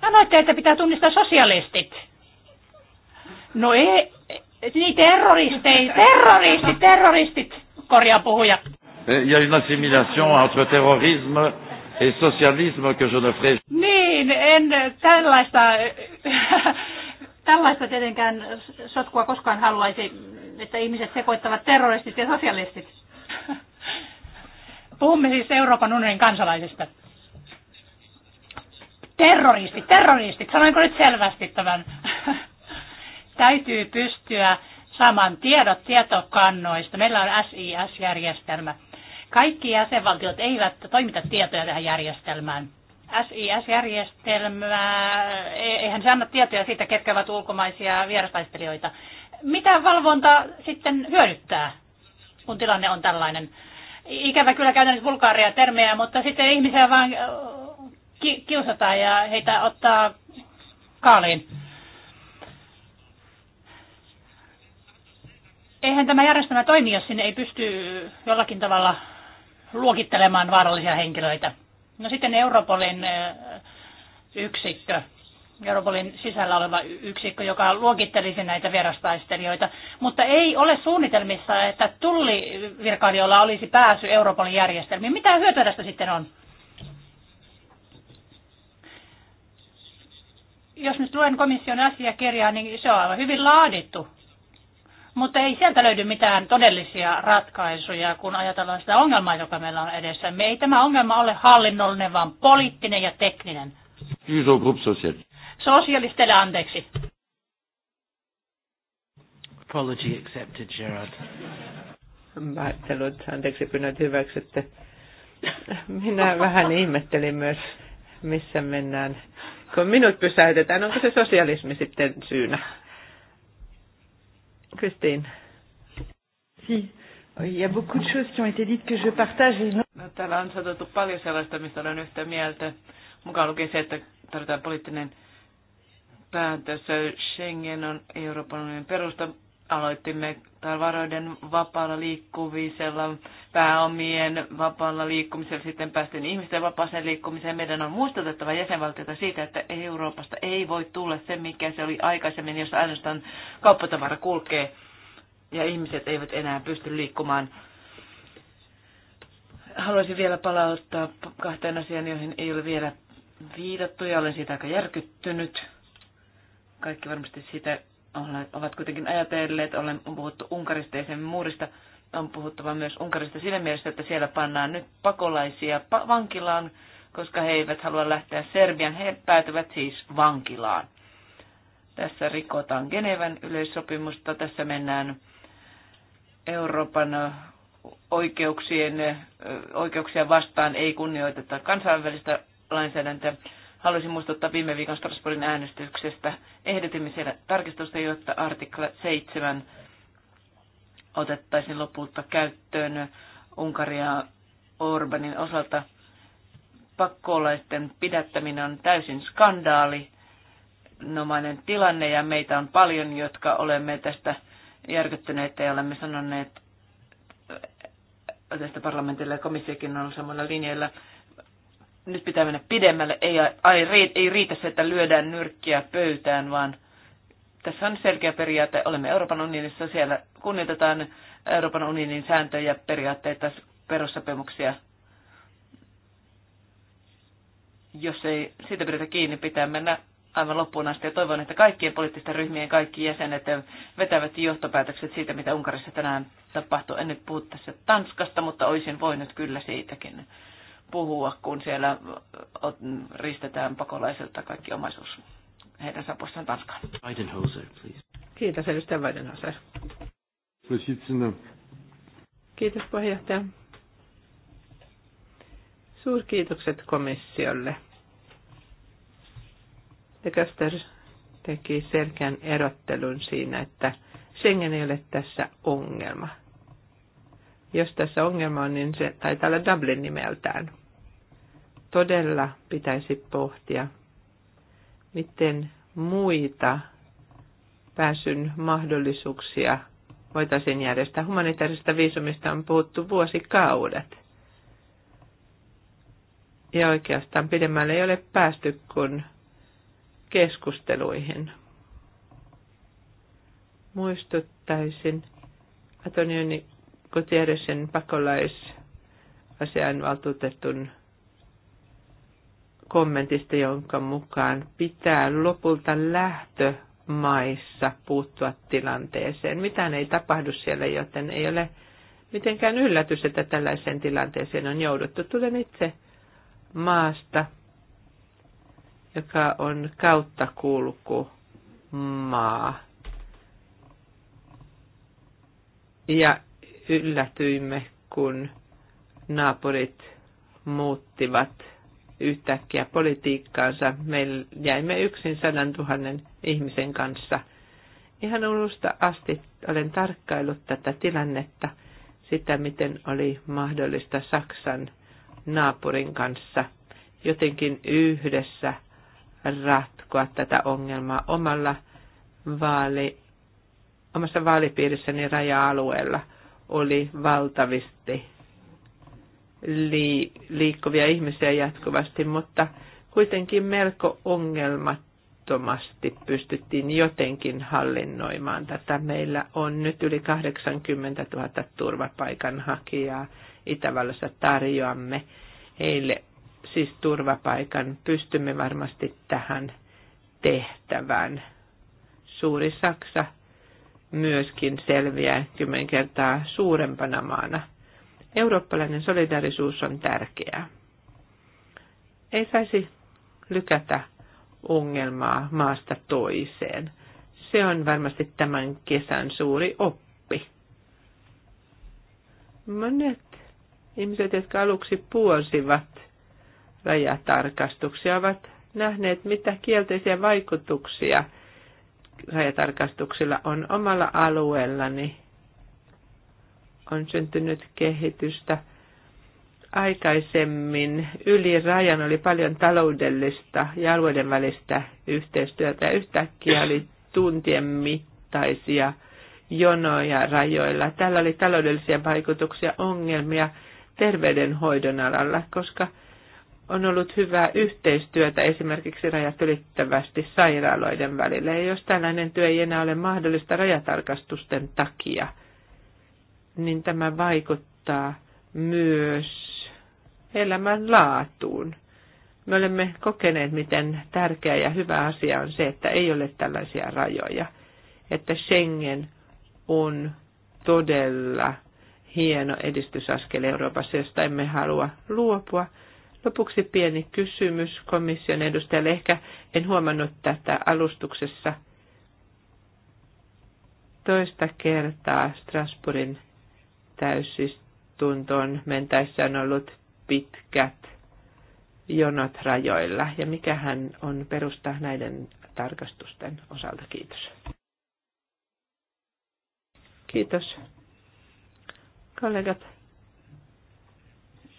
Sanoitte, että pitää tunnistaa sosialistit. No ei, niin terroristei, terroristit, terroristit, korjaa puhuja. Il y a une assimilation entre terrorisme et socialisme que je ne ferai. Niin, en tällaista, tällaista tietenkään sotkua koskaan haluaisi, että ihmiset sekoittavat terroristit ja sosialistit. Puhumme siis Euroopan unionin kansalaisista. Terroristit, terroristit, sanoinko nyt selvästi tämän? Täytyy pystyä saamaan tiedot tietokannoista. Meillä on SIS-järjestelmä. Kaikki jäsenvaltiot eivät toimita tietoja tähän järjestelmään. SIS-järjestelmä, e, eihän se anna tietoja siitä, ketkä ovat ulkomaisia vierastaistelijoita. Mitä valvonta sitten hyödyttää, kun tilanne on tällainen? Ikävä kyllä käytän vulkaaria termejä, mutta sitten ihmisiä vaan ki- kiusataan ja heitä ottaa kaaliin. Eihän tämä järjestelmä toimi, jos sinne ei pysty jollakin tavalla luokittelemaan vaarallisia henkilöitä. No sitten Europolin yksikkö, Europolin sisällä oleva yksikkö, joka luokittelisi näitä vierastaistelijoita, mutta ei ole suunnitelmissa, että tullivirkailijoilla olisi pääsy Europolin järjestelmiin. Mitä hyötyä tästä sitten on? Jos nyt luen komission asiakirjaa, niin se on aivan hyvin laadittu mutta ei sieltä löydy mitään todellisia ratkaisuja, kun ajatellaan sitä ongelmaa, joka meillä on edessä. Me ei tämä ongelma ole hallinnollinen, vaan poliittinen ja tekninen. Sosialisteille anteeksi. Apology accepted, Gerard. Pahoittelut, anteeksi kun näitä hyväksytte. Minä vähän ihmettelin myös, missä mennään. Kun minut pysäytetään, onko se sosialismi sitten syynä? Christine. Si. Il y a beaucoup de choses qui ont été dites que je partage. No, täällä on sanottu paljon sellaista, mistä olen yhtä mieltä. Mukaan lukee se, että tarvitaan poliittinen päätös. Schengen on Euroopan unionin perusta aloitimme tavaroiden vapaalla liikkuvisella, pääomien vapaalla liikkumisella, sitten päästiin ihmisten vapaaseen liikkumiseen. Meidän on muistutettava jäsenvaltiota siitä, että Euroopasta ei voi tulla se, mikä se oli aikaisemmin, jos ainoastaan kauppatavara kulkee ja ihmiset eivät enää pysty liikkumaan. Haluaisin vielä palauttaa kahteen asiaan, joihin ei ole vielä viitattu ja olen siitä aika järkyttynyt. Kaikki varmasti sitä ovat kuitenkin ajatelleet, olen puhuttu Unkarista ja sen muurista, on puhuttava myös Unkarista siinä mielessä, että siellä pannaan nyt pakolaisia vankilaan, koska he eivät halua lähteä Serbian, he päätyvät siis vankilaan. Tässä rikotaan Genevan yleissopimusta, tässä mennään Euroopan oikeuksien, oikeuksia vastaan, ei kunnioiteta kansainvälistä lainsäädäntöä. Haluaisin muistuttaa viime viikon Strasbourgin äänestyksestä. Ehdotimme siellä tarkistusta, jotta artikla 7 otettaisiin lopulta käyttöön Unkaria Orbanin osalta. Pakkolaisten pidättäminen on täysin skandaali nomainen tilanne ja meitä on paljon, jotka olemme tästä järkyttyneitä ja olemme sanoneet tästä parlamentille ja komissiokin on ollut samalla linjalla nyt pitää mennä pidemmälle. Ei, ri, ei riitä se, että lyödään nyrkkiä pöytään, vaan tässä on selkeä periaate. Olemme Euroopan unionissa, siellä kunnioitetaan Euroopan unionin sääntöjä, periaatteita, perussopimuksia. Jos ei siitä pidetä kiinni, pitää mennä aivan loppuun asti. Ja toivon, että kaikkien poliittisten ryhmien kaikki jäsenet vetävät johtopäätökset siitä, mitä Unkarissa tänään tapahtuu. En nyt puhu tässä Tanskasta, mutta olisin voinut kyllä siitäkin puhua, kun siellä ristetään pakolaisilta kaikki omaisuus heidän sapossaan Tanskaan. Weidenhauser, please. Kiitos, edustaja Weidenhauser. Kiitos, puheenjohtaja. Suurkiitokset komissiolle. De Köster teki selkeän erottelun siinä, että Schengen ei ole tässä ongelma. Jos tässä ongelma on, niin se taitaa olla Dublin nimeltään todella pitäisi pohtia, miten muita pääsyn mahdollisuuksia voitaisiin järjestää. Humanitaarisesta viisumista on puhuttu vuosikaudet. Ja oikeastaan pidemmälle ei ole päästy kuin keskusteluihin. Muistuttaisin Antonioni Gutierrezin pakolaisasianvaltuutetun valtuutetun kommentista, jonka mukaan pitää lopulta lähtömaissa puuttua tilanteeseen. Mitään ei tapahdu siellä, joten ei ole mitenkään yllätys, että tällaiseen tilanteeseen on jouduttu. Tulen itse maasta, joka on kautta kulku maa. Ja yllätyimme, kun naapurit muuttivat yhtäkkiä politiikkaansa. Me jäimme yksin sadan tuhannen ihmisen kanssa. Ihan alusta asti olen tarkkaillut tätä tilannetta, sitä miten oli mahdollista Saksan naapurin kanssa jotenkin yhdessä ratkoa tätä ongelmaa omalla vaali, omassa vaalipiirissäni raja-alueella oli valtavasti liikkuvia ihmisiä jatkuvasti, mutta kuitenkin melko ongelmattomasti pystyttiin jotenkin hallinnoimaan tätä. Meillä on nyt yli 80 000 turvapaikanhakijaa Itävallassa tarjoamme heille siis turvapaikan. Pystymme varmasti tähän tehtävään. Suuri Saksa myöskin selviää kymmenkertaa kertaa suurempana maana – Eurooppalainen solidarisuus on tärkeää. Ei saisi lykätä ongelmaa maasta toiseen. Se on varmasti tämän kesän suuri oppi. Monet ihmiset, jotka aluksi puolsivat rajatarkastuksia, ovat nähneet, mitä kielteisiä vaikutuksia rajatarkastuksilla on omalla alueellani on syntynyt kehitystä. Aikaisemmin yli rajan oli paljon taloudellista ja alueiden välistä yhteistyötä ja yhtäkkiä oli tuntien mittaisia jonoja rajoilla. Tällä oli taloudellisia vaikutuksia, ongelmia terveydenhoidon alalla, koska on ollut hyvää yhteistyötä esimerkiksi rajat ylittävästi sairaaloiden välillä. Ja jos tällainen työ ei enää ole mahdollista rajatarkastusten takia – niin tämä vaikuttaa myös elämänlaatuun. Me olemme kokeneet, miten tärkeä ja hyvä asia on se, että ei ole tällaisia rajoja, että Schengen on todella hieno edistysaskel Euroopassa, josta emme halua luopua. Lopuksi pieni kysymys komission edustajalle. Ehkä en huomannut tätä alustuksessa toista kertaa Strasbourgin täysistuntoon mentäessä on ollut pitkät jonot rajoilla ja mikähän on perusta näiden tarkastusten osalta. Kiitos. Kiitos. Kollegat,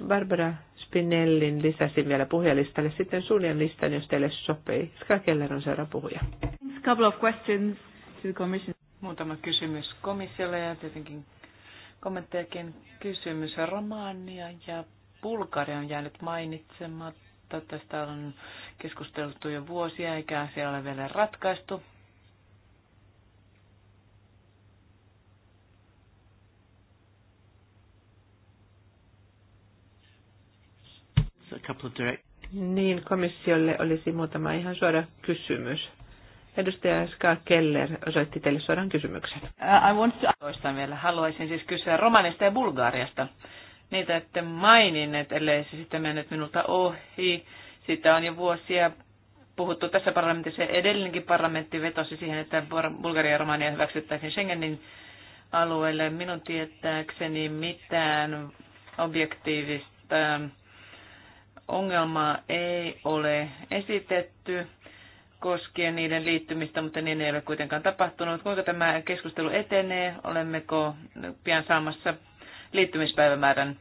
Barbara Spinellin lisäsin vielä puhujalistalle. Sitten suljen listan, jos teille sopii. Ska Keller on seuraava puhuja. Couple of questions to the commission. Muutama kysymys komissiolle ja tietenkin kommenttejakin kysymys. Romania ja Bulgaria on jäänyt mainitsematta. Tästä on keskusteltu jo vuosia, eikä se ole vielä ratkaistu. Niin, komissiolle olisi muutama ihan suora kysymys. Edustaja Ska Keller osoitti teille suoran kysymyksen. Uh, I want to... Toistan vielä. Haluaisin siis kysyä romanista ja Bulgaariasta. Niitä ette maininneet, ellei se sitten mennyt minulta ohi. Sitä on jo vuosia puhuttu tässä parlamentissa. Edellinenkin parlamentti vetosi siihen, että Bulgaria ja Romania hyväksyttäisiin Schengenin alueelle. Minun tietääkseni mitään objektiivista ongelmaa ei ole esitetty koskien niiden liittymistä, mutta niin ei ole kuitenkaan tapahtunut. Kuinka tämä keskustelu etenee? Olemmeko pian saamassa liittymispäivämäärän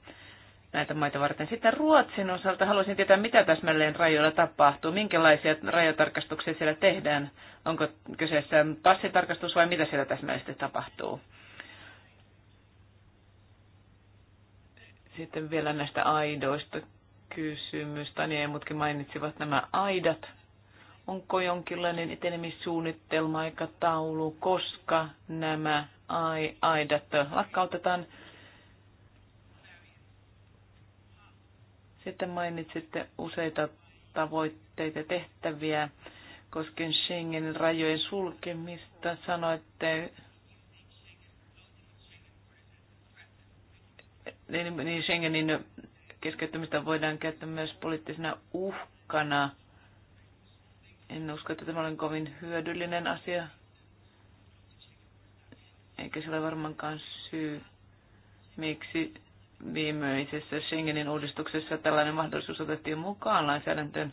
näitä maita varten? Sitten Ruotsin osalta haluaisin tietää, mitä täsmälleen rajoilla tapahtuu. Minkälaisia rajatarkastuksia siellä tehdään? Onko kyseessä passitarkastus vai mitä siellä täsmällisesti tapahtuu? Sitten vielä näistä aidoista kysymys. niin ja mainitsivat nämä aidat Onko jonkinlainen etenemissuunnitelma, aikataulu, koska nämä aidat lakkautetaan? Sitten mainitsitte useita tavoitteita ja tehtäviä koskien Schengenin rajojen sulkemista. Sanoitte, niin, niin Schengenin keskeyttämistä voidaan käyttää myös poliittisena uhkana. En usko, että tämä on kovin hyödyllinen asia, eikä se ole varmaankaan syy, miksi viimeisessä Schengenin uudistuksessa tällainen mahdollisuus otettiin mukaan lainsäädäntöön,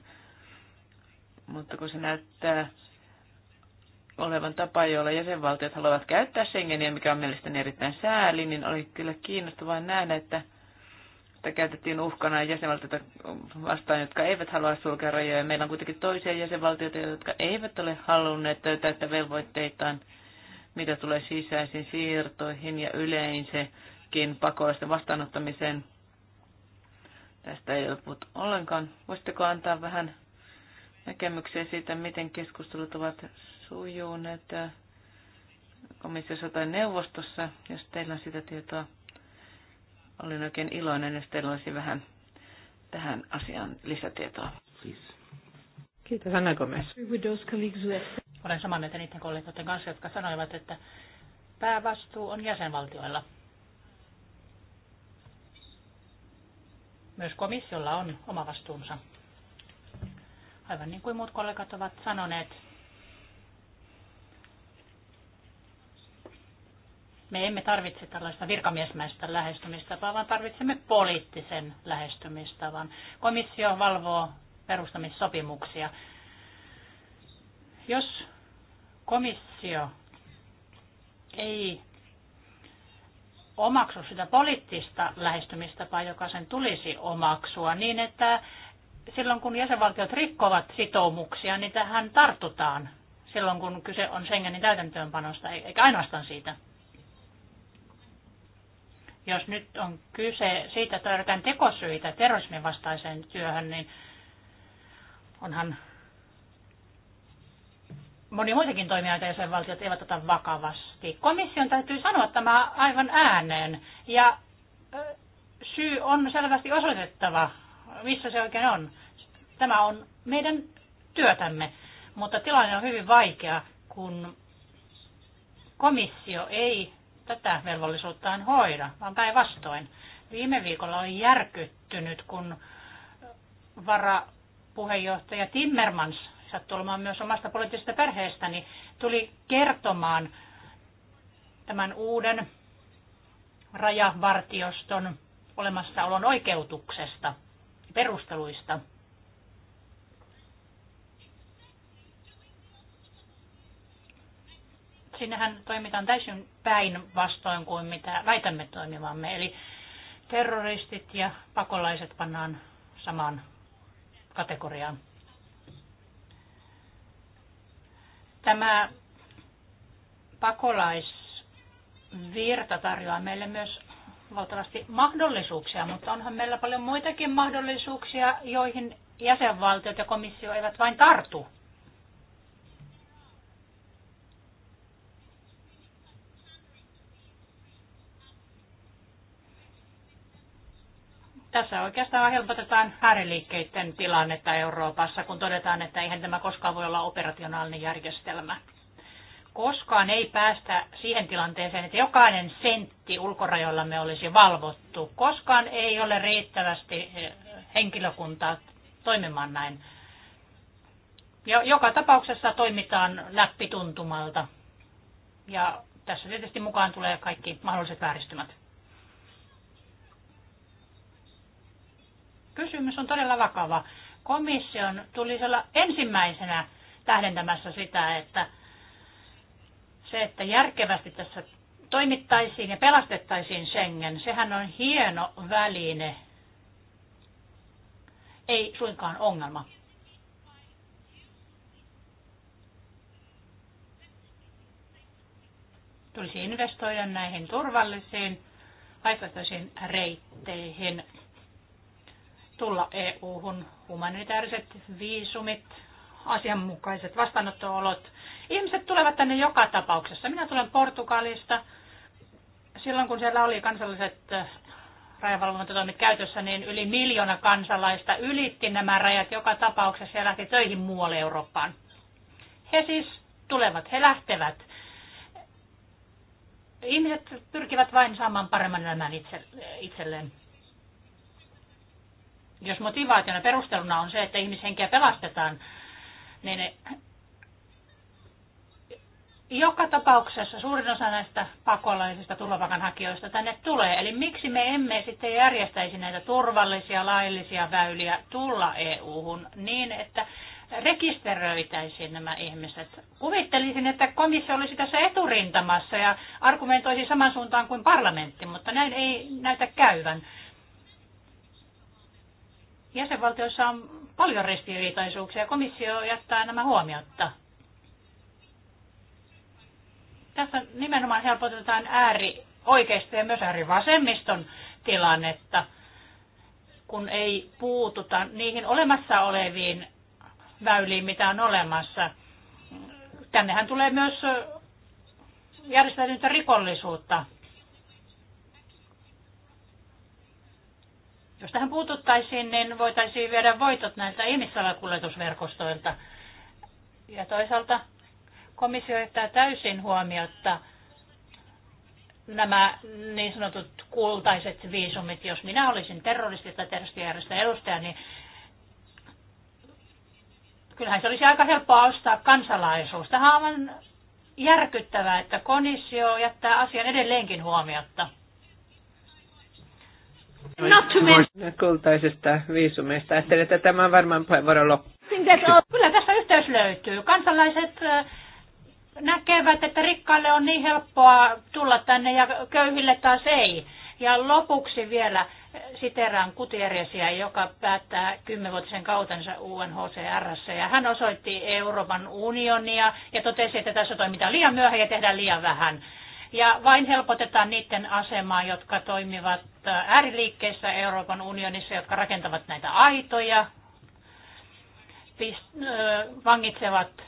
mutta kun se näyttää olevan tapa, jolla jäsenvaltiot haluavat käyttää Schengeniä, mikä on mielestäni erittäin sääli, niin oli kyllä kiinnostavaa nähdä, että että käytettiin uhkana jäsenvaltioita vastaan, jotka eivät halua sulkea rajoja. Meillä on kuitenkin toisia jäsenvaltioita, jotka eivät ole halunneet täyttää velvoitteitaan, mitä tulee sisäisiin siirtoihin ja yleensäkin pakolaisten vastaanottamiseen. Tästä ei ole puhuttu ollenkaan. Voisitteko antaa vähän näkemyksiä siitä, miten keskustelut ovat sujuneet komissiossa tai neuvostossa, jos teillä on sitä tietoa? Olin oikein iloinen, jos teillä olisi vähän tähän asiaan lisätietoa. Please. Kiitos Anna Gomez. Olen samaa mieltä niiden kollegoiden kanssa, jotka sanoivat, että päävastuu on jäsenvaltioilla. Myös komissiolla on oma vastuunsa. Aivan niin kuin muut kollegat ovat sanoneet, Me emme tarvitse tällaista virkamiesmäistä lähestymistapaa, vaan tarvitsemme poliittisen lähestymistavan. Komissio valvoo perustamissopimuksia. Jos komissio ei omaksu sitä poliittista lähestymistapaa, joka sen tulisi omaksua, niin että silloin kun jäsenvaltiot rikkovat sitoumuksia, niin tähän tartutaan silloin kun kyse on Schengenin täytäntöönpanosta, eikä ainoastaan siitä. Jos nyt on kyse siitä, että löydetään tekosyitä terrorismin vastaiseen työhön, niin onhan moni muitakin toimijoita jäsenvaltiot eivät ota vakavasti. Komission täytyy sanoa tämä aivan ääneen ja syy on selvästi osoitettava, missä se oikein on. Tämä on meidän työtämme, mutta tilanne on hyvin vaikea, kun komissio ei tätä velvollisuuttaan hoida, vaan päinvastoin. Viime viikolla on järkyttynyt, kun varapuheenjohtaja Timmermans, sattui olemaan myös omasta poliittisesta perheestäni, tuli kertomaan tämän uuden rajavartioston olemassaolon oikeutuksesta, perusteluista – sinnehän toimitaan täysin päin vastoin kuin mitä väitämme toimivamme. Eli terroristit ja pakolaiset pannaan samaan kategoriaan. Tämä pakolaisvirta tarjoaa meille myös valtavasti mahdollisuuksia, mutta onhan meillä paljon muitakin mahdollisuuksia, joihin jäsenvaltiot ja komissio eivät vain tartu. Tässä oikeastaan helpotetaan ääriliikkeiden tilannetta Euroopassa, kun todetaan, että eihän tämä koskaan voi olla operationaalinen järjestelmä. Koskaan ei päästä siihen tilanteeseen, että jokainen sentti ulkorajoillamme olisi valvottu. Koskaan ei ole riittävästi eh, henkilökuntaa toimimaan näin. Ja joka tapauksessa toimitaan läppituntumalta. Ja tässä tietysti mukaan tulee kaikki mahdolliset vääristymät. Kysymys on todella vakava. Komission tuli olla ensimmäisenä tähdentämässä sitä, että se, että järkevästi tässä toimittaisiin ja pelastettaisiin Schengen, sehän on hieno väline, ei suinkaan ongelma. Tulisi investoida näihin turvallisiin vaihtoehtoisiin reitteihin tulla EU-hun. Humanitaariset viisumit, asianmukaiset vastaanottoolot. Ihmiset tulevat tänne joka tapauksessa. Minä tulen Portugalista. Silloin kun siellä oli kansalliset äh, rajavalvontatoimit käytössä, niin yli miljoona kansalaista ylitti nämä rajat joka tapauksessa ja lähti töihin muualle Eurooppaan. He siis tulevat, he lähtevät. Ihmiset pyrkivät vain saamaan paremman elämän itselleen. Jos motivaationa perusteluna on se, että ihmishenkiä pelastetaan, niin joka tapauksessa suurin osa näistä pakolaisista turvapaikanhakijoista tänne tulee. Eli miksi me emme sitten järjestäisi näitä turvallisia, laillisia väyliä tulla EU-hun niin, että rekisteröitäisiin nämä ihmiset. Kuvittelisin, että komissio olisi tässä eturintamassa ja argumentoisi saman suuntaan kuin parlamentti, mutta näin ei näytä käyvän. Jäsenvaltioissa on paljon ristiriitaisuuksia ja komissio jättää nämä huomiotta. Tässä nimenomaan helpotetaan ääri oikeisto ja myös äärivasemmiston tilannetta, kun ei puututa niihin olemassa oleviin väyliin, mitä on olemassa. Tännehän tulee myös järjestäytyntä rikollisuutta Jos tähän puututtaisiin, niin voitaisiin viedä voitot näiltä ihmissalakuljetusverkostoilta. Ja toisaalta komissio jättää täysin huomiota nämä niin sanotut kultaiset viisumit. Jos minä olisin terroristi tai terroristijärjestön edustaja, niin kyllähän se olisi aika helppoa ostaa kansalaisuus. Tämä on järkyttävää, että komissio jättää asian edelleenkin huomiota. Not to mention. Kultaisesta viisumista. Ajattelin, että tämä on varmaan puheenvuoron loppu. Uh, kyllä tässä yhteys löytyy. Kansalaiset uh, näkevät, että rikkaille on niin helppoa tulla tänne ja köyhille taas ei. Ja lopuksi vielä eh, siteraan Kutieresiä, joka päättää kymmenvuotisen kautensa UNHCRssä. Ja hän osoitti Euroopan unionia ja totesi, että tässä toimitaan liian myöhään ja tehdään liian vähän ja vain helpotetaan niiden asemaa, jotka toimivat ääriliikkeissä Euroopan unionissa, jotka rakentavat näitä aitoja, vangitsevat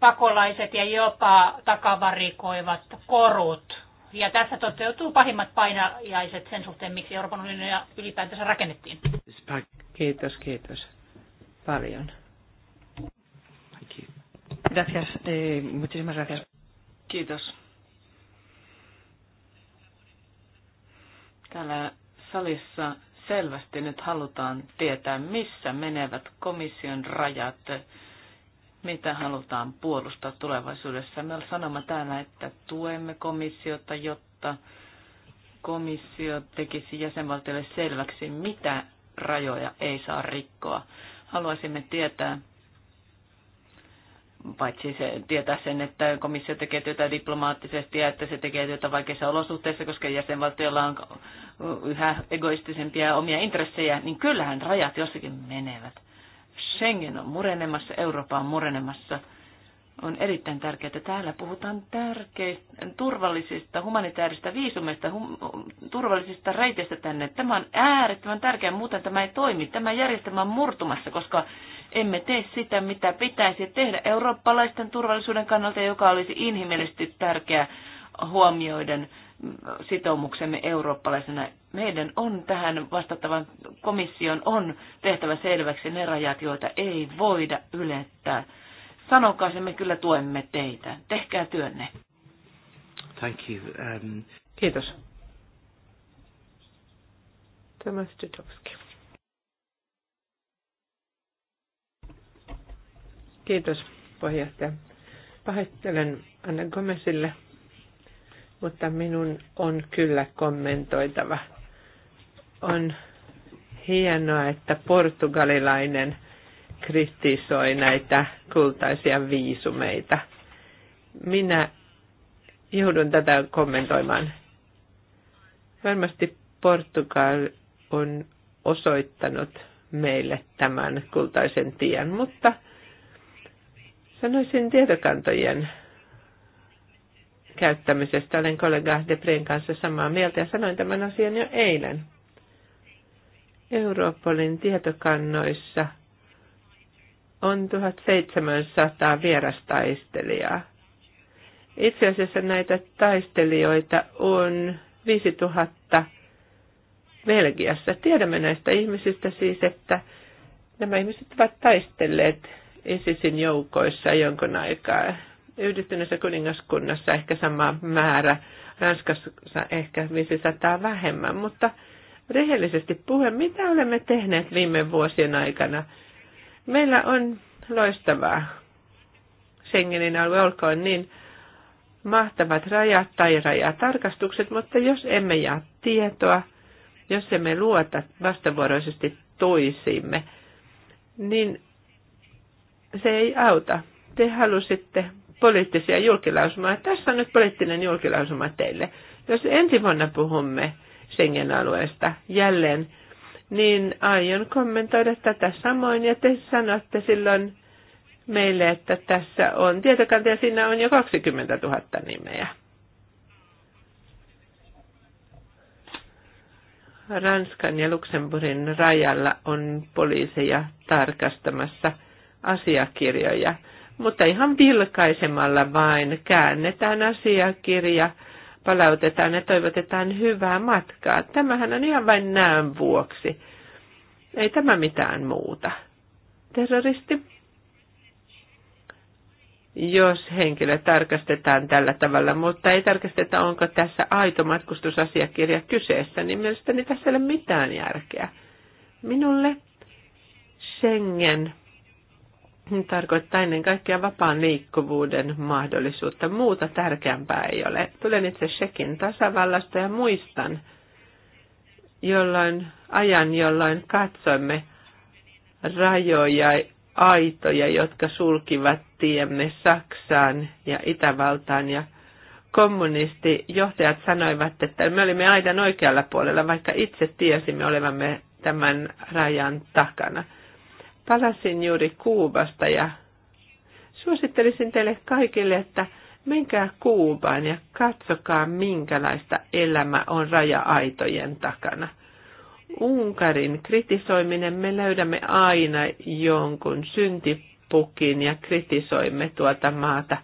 pakolaiset ja jopa takavarikoivat korut. Ja tässä toteutuu pahimmat painajaiset sen suhteen, miksi Euroopan unionia ylipäätänsä rakennettiin. Kiitos, kiitos paljon. Gracias, eh, muchísimas gracias. Kiitos. Täällä salissa selvästi nyt halutaan tietää, missä menevät komission rajat, mitä halutaan puolustaa tulevaisuudessa. Me sanomme täällä, että tuemme komissiota, jotta komissio tekisi jäsenvaltioille selväksi, mitä rajoja ei saa rikkoa. Haluaisimme tietää, paitsi se tietää sen, että komissio tekee työtä diplomaattisesti ja että se tekee työtä vaikeissa olosuhteissa, koska jäsenvaltioilla on yhä egoistisempia omia intressejä, niin kyllähän rajat jossakin menevät. Schengen on murenemassa, Eurooppa on murenemassa. On erittäin tärkeää, että täällä puhutaan tärkeistä, turvallisista, humanitaarista viisumista, hum, turvallisista reiteistä tänne. Tämä on äärettömän tärkeää, muuten tämä ei toimi. Tämä järjestelmä on murtumassa, koska emme tee sitä, mitä pitäisi tehdä eurooppalaisten turvallisuuden kannalta, joka olisi inhimillisesti tärkeää huomioiden sitoumuksemme eurooppalaisena. Meidän on tähän vastattavan komission on tehtävä selväksi ne rajat, joita ei voida ylettää. Sanokaa se, me kyllä tuemme teitä. Tehkää työnne. Thank you. Um... Kiitos. Thomas Dudowski. Kiitos puheenjohtaja. Pahoittelen Anna Gomesille, mutta minun on kyllä kommentoitava. On hienoa, että portugalilainen kritisoi näitä kultaisia viisumeita. Minä joudun tätä kommentoimaan. Varmasti Portugal on osoittanut meille tämän kultaisen tien, mutta – Sanoisin tietokantojen käyttämisestä. Olen kollega Depren kanssa samaa mieltä ja sanoin tämän asian jo eilen. Europolin tietokannoissa on 1700 vierastaistelijaa. Itse asiassa näitä taistelijoita on 5000 Belgiassa. Tiedämme näistä ihmisistä siis, että nämä ihmiset ovat taistelleet ISISin joukoissa jonkun aikaa. Yhdistyneessä kuningaskunnassa ehkä sama määrä, Ranskassa ehkä 500 vähemmän, mutta rehellisesti puhuen, mitä olemme tehneet viime vuosien aikana? Meillä on loistavaa Schengenin alue, olkoon niin mahtavat rajat tai rajatarkastukset, mutta jos emme jaa tietoa, jos emme luota vastavuoroisesti toisiimme, niin se ei auta. Te halusitte poliittisia julkilausumaa. Tässä on nyt poliittinen julkilausuma teille. Jos ensi vuonna puhumme Schengen-alueesta jälleen, niin aion kommentoida tätä samoin. Ja te sanotte silloin meille, että tässä on tietokanta ja siinä on jo 20 000 nimeä. Ranskan ja Luxemburgin rajalla on poliiseja tarkastamassa – asiakirjoja, mutta ihan vilkaisemalla vain käännetään asiakirja, palautetaan ja toivotetaan hyvää matkaa. Tämähän on ihan vain näön vuoksi. Ei tämä mitään muuta. Terroristi. Jos henkilö tarkastetaan tällä tavalla, mutta ei tarkasteta, onko tässä aito matkustusasiakirja kyseessä, niin mielestäni tässä ei ole mitään järkeä. Minulle Schengen tarkoittaa ennen kaikkea vapaan liikkuvuuden mahdollisuutta. Muuta tärkeämpää ei ole. Tulen itse Shekin tasavallasta ja muistan jolloin, ajan, jolloin katsoimme rajoja, aitoja, jotka sulkivat tiemme Saksaan ja Itävaltaan ja kommunistijohtajat sanoivat, että me olimme aidan oikealla puolella, vaikka itse tiesimme olevamme tämän rajan takana – Palasin juuri Kuubasta ja suosittelisin teille kaikille, että menkää Kuubaan ja katsokaa, minkälaista elämä on raja-aitojen takana. Unkarin kritisoiminen me löydämme aina jonkun syntipukin ja kritisoimme tuota maata.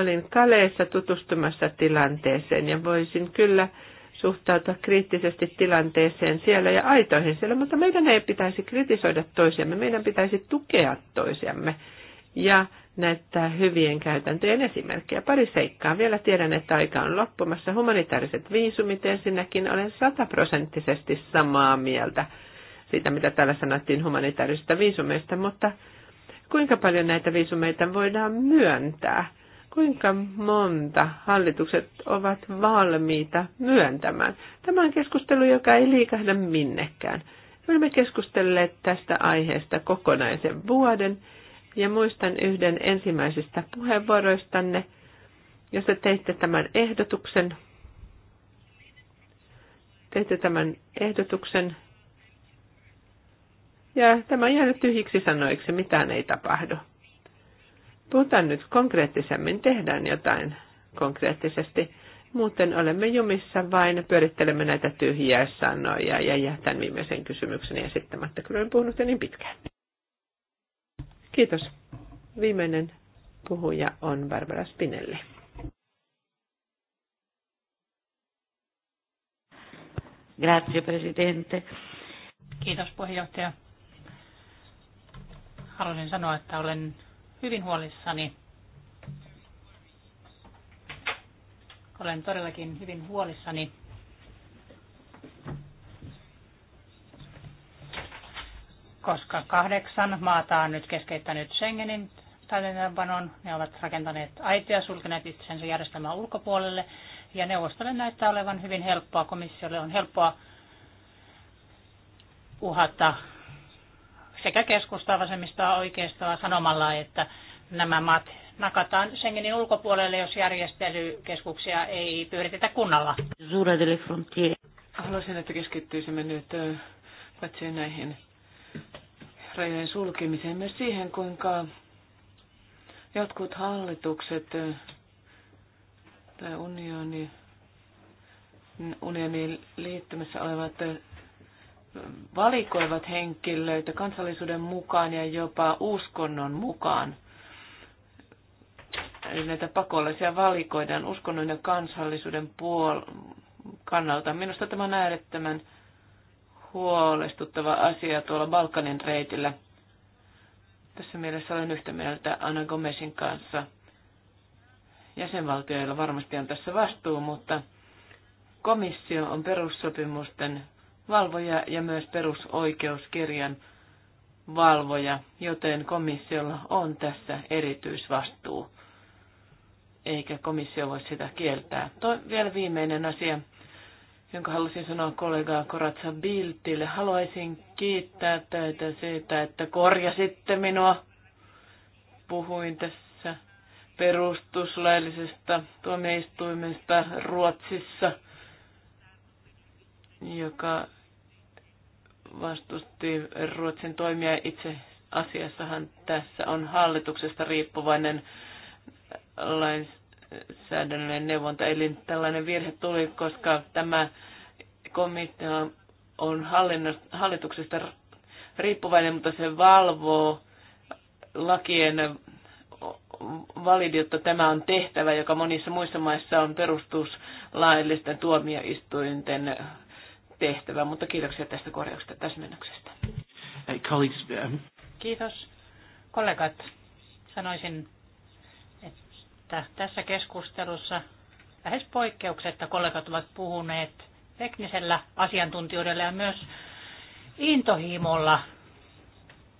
Olin Kaleessa tutustumassa tilanteeseen ja voisin kyllä suhtautua kriittisesti tilanteeseen siellä ja aitoihin siellä, mutta meidän ei pitäisi kritisoida toisiamme, meidän pitäisi tukea toisiamme ja näyttää hyvien käytäntöjen esimerkkejä. Pari seikkaa. Vielä tiedän, että aika on loppumassa. Humanitaariset viisumit ensinnäkin olen sataprosenttisesti samaa mieltä siitä, mitä täällä sanottiin humanitaarisista viisumeista, mutta kuinka paljon näitä viisumeita voidaan myöntää – kuinka monta hallitukset ovat valmiita myöntämään. Tämä on keskustelu, joka ei liikahda minnekään. Me olemme keskustelleet tästä aiheesta kokonaisen vuoden ja muistan yhden ensimmäisistä puheenvuoroistanne, jossa teitte tämän ehdotuksen. Teitte tämän ehdotuksen ja tämä on jäänyt tyhjiksi sanoiksi, mitään ei tapahdu. Puhutaan nyt konkreettisemmin, tehdään jotain konkreettisesti. Muuten olemme jumissa vain, pyörittelemme näitä tyhjiä sanoja ja jätän viimeisen kysymyksen esittämättä. Kyllä olen puhunut niin pitkään. Kiitos. Viimeinen puhuja on Barbara Spinelli. Grazie Presidente. Kiitos puheenjohtaja. Haluaisin sanoa, että olen hyvin huolissani. Olen todellakin hyvin huolissani. Koska kahdeksan maata on nyt keskeyttänyt Schengenin täytäntöönpanon, ne ovat rakentaneet aitoja, sulkeneet itsensä järjestelmän ulkopuolelle, ja neuvostolle näyttää olevan hyvin helppoa, komissiolle on helppoa uhata sekä keskustaa vasemmistoa oikeistoa sanomalla, että nämä maat nakataan Schengenin ulkopuolelle, jos järjestelykeskuksia ei pyöritetä kunnalla. Haluaisin, että keskittyisimme nyt paitsi näihin rajojen sulkemiseen, myös siihen, kuinka jotkut hallitukset tai unioni, unionin liittymässä olevat valikoivat henkilöitä kansallisuuden mukaan ja jopa uskonnon mukaan. Eli näitä pakollisia valikoidaan uskonnon ja kansallisuuden puol- kannalta. Minusta tämä on äärettömän huolestuttava asia tuolla Balkanin reitillä. Tässä mielessä olen yhtä mieltä Anna Gomesin kanssa. Jäsenvaltioilla varmasti on tässä vastuu, mutta komissio on perussopimusten valvoja ja myös perusoikeuskirjan valvoja, joten komissiolla on tässä erityisvastuu, eikä komissio voi sitä kieltää. Toi, vielä viimeinen asia, jonka halusin sanoa kollegaa Koratsa Biltille. Haluaisin kiittää teitä siitä, että korjasitte minua. Puhuin tässä perustuslaillisesta tuomioistuimesta Ruotsissa, joka vastusti Ruotsin toimia. Itse asiassahan tässä on hallituksesta riippuvainen lainsäädännöllinen neuvonta. Eli tällainen virhe tuli, koska tämä komitea on hallituksesta riippuvainen, mutta se valvoo lakien validiutta. Tämä on tehtävä, joka monissa muissa maissa on perustuslaillisten tuomioistuinten tehtävä, mutta kiitoksia tästä korjauksesta täsmennyksestä. Um, Kiitos. Kollegat, sanoisin, että tässä keskustelussa lähes poikkeuksetta kollegat ovat puhuneet teknisellä asiantuntijuudella ja myös intohimolla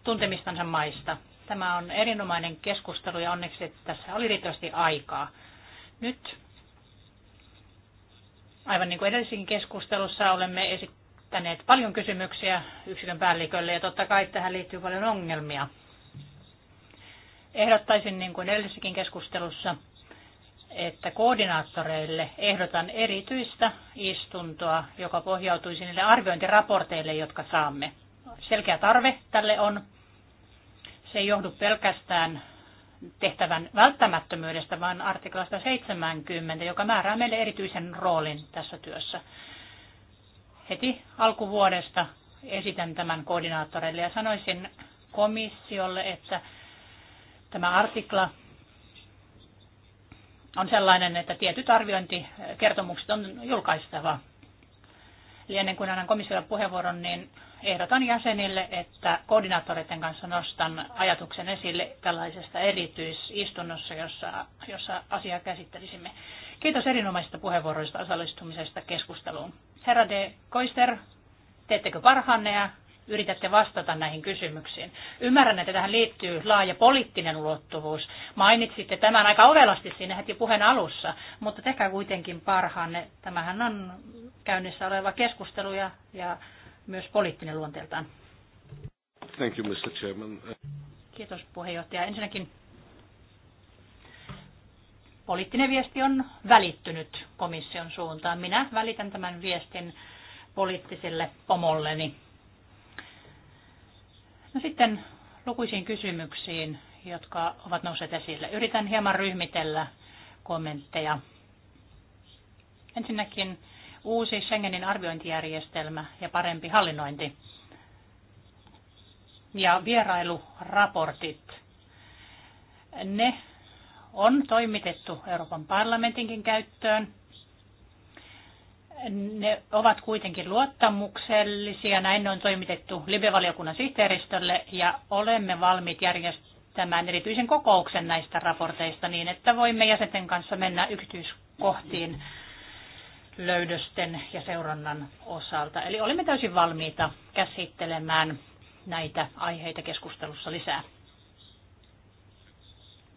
tuntemistansa maista. Tämä on erinomainen keskustelu ja onneksi tässä oli riittävästi aikaa. Nyt Aivan niin kuin edellisessäkin keskustelussa olemme esittäneet paljon kysymyksiä yksikön päällikölle ja totta kai tähän liittyy paljon ongelmia. Ehdottaisin niin kuin edellisessäkin keskustelussa, että koordinaattoreille ehdotan erityistä istuntoa, joka pohjautuisi niille arviointiraporteille, jotka saamme. Selkeä tarve tälle on. Se ei johdu pelkästään tehtävän välttämättömyydestä, vaan artiklasta 70, joka määrää meille erityisen roolin tässä työssä. Heti alkuvuodesta esitän tämän koordinaattorille ja sanoisin komissiolle, että tämä artikla on sellainen, että tietyt arviointikertomukset on julkaistava. Eli ennen kuin annan komissiolle puheenvuoron, niin ehdotan jäsenille, että koordinaattoreiden kanssa nostan ajatuksen esille tällaisesta erityisistunnossa, jossa, jossa asiaa käsittelisimme. Kiitos erinomaisista puheenvuoroista osallistumisesta keskusteluun. Herra de Koister, teettekö parhaanne ja yritätte vastata näihin kysymyksiin. Ymmärrän, että tähän liittyy laaja poliittinen ulottuvuus. Mainitsitte tämän aika ovelasti siinä heti puheen alussa, mutta tekää kuitenkin parhaanne. Tämähän on käynnissä oleva keskustelu ja, ja myös poliittinen luonteeltaan. Thank you, Mr. Chairman. Kiitos puheenjohtaja. Ensinnäkin poliittinen viesti on välittynyt komission suuntaan. Minä välitän tämän viestin poliittiselle pomolleni. No sitten lukuisiin kysymyksiin, jotka ovat nousseet esille. Yritän hieman ryhmitellä kommentteja. Ensinnäkin uusi Schengenin arviointijärjestelmä ja parempi hallinnointi. Ja vierailuraportit. Ne on toimitettu Euroopan parlamentinkin käyttöön. Ne ovat kuitenkin luottamuksellisia. Näin ne on toimitettu Libe-valiokunnan sihteeristölle ja olemme valmiit järjestämään erityisen kokouksen näistä raporteista niin, että voimme jäsenten kanssa mennä yksityiskohtiin löydösten ja seurannan osalta. Eli olimme täysin valmiita käsittelemään näitä aiheita keskustelussa lisää.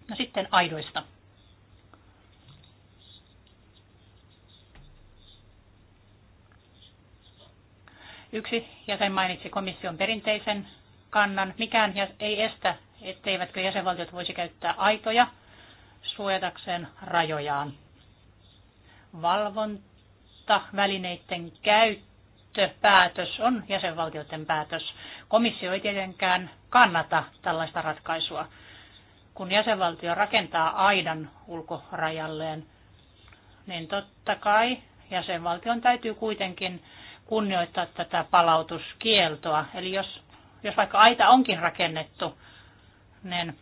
No sitten aidoista. Yksi jäsen mainitsi komission perinteisen kannan. Mikään ei estä, etteivätkö jäsenvaltiot voisi käyttää aitoja suojatakseen rajojaan. Valvonta mutta välineiden käyttöpäätös on jäsenvaltioiden päätös. Komissio ei tietenkään kannata tällaista ratkaisua. Kun jäsenvaltio rakentaa aidan ulkorajalleen, niin totta kai jäsenvaltion täytyy kuitenkin kunnioittaa tätä palautuskieltoa. Eli jos, jos vaikka aita onkin rakennettu, niin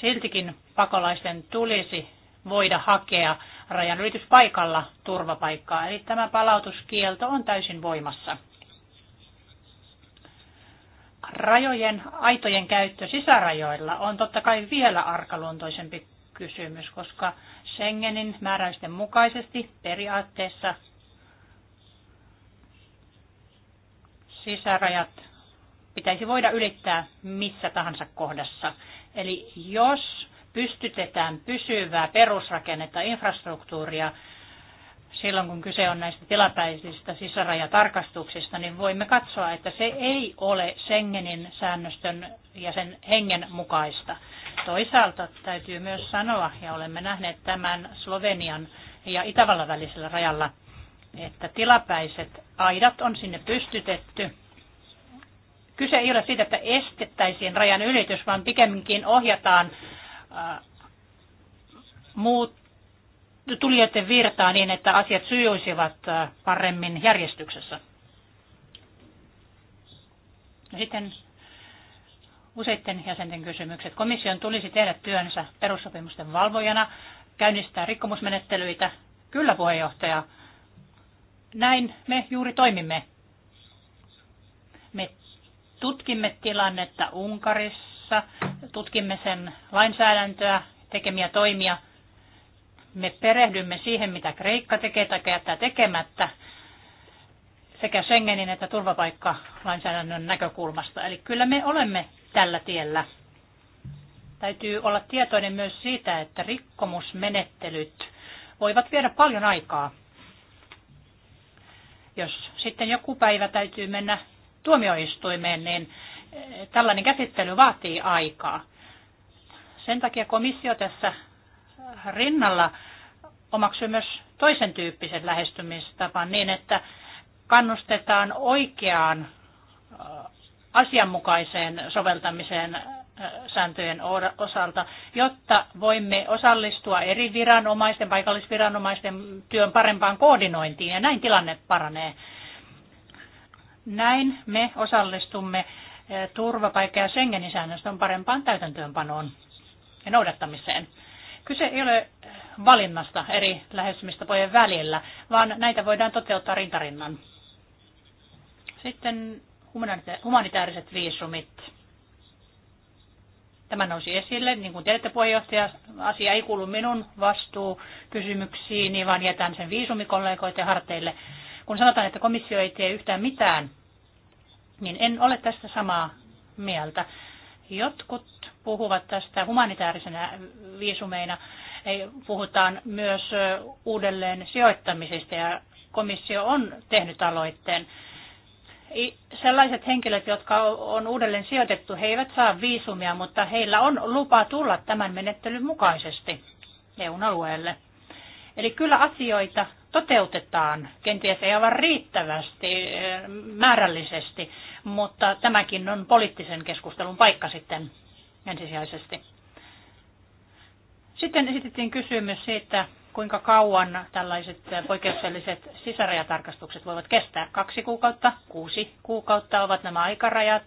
siltikin pakolaisten tulisi voida hakea rajanylityspaikalla turvapaikkaa. Eli tämä palautuskielto on täysin voimassa. Rajojen, aitojen käyttö sisärajoilla on totta kai vielä arkaluontoisempi kysymys, koska Schengenin määräysten mukaisesti periaatteessa sisärajat pitäisi voida ylittää missä tahansa kohdassa. Eli jos pystytetään pysyvää perusrakennetta, infrastruktuuria, silloin kun kyse on näistä tilapäisistä sisärajatarkastuksista, niin voimme katsoa, että se ei ole Schengenin säännöstön ja sen hengen mukaista. Toisaalta täytyy myös sanoa, ja olemme nähneet tämän Slovenian ja Itävallan välisellä rajalla, että tilapäiset aidat on sinne pystytetty. Kyse ei ole siitä, että estettäisiin rajan ylitys, vaan pikemminkin ohjataan Äh, muut tulijoiden virtaa niin, että asiat sujuisivat äh, paremmin järjestyksessä. No sitten useiden jäsenten kysymykset. Komission tulisi tehdä työnsä perussopimusten valvojana, käynnistää rikkomusmenettelyitä. Kyllä puheenjohtaja, näin me juuri toimimme. Me tutkimme tilannetta Unkarissa kanssa, tutkimme sen lainsäädäntöä, tekemiä toimia. Me perehdymme siihen, mitä Kreikka tekee tai jättää tekemättä sekä Schengenin että turvapaikkalainsäädännön näkökulmasta. Eli kyllä me olemme tällä tiellä. Täytyy olla tietoinen myös siitä, että rikkomusmenettelyt voivat viedä paljon aikaa. Jos sitten joku päivä täytyy mennä tuomioistuimeen, niin tällainen käsittely vaatii aikaa. Sen takia komissio tässä rinnalla omaksui myös toisen tyyppisen lähestymistapan niin, että kannustetaan oikeaan asianmukaiseen soveltamiseen sääntöjen osalta, jotta voimme osallistua eri viranomaisten, paikallisviranomaisten työn parempaan koordinointiin ja näin tilanne paranee. Näin me osallistumme turvapaikka- ja Schengenin säännöstön parempaan täytäntöönpanoon ja noudattamiseen. Kyse ei ole eh, valinnasta eri lähestymistapojen välillä, vaan näitä voidaan toteuttaa rintarinnan. Sitten humanitaariset viisumit. Tämä nousi esille. Niin kuin tiedätte, puheenjohtaja, asia ei kuulu minun vastuukysymyksiini, vaan jätän sen viisumikollegoiden harteille. Kun sanotaan, että komissio ei tee yhtään mitään niin en ole tästä samaa mieltä. Jotkut puhuvat tästä humanitaarisena viisumeina. Puhutaan myös uudelleen sijoittamisesta ja komissio on tehnyt aloitteen. Sellaiset henkilöt, jotka on uudelleen sijoitettu, he eivät saa viisumia, mutta heillä on lupa tulla tämän menettelyn mukaisesti eu alueelle. Eli kyllä asioita toteutetaan. Kenties ei aivan riittävästi eh, määrällisesti, mutta tämäkin on poliittisen keskustelun paikka sitten ensisijaisesti. Sitten esitettiin kysymys siitä, kuinka kauan tällaiset poikkeukselliset sisärajatarkastukset voivat kestää. Kaksi kuukautta, kuusi kuukautta ovat nämä aikarajat,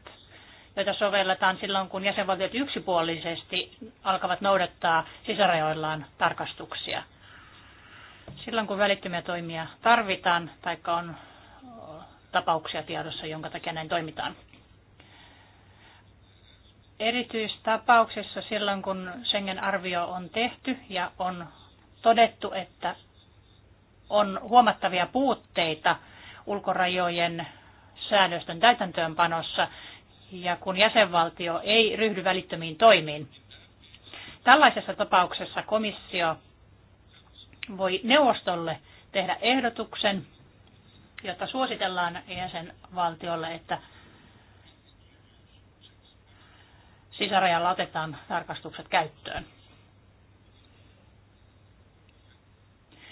joita sovelletaan silloin, kun jäsenvaltiot yksipuolisesti alkavat noudattaa sisärajoillaan tarkastuksia – Silloin kun välittömiä toimia tarvitaan, tai on tapauksia tiedossa, jonka takia näin toimitaan. Erityistapauksessa silloin, kun Schengen-arvio on tehty ja on todettu, että on huomattavia puutteita ulkorajojen säädösten täytäntöönpanossa ja kun jäsenvaltio ei ryhdy välittömiin toimiin. Tällaisessa tapauksessa komissio voi neuvostolle tehdä ehdotuksen, jotta suositellaan jäsenvaltiolle, että sisärajalla otetaan tarkastukset käyttöön.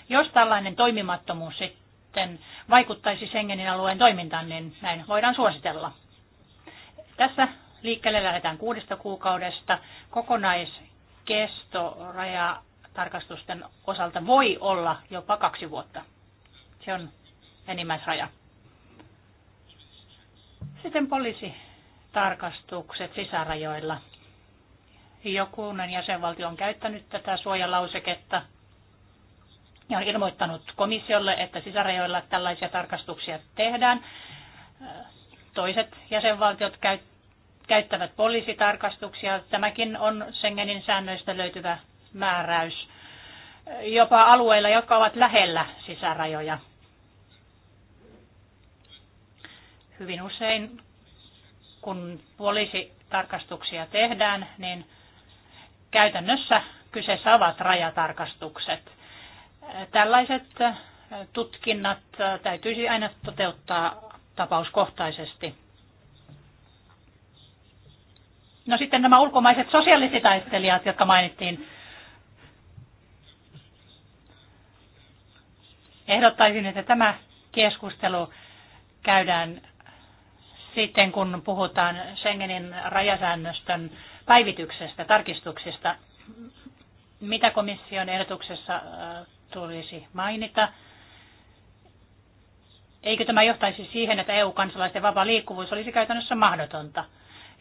Jos tällainen toimimattomuus sitten vaikuttaisi Schengenin alueen toimintaan, niin näin voidaan suositella. Tässä liikkeelle lähdetään kuudesta kuukaudesta. Kokonaiskesto raja tarkastusten osalta voi olla jopa kaksi vuotta. Se on enimmäisraja. Sitten poliisitarkastukset sisärajoilla. Jokunen jäsenvaltio on käyttänyt tätä suojalauseketta ja on ilmoittanut komissiolle, että sisärajoilla tällaisia tarkastuksia tehdään. Toiset jäsenvaltiot käyttävät poliisitarkastuksia. Tämäkin on Schengenin säännöistä löytyvä määräys jopa alueilla, jotka ovat lähellä sisärajoja. Hyvin usein, kun poliisitarkastuksia tehdään, niin käytännössä kyseessä ovat rajatarkastukset. Tällaiset tutkinnat täytyisi aina toteuttaa tapauskohtaisesti. No sitten nämä ulkomaiset sosiaalisitaistelijat, jotka mainittiin Ehdottaisin, että tämä keskustelu käydään sitten, kun puhutaan Schengenin rajasäännöstön päivityksestä, tarkistuksista. Mitä komission ehdotuksessa äh, tulisi mainita? Eikö tämä johtaisi siihen, että EU-kansalaisten vapaa liikkuvuus olisi käytännössä mahdotonta?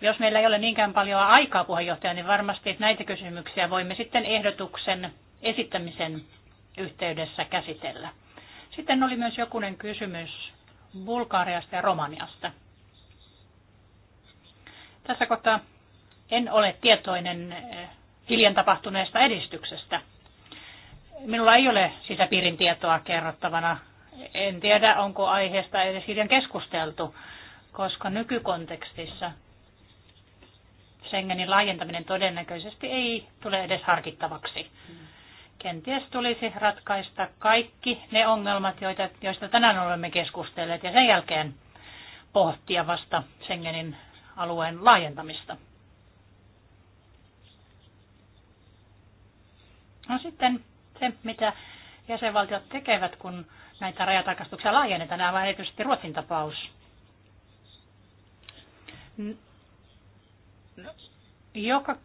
Jos meillä ei ole niinkään paljon aikaa puheenjohtaja, niin varmasti näitä kysymyksiä voimme sitten ehdotuksen esittämisen yhteydessä käsitellä. Sitten oli myös jokunen kysymys Bulgariasta ja Romaniasta. Tässä kohtaa en ole tietoinen eh, hiljan tapahtuneesta edistyksestä. Minulla ei ole sisäpiirin tietoa kerrottavana. En tiedä, onko aiheesta edes hiljan keskusteltu, koska nykykontekstissa Schengenin laajentaminen todennäköisesti ei tule edes harkittavaksi kenties tulisi ratkaista kaikki ne ongelmat, joita, joista tänään olemme keskustelleet, ja sen jälkeen pohtia vasta Schengenin alueen laajentamista. No sitten se, mitä jäsenvaltiot tekevät, kun näitä rajatarkastuksia laajennetaan, nämä erityisesti Ruotsin tapaus. No, joka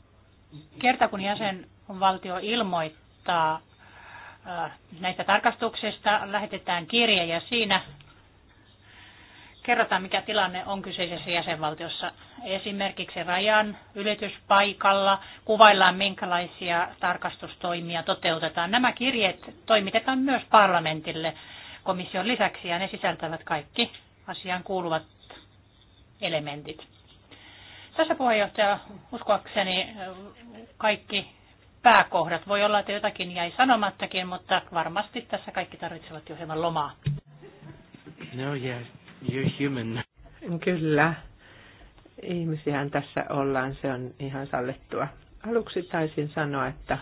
kerta, kun jäsenvaltio ilmoittaa, tota, näistä tarkastuksista, lähetetään kirje ja siinä kerrotaan, mikä tilanne on kyseisessä jäsenvaltiossa. Esimerkiksi rajan ylityspaikalla kuvaillaan, minkälaisia tarkastustoimia toteutetaan. Nämä kirjeet toimitetaan myös parlamentille komission lisäksi ja ne sisältävät kaikki asiaan kuuluvat elementit. Tässä puheenjohtaja, uskoakseni kaikki pääkohdat. Voi olla, että jotakin jäi sanomattakin, mutta varmasti tässä kaikki tarvitsevat jo hieman lomaa. No yes, you're human. Kyllä. Ihmisihän tässä ollaan, se on ihan sallittua. Aluksi taisin sanoa, että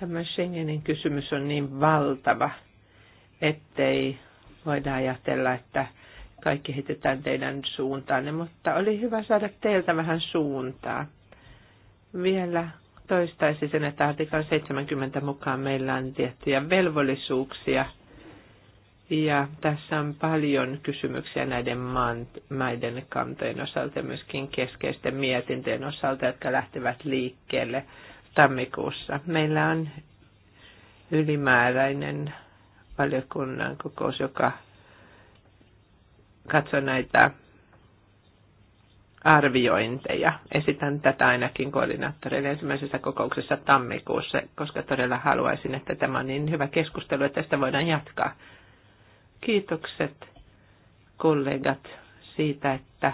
tämä Schengenin kysymys on niin valtava, ettei voida ajatella, että kaikki heitetään teidän suuntaanne, mutta oli hyvä saada teiltä vähän suuntaa vielä toistaisi sen, että artikan 70 mukaan meillä on tiettyjä velvollisuuksia. Ja tässä on paljon kysymyksiä näiden maan, maiden kantojen osalta ja myöskin keskeisten mietintöjen osalta, jotka lähtevät liikkeelle tammikuussa. Meillä on ylimääräinen valiokunnan kokous, joka katsoo näitä arviointeja. Esitän tätä ainakin koordinaattoreille ensimmäisessä kokouksessa tammikuussa, koska todella haluaisin, että tämä on niin hyvä keskustelu, että tästä voidaan jatkaa. Kiitokset kollegat siitä, että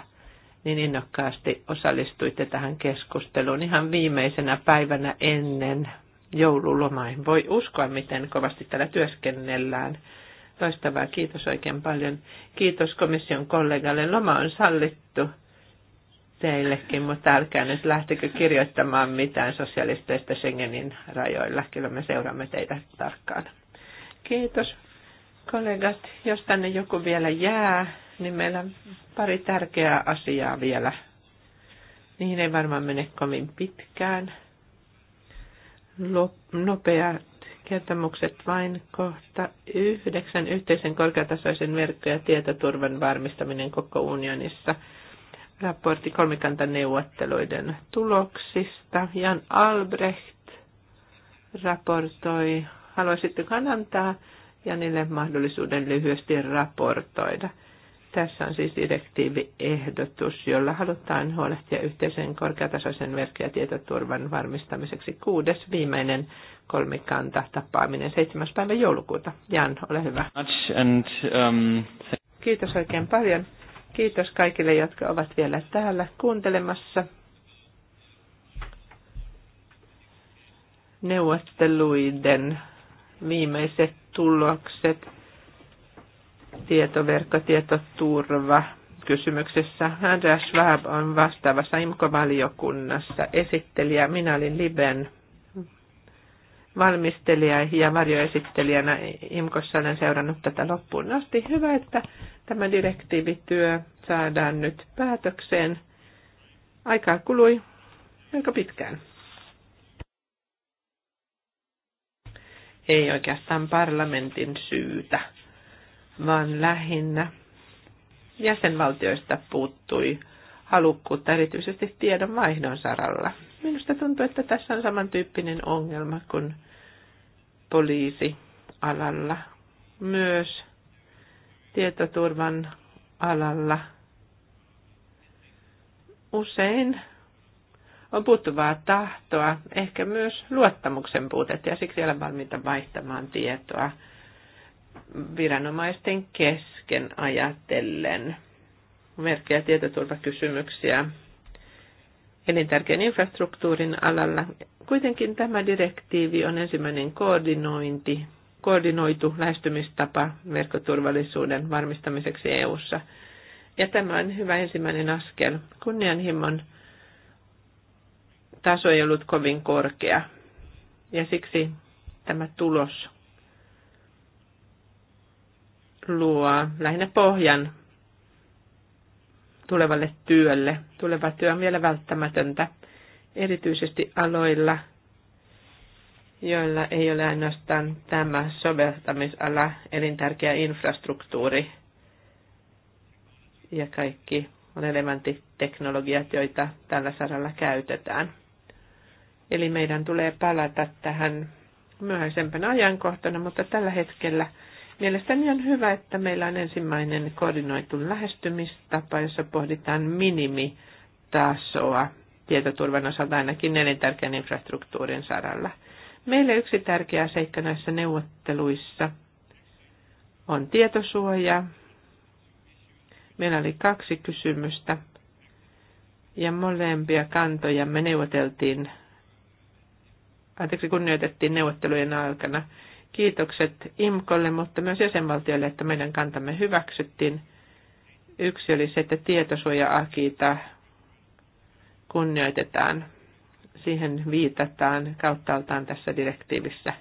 niin innokkaasti osallistuitte tähän keskusteluun ihan viimeisenä päivänä ennen joululomaa. voi uskoa, miten kovasti täällä työskennellään. Loistavaa, kiitos oikein paljon. Kiitos komission kollegalle. Loma on sallittu teillekin, mutta älkää nyt lähtekö kirjoittamaan mitään sosialisteista Schengenin rajoilla. Kyllä me seuraamme teitä tarkkaan. Kiitos kollegat. Jos tänne joku vielä jää, niin meillä on pari tärkeää asiaa vielä. Niihin ei varmaan mene kovin pitkään. Nopeat kertomukset vain kohta yhdeksän yhteisen korkeatasoisen verkko- ja tietoturvan varmistaminen koko unionissa – raportti kolmikantaneuvotteluiden tuloksista. Jan Albrecht raportoi. kannattaa antaa Janille mahdollisuuden lyhyesti raportoida? Tässä on siis direktiiviehdotus, jolla halutaan huolehtia yhteisen korkeatasoisen verkko- ja tietoturvan varmistamiseksi kuudes viimeinen kolmikanta tapaaminen 7. päivä joulukuuta. Jan, ole hyvä. Um, Kiitos oikein paljon. Kiitos kaikille, jotka ovat vielä täällä kuuntelemassa neuvotteluiden viimeiset tulokset tietoverkkotietoturva kysymyksessä. Andreas Schwab on vastaavassa IMKO-valiokunnassa esittelijä. Minä olin Liben valmistelija ja varjoesittelijänä IMKossa olen seurannut tätä loppuun asti. Hyvä, että tämä direktiivityö saadaan nyt päätökseen. Aikaa kului melko pitkään. Ei oikeastaan parlamentin syytä, vaan lähinnä jäsenvaltioista puuttui halukkuutta erityisesti tiedonvaihdon saralla. Minusta tuntuu, että tässä on samantyyppinen ongelma kuin poliisialalla. Myös tietoturvan alalla usein on puuttuvaa tahtoa, ehkä myös luottamuksen puutetta, ja siksi olen valmiita vaihtamaan tietoa viranomaisten kesken ajatellen merkkejä tietoturvakysymyksiä elintärkeän infrastruktuurin alalla. Kuitenkin tämä direktiivi on ensimmäinen koordinointi, koordinoitu lähestymistapa verkkoturvallisuuden varmistamiseksi EU:ssa. Ja tämä on hyvä ensimmäinen askel. Kunnianhimon taso ei ollut kovin korkea. Ja siksi tämä tulos luo lähinnä pohjan tulevalle työlle. Tuleva työ on vielä välttämätöntä, erityisesti aloilla, joilla ei ole ainoastaan tämä soveltamisala, elintärkeä infrastruktuuri ja kaikki relevantit teknologiat, joita tällä saralla käytetään. Eli meidän tulee palata tähän myöhäisempänä ajankohtana, mutta tällä hetkellä – Mielestäni on hyvä, että meillä on ensimmäinen koordinoitu lähestymistapa, jossa pohditaan minimitasoa tietoturvan osalta ainakin tärkeän infrastruktuurin saralla. Meille yksi tärkeä seikka näissä neuvotteluissa on tietosuoja. Meillä oli kaksi kysymystä ja molempia kantoja me neuvoteltiin, anteeksi kunnioitettiin neuvottelujen aikana – Kiitokset IMKOlle, mutta myös jäsenvaltioille, että meidän kantamme hyväksyttiin. Yksi oli se, että tietosuoja-akiita kunnioitetaan. Siihen viitataan kauttaaltaan tässä direktiivissä,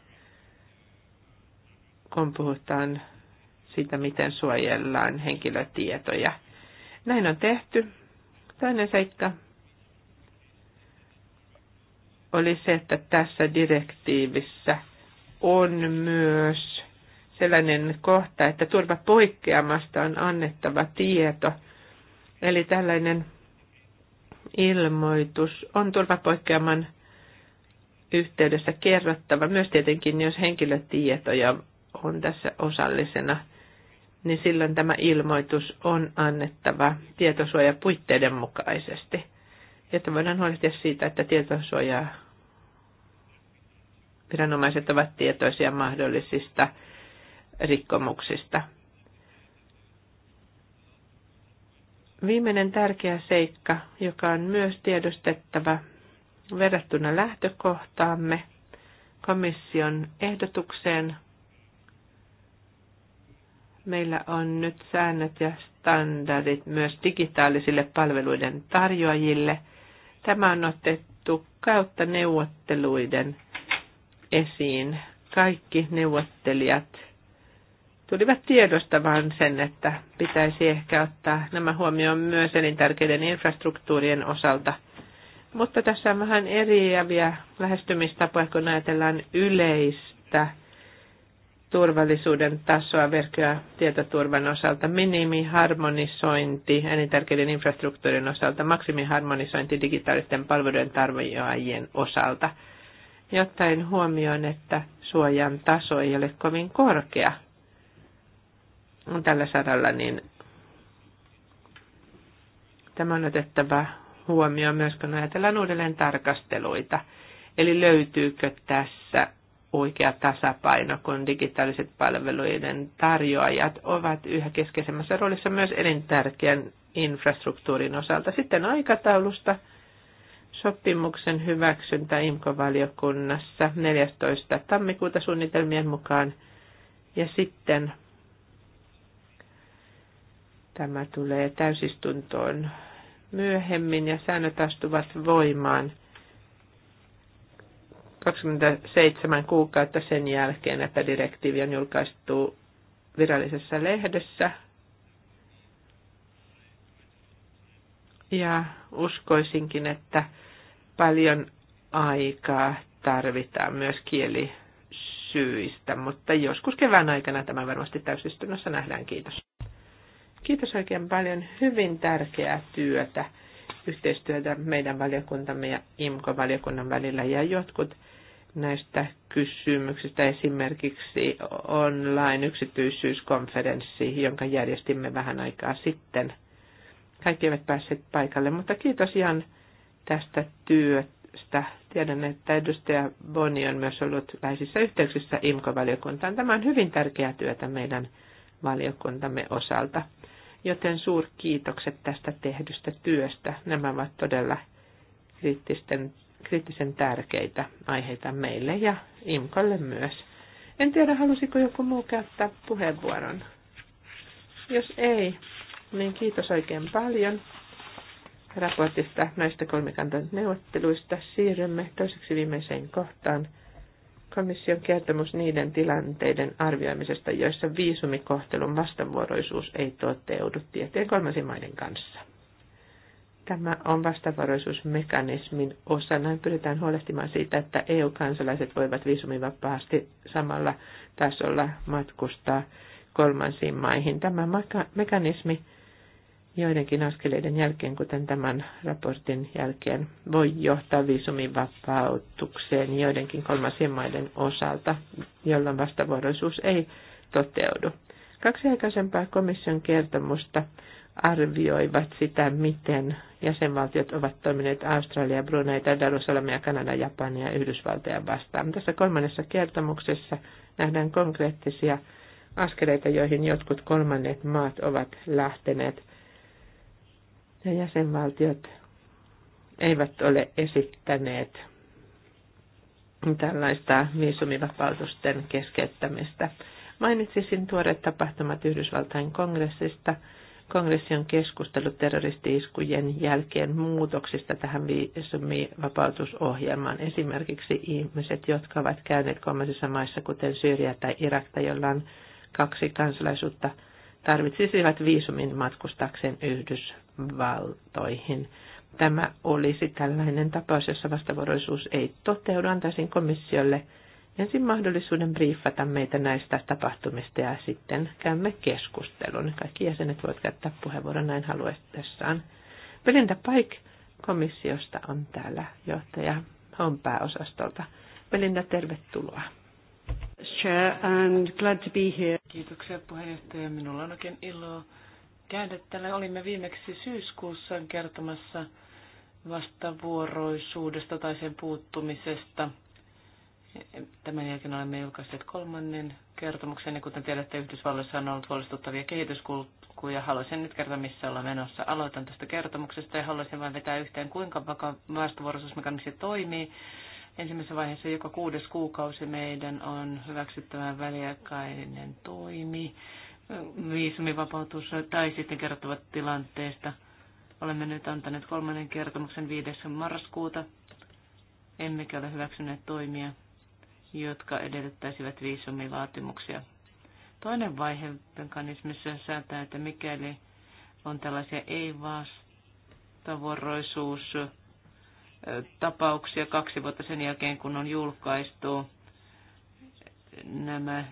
kun puhutaan siitä, miten suojellaan henkilötietoja. Näin on tehty. Toinen seikka oli se, että tässä direktiivissä – on myös sellainen kohta, että poikkeamasta on annettava tieto. Eli tällainen ilmoitus on turvapoikkeaman yhteydessä kerrottava. Myös tietenkin, jos henkilötietoja on tässä osallisena, niin silloin tämä ilmoitus on annettava tietosuojapuitteiden mukaisesti, jotta voidaan huolehtia siitä, että tietosuojaa viranomaiset ovat tietoisia mahdollisista rikkomuksista. Viimeinen tärkeä seikka, joka on myös tiedostettava verrattuna lähtökohtaamme komission ehdotukseen, meillä on nyt säännöt ja standardit myös digitaalisille palveluiden tarjoajille. Tämä on otettu kautta neuvotteluiden esiin, kaikki neuvottelijat tulivat tiedostamaan sen, että pitäisi ehkä ottaa nämä huomioon myös elintärkeiden infrastruktuurien osalta. Mutta tässä on vähän eriäviä lähestymistapoja, kun ajatellaan yleistä turvallisuuden tasoa verkko- ja tietoturvan osalta, minimiharmonisointi elintärkeiden infrastruktuurin osalta, maksimiharmonisointi digitaalisten palvelujen tarvojaajien osalta – Jottain huomioon, että suojan taso ei ole kovin korkea tällä saralla, niin tämä on otettava huomioon myös, kun ajatellaan uudelleen tarkasteluita. Eli löytyykö tässä oikea tasapaino, kun digitaaliset palveluiden tarjoajat ovat yhä keskeisemmässä roolissa myös elintärkeän infrastruktuurin osalta. Sitten aikataulusta sopimuksen hyväksyntä IMKO-valiokunnassa 14. tammikuuta suunnitelmien mukaan. Ja sitten tämä tulee täysistuntoon myöhemmin ja säännöt astuvat voimaan 27 kuukautta sen jälkeen, että direktiivi on julkaistu virallisessa lehdessä. Ja uskoisinkin, että paljon aikaa tarvitaan myös kielisyistä, mutta joskus kevään aikana tämä varmasti täysistunnossa nähdään. Kiitos. Kiitos oikein paljon. Hyvin tärkeää työtä, yhteistyötä meidän valiokuntamme ja IMKO-valiokunnan välillä ja jotkut näistä kysymyksistä esimerkiksi online yksityisyyskonferenssi, jonka järjestimme vähän aikaa sitten. Kaikki eivät päässeet paikalle, mutta kiitos ihan tästä työstä. Tiedän, että edustaja Boni on myös ollut läheisissä yhteyksissä IMKO-valiokuntaan. Tämä on hyvin tärkeää työtä meidän valiokuntamme osalta, joten suurkiitokset tästä tehdystä työstä. Nämä ovat todella kriittisten, kriittisen tärkeitä aiheita meille ja IMKOlle myös. En tiedä, halusiko joku muu käyttää puheenvuoron. Jos ei, niin kiitos oikein paljon raportista näistä neuvotteluista siirrymme toiseksi viimeiseen kohtaan. Komission kertomus niiden tilanteiden arvioimisesta, joissa viisumikohtelun vastavuoroisuus ei toteudu tieteen kolmansien maiden kanssa. Tämä on vastavuoroisuusmekanismin osa. Näin pyritään huolehtimaan siitä, että EU-kansalaiset voivat viisumivapaasti samalla tasolla matkustaa kolmansiin maihin. Tämä mekanismi joidenkin askeleiden jälkeen, kuten tämän raportin jälkeen, voi johtaa vapautukseen. joidenkin kolmansien maiden osalta, jolloin vastavuoroisuus ei toteudu. Kaksi aikaisempaa komission kertomusta arvioivat sitä, miten jäsenvaltiot ovat toimineet Australia, Bruneita, Darussalamia, Kanada, Japania ja Yhdysvaltoja vastaan. Tässä kolmannessa kertomuksessa nähdään konkreettisia askeleita, joihin jotkut kolmannet maat ovat lähteneet ja jäsenvaltiot eivät ole esittäneet tällaista viisumivapautusten keskeyttämistä. Mainitsisin tuoreet tapahtumat Yhdysvaltain kongressista. Kongressi on keskustellut terroristiiskujen jälkeen muutoksista tähän viisumivapautusohjelmaan. Esimerkiksi ihmiset, jotka ovat käyneet kolmansissa maissa, kuten Syyriä tai Irak, tai jolla on kaksi kansalaisuutta, tarvitsisivat viisumin matkustakseen Yhdysvaltain valtoihin. Tämä olisi tällainen tapaus, jossa vastavuoroisuus ei toteudu. Antaisin komissiolle ensin mahdollisuuden briefata meitä näistä tapahtumista ja sitten käymme keskustelun. Kaikki jäsenet voivat käyttää puheenvuoron näin haluessaan. Belinda Paik komissiosta on täällä johtaja on pääosastolta. Belinda, tervetuloa. Chair and glad to be here. Kiitoksia puheenjohtaja. Minulla on oikein iloa käydä Olimme viimeksi syyskuussa kertomassa vastavuoroisuudesta tai sen puuttumisesta. Tämän jälkeen olemme julkaisseet kolmannen kertomuksen, ja kuten tiedätte, Yhdysvalloissa on ollut huolestuttavia kehityskulkuja. Haluaisin nyt kertoa, missä ollaan menossa. Aloitan tästä kertomuksesta ja haluaisin vain vetää yhteen, kuinka vastavuoroisuusmekanismi toimii. Ensimmäisessä vaiheessa joka kuudes kuukausi meidän on hyväksyttävä väliaikainen toimi viisumivapautus tai sitten kertovat tilanteesta. Olemme nyt antaneet kolmannen kertomuksen 5. marraskuuta, emmekä ole hyväksyneet toimia, jotka edellyttäisivät viisumivaatimuksia. Toinen vaihe mekanismissa säätää, että mikäli on tällaisia ei-vastavuoroisuus tapauksia kaksi vuotta sen jälkeen, kun on julkaistu nämä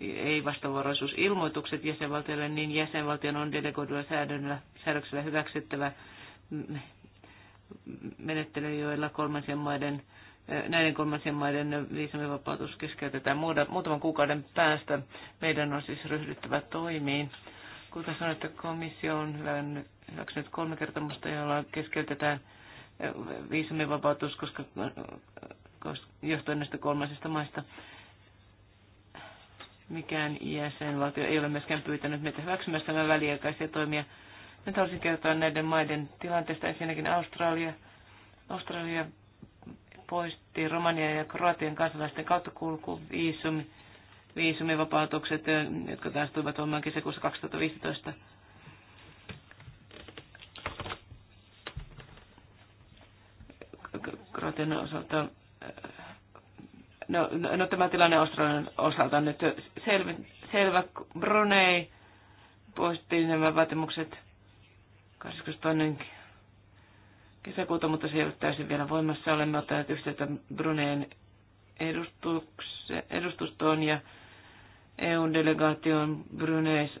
ei-vastavuoroisuusilmoitukset jäsenvaltiolle, niin jäsenvaltion on delegoidulla säädöllä, säädöksellä hyväksyttävä menettely, joilla kolmansien maiden, näiden kolmansien maiden viisumivapautus keskeytetään muutaman kuukauden päästä. Meidän on siis ryhdyttävä toimiin. Kuten sanoin, että komissio on hyväksynyt kolme kertomusta, jolla keskeytetään viisumivapautus, koska, koska johtuen näistä kolmansista maista Mikään jäsenvaltio ei ole myöskään pyytänyt meitä hyväksymässä tämän väliaikaisia toimia. Nyt haluaisin kertoa näiden maiden tilanteesta. Ensinnäkin Australia. Australia poisti Romania ja Kroatian kansalaisten viisumi, viisumivapautukset, jotka taas tulivat olemaan kesäkuussa 2015. Kroatian osalta No, no, no tämä tilanne Australian osalta on nyt selvä, selvä. Brunei poistettiin nämä vaatimukset 22. kesäkuuta, mutta se ei ole täysin vielä voimassa. Olemme ottaneet yhteyttä Bruneen edustustoon ja EU-delegaation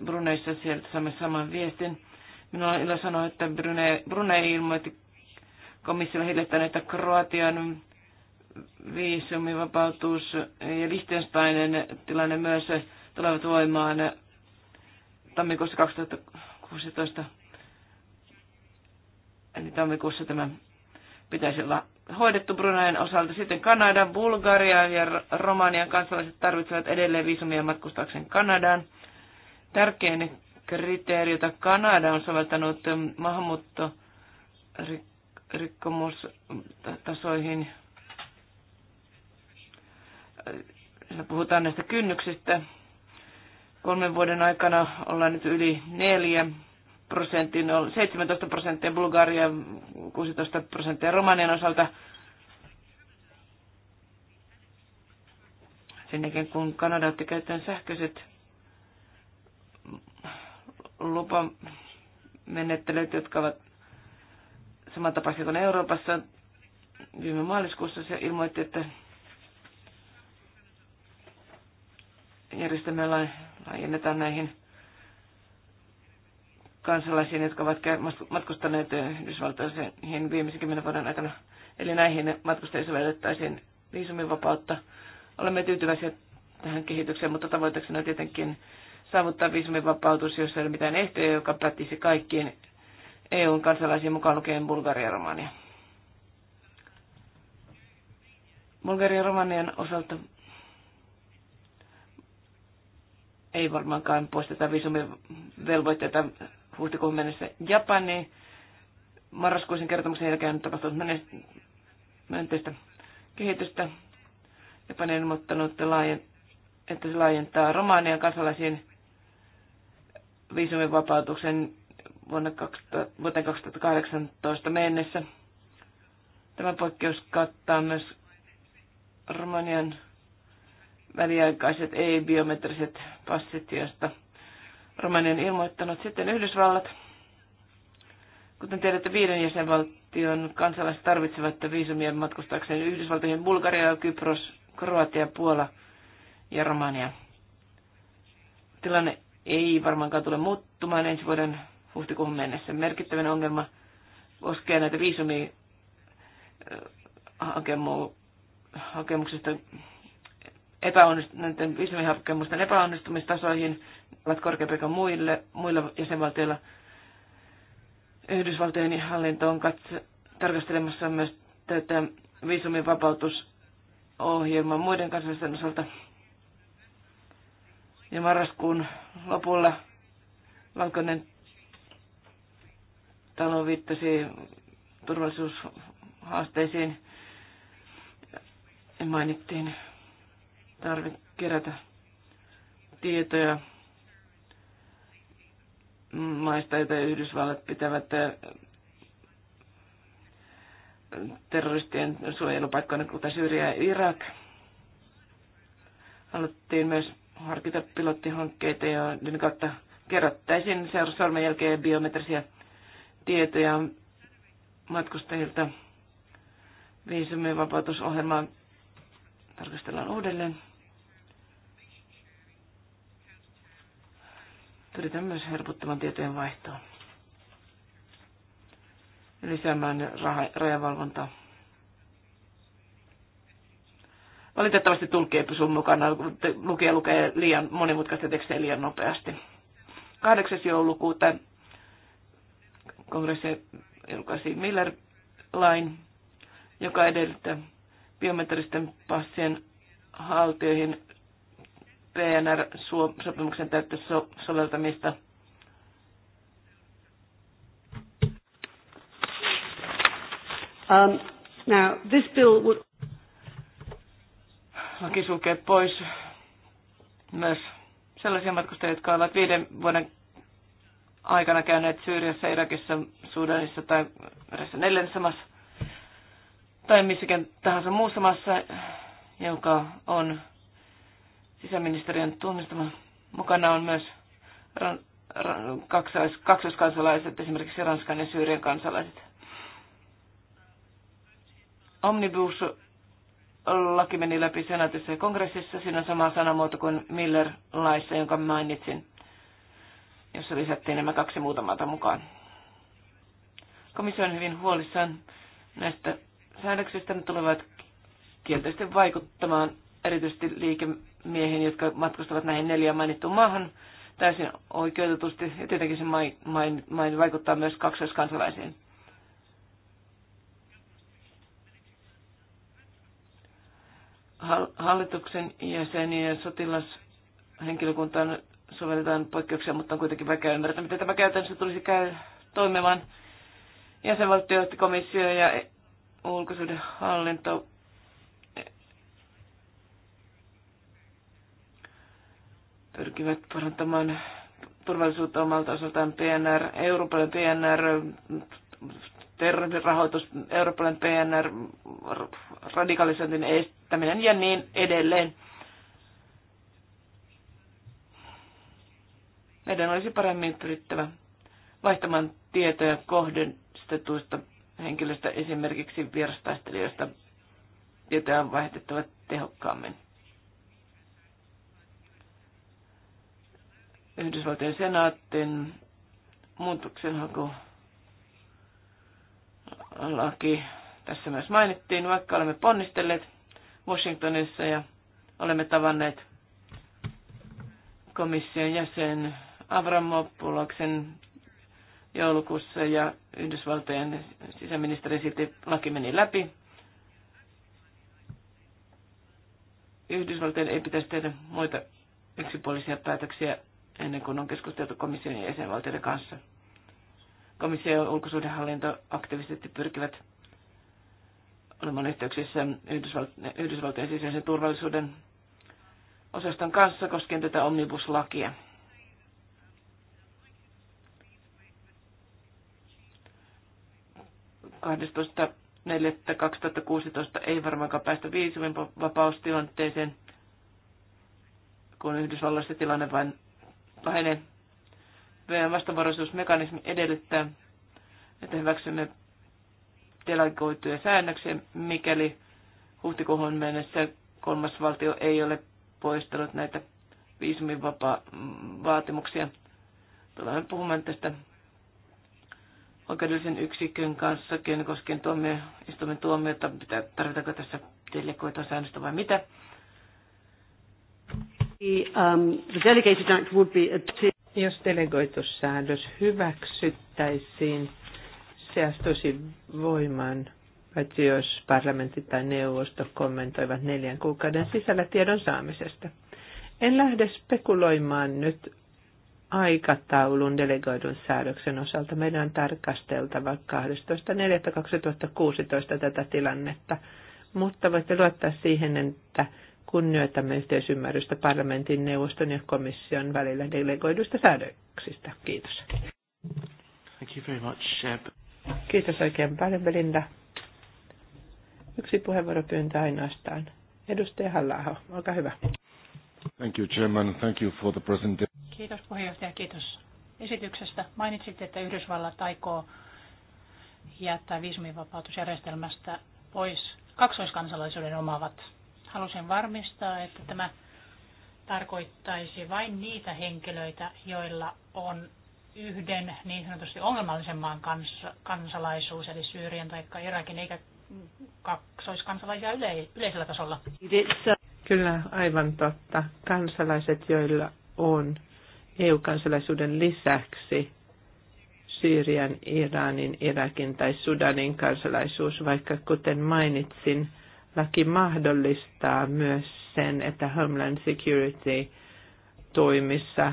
Bruneissa sieltä saamme saman viestin. Minulla on ilo sanoa, että Brunei, Brunei ilmoitti komissiolle hiljattain, että Kroatian viisumivapautuus ja Liechtensteinin tilanne myös tulevat voimaan tammikuussa 2016. Eli tammikuussa tämä pitäisi olla hoidettu Brunain osalta. Sitten Kanadan Bulgarian ja Romanian kansalaiset tarvitsevat edelleen viisumia matkustaakseen Kanadaan. Tärkein kriteeri, jota Kanada on soveltanut maahanmuuttorikkomustasoihin. rik- puhutaan näistä kynnyksistä. Kolmen vuoden aikana ollaan nyt yli neljä prosentin, no, 17 prosenttia Bulgaria, 16 prosenttia Romanian osalta. Sen jälkeen kun Kanada otti käyttöön sähköiset lupamenettelyt, jotka ovat samantapaisia kuin Euroopassa, viime maaliskuussa se ilmoitti, että järjestämällä laajennetaan näihin kansalaisiin, jotka ovat matkustaneet Yhdysvaltoihin viimeisen kymmenen vuoden aikana. Eli näihin matkustajille sovellettaisiin viisumivapautta. Olemme tyytyväisiä tähän kehitykseen, mutta tavoitteena on tietenkin saavuttaa viisumivapautus, jossa ei ole mitään ehtoja, joka pätisi kaikkiin EUn kansalaisiin mukaan lukien Bulgaria ja Romania. Bulgaria ja Romanian osalta ei varmaankaan poisteta viisumivelvoitteita huhtikuun mennessä Japaniin. Marraskuisen kertomuksen jälkeen on tapahtunut myönteistä kehitystä. Japani on ilmoittanut, että se laajentaa romaanian kansalaisiin viisumivapautuksen vuonna 2000, vuoteen 2018 mennessä. Tämä poikkeus kattaa myös Romanian väliaikaiset ei-biometriset passit, joista Romania on ilmoittanut. Sitten Yhdysvallat. Kuten tiedätte, viiden jäsenvaltion kansalaiset tarvitsevat viisumia matkustaakseen Yhdysvaltoihin Bulgaria, Kypros, Kroatia, Puola ja Romania. Tilanne ei varmaankaan tule muuttumaan ensi vuoden huhtikuun mennessä. Merkittävän ongelma koskee näitä viisumia äh, hakemuksista epäonnistuneiden viisumihakemusten epäonnistumistasoihin ovat korkeampia kuin muille, muilla jäsenvaltioilla. Yhdysvaltojen hallinto on katse tarkastelemassa myös tätä viisumin vapautusohjelmaa muiden kansallisten osalta. Ja marraskuun lopulla Valkoinen talo viittasi turvallisuushaasteisiin ja mainittiin tarve kerätä tietoja maista, joita Yhdysvallat pitävät terroristien suojelupaikkoina, kuten Syyria ja Irak. Haluttiin myös harkita pilottihankkeita, joiden kautta kerättäisiin sormenjälkeä ja biometrisiä tietoja matkustajilta viisumivapautusohjelmaan tarkastellaan uudelleen. Pyritään myös helpottamaan tietojen vaihtoa. Lisäämään rajavalvontaa. Valitettavasti tulkki ei pysy mukana. Lukija lukee liian monimutkaista tekstejä liian nopeasti. 8. joulukuuta kongressi julkaisi Miller-lain, joka edellyttää biometristen passien haltijoihin PNR-sopimuksen täyttä so- soveltamista. Um, now, this bill would... Laki sulkee pois myös sellaisia matkustajia, jotka ovat viiden vuoden aikana käyneet Syyriassa, Irakissa, Sudanissa tai erässä neljännessä maassa tai missä tahansa muussa maassa, joka on sisäministeriön tunnistama. Mukana on myös kaksois, kaksoiskansalaiset, esimerkiksi Ranskan ja Syyrian kansalaiset. Omnibus laki meni läpi senaatissa ja kongressissa. Siinä on sama sanamuoto kuin Miller-laissa, jonka mainitsin, jossa lisättiin nämä kaksi muuta mukaan. Komissio on hyvin huolissaan näistä säännöksistä ne tulevat kielteisesti vaikuttamaan erityisesti liikemiehiin, jotka matkustavat näihin neljään mainittuun maahan täysin oikeutetusti. Ja tietenkin se main, main, main vaikuttaa myös kaksoiskansalaisiin. Hallituksen jäseniä ja sotilashenkilökuntaan sovelletaan poikkeuksia, mutta on kuitenkin vaikea ymmärtää, miten tämä käytännössä tulisi käy toimimaan jäsenvaltiot, komissio ja ulkosuuden hallinto pyrkivät parantamaan turvallisuutta omalta osaltaan PNR, Euroopan PNR, terrorirahoitus, Euroopan PNR, radikalisointin estäminen ja niin edelleen. Meidän olisi paremmin pyrittävä vaihtamaan tietoja kohdistetuista henkilöstä esimerkiksi vierastaistelijoista joita on vaihdettava tehokkaammin. Yhdysvaltojen senaattin muutoksenhaku laki tässä myös mainittiin, vaikka olemme ponnistelleet Washingtonissa ja olemme tavanneet komission jäsen Avramopuloksen joulukuussa ja Yhdysvaltojen sisäministeri silti laki meni läpi. Yhdysvaltojen ei pitäisi tehdä muita yksipuolisia päätöksiä ennen kuin on keskusteltu komission ja jäsenvaltioiden kanssa. Komissio ja ulkosuhdehallinto aktiivisesti pyrkivät olemaan yhteyksissä Yhdysvaltojen sisäisen turvallisuuden osaston kanssa koskien tätä omnibuslakia. 12.4.2016 ei varmaankaan päästä viisumin vapaustilanteeseen, kun Yhdysvalloissa tilanne vain pahenee. VN vastavuoroisuusmekanismi edellyttää, että hyväksymme delegoituja säännöksiä, mikäli huhtikuuhun mennessä kolmas valtio ei ole poistanut näitä viisumin vaatimuksia Tulemme puhumaan tästä oikeudellisen yksikön kanssa koskien tuomio, istuimen tuomiota, pitää, tarvitaanko tässä delegoitua säännöstä vai mitä. The, um, the delegated act would be a jos delegoitussäädös hyväksyttäisiin, se astuisi voimaan, paitsi jos parlamentti tai neuvosto kommentoivat neljän kuukauden sisällä tiedon saamisesta. En lähde spekuloimaan nyt, aikataulun delegoidun säädöksen osalta. Meidän on tarkasteltava 12.4.2016 tätä tilannetta, mutta voitte luottaa siihen, että kunnioitamme yhteisymmärrystä parlamentin, neuvoston ja komission välillä delegoiduista säädöksistä. Kiitos. Thank you very much, Shep. Kiitos oikein paljon, Belinda. Yksi pyyntää ainoastaan. Edustaja halla olkaa hyvä. Thank you, Chairman. Thank you for the presentation. Kiitos puheenjohtaja, kiitos esityksestä. Mainitsitte, että Yhdysvallat aikoo jättää viisumivapautusjärjestelmästä pois kaksoiskansalaisuuden omaavat. Halusin varmistaa, että tämä tarkoittaisi vain niitä henkilöitä, joilla on yhden niin sanotusti ongelmallisen maan kans, kansalaisuus, eli Syyrian tai Irakin, eikä kaksoiskansalaisia yle, yleisellä tasolla. Kyllä, aivan totta. Kansalaiset, joilla on EU-kansalaisuuden lisäksi Syyrian, Iranin, Irakin tai Sudanin kansalaisuus, vaikka kuten mainitsin, laki mahdollistaa myös sen, että Homeland Security toimissa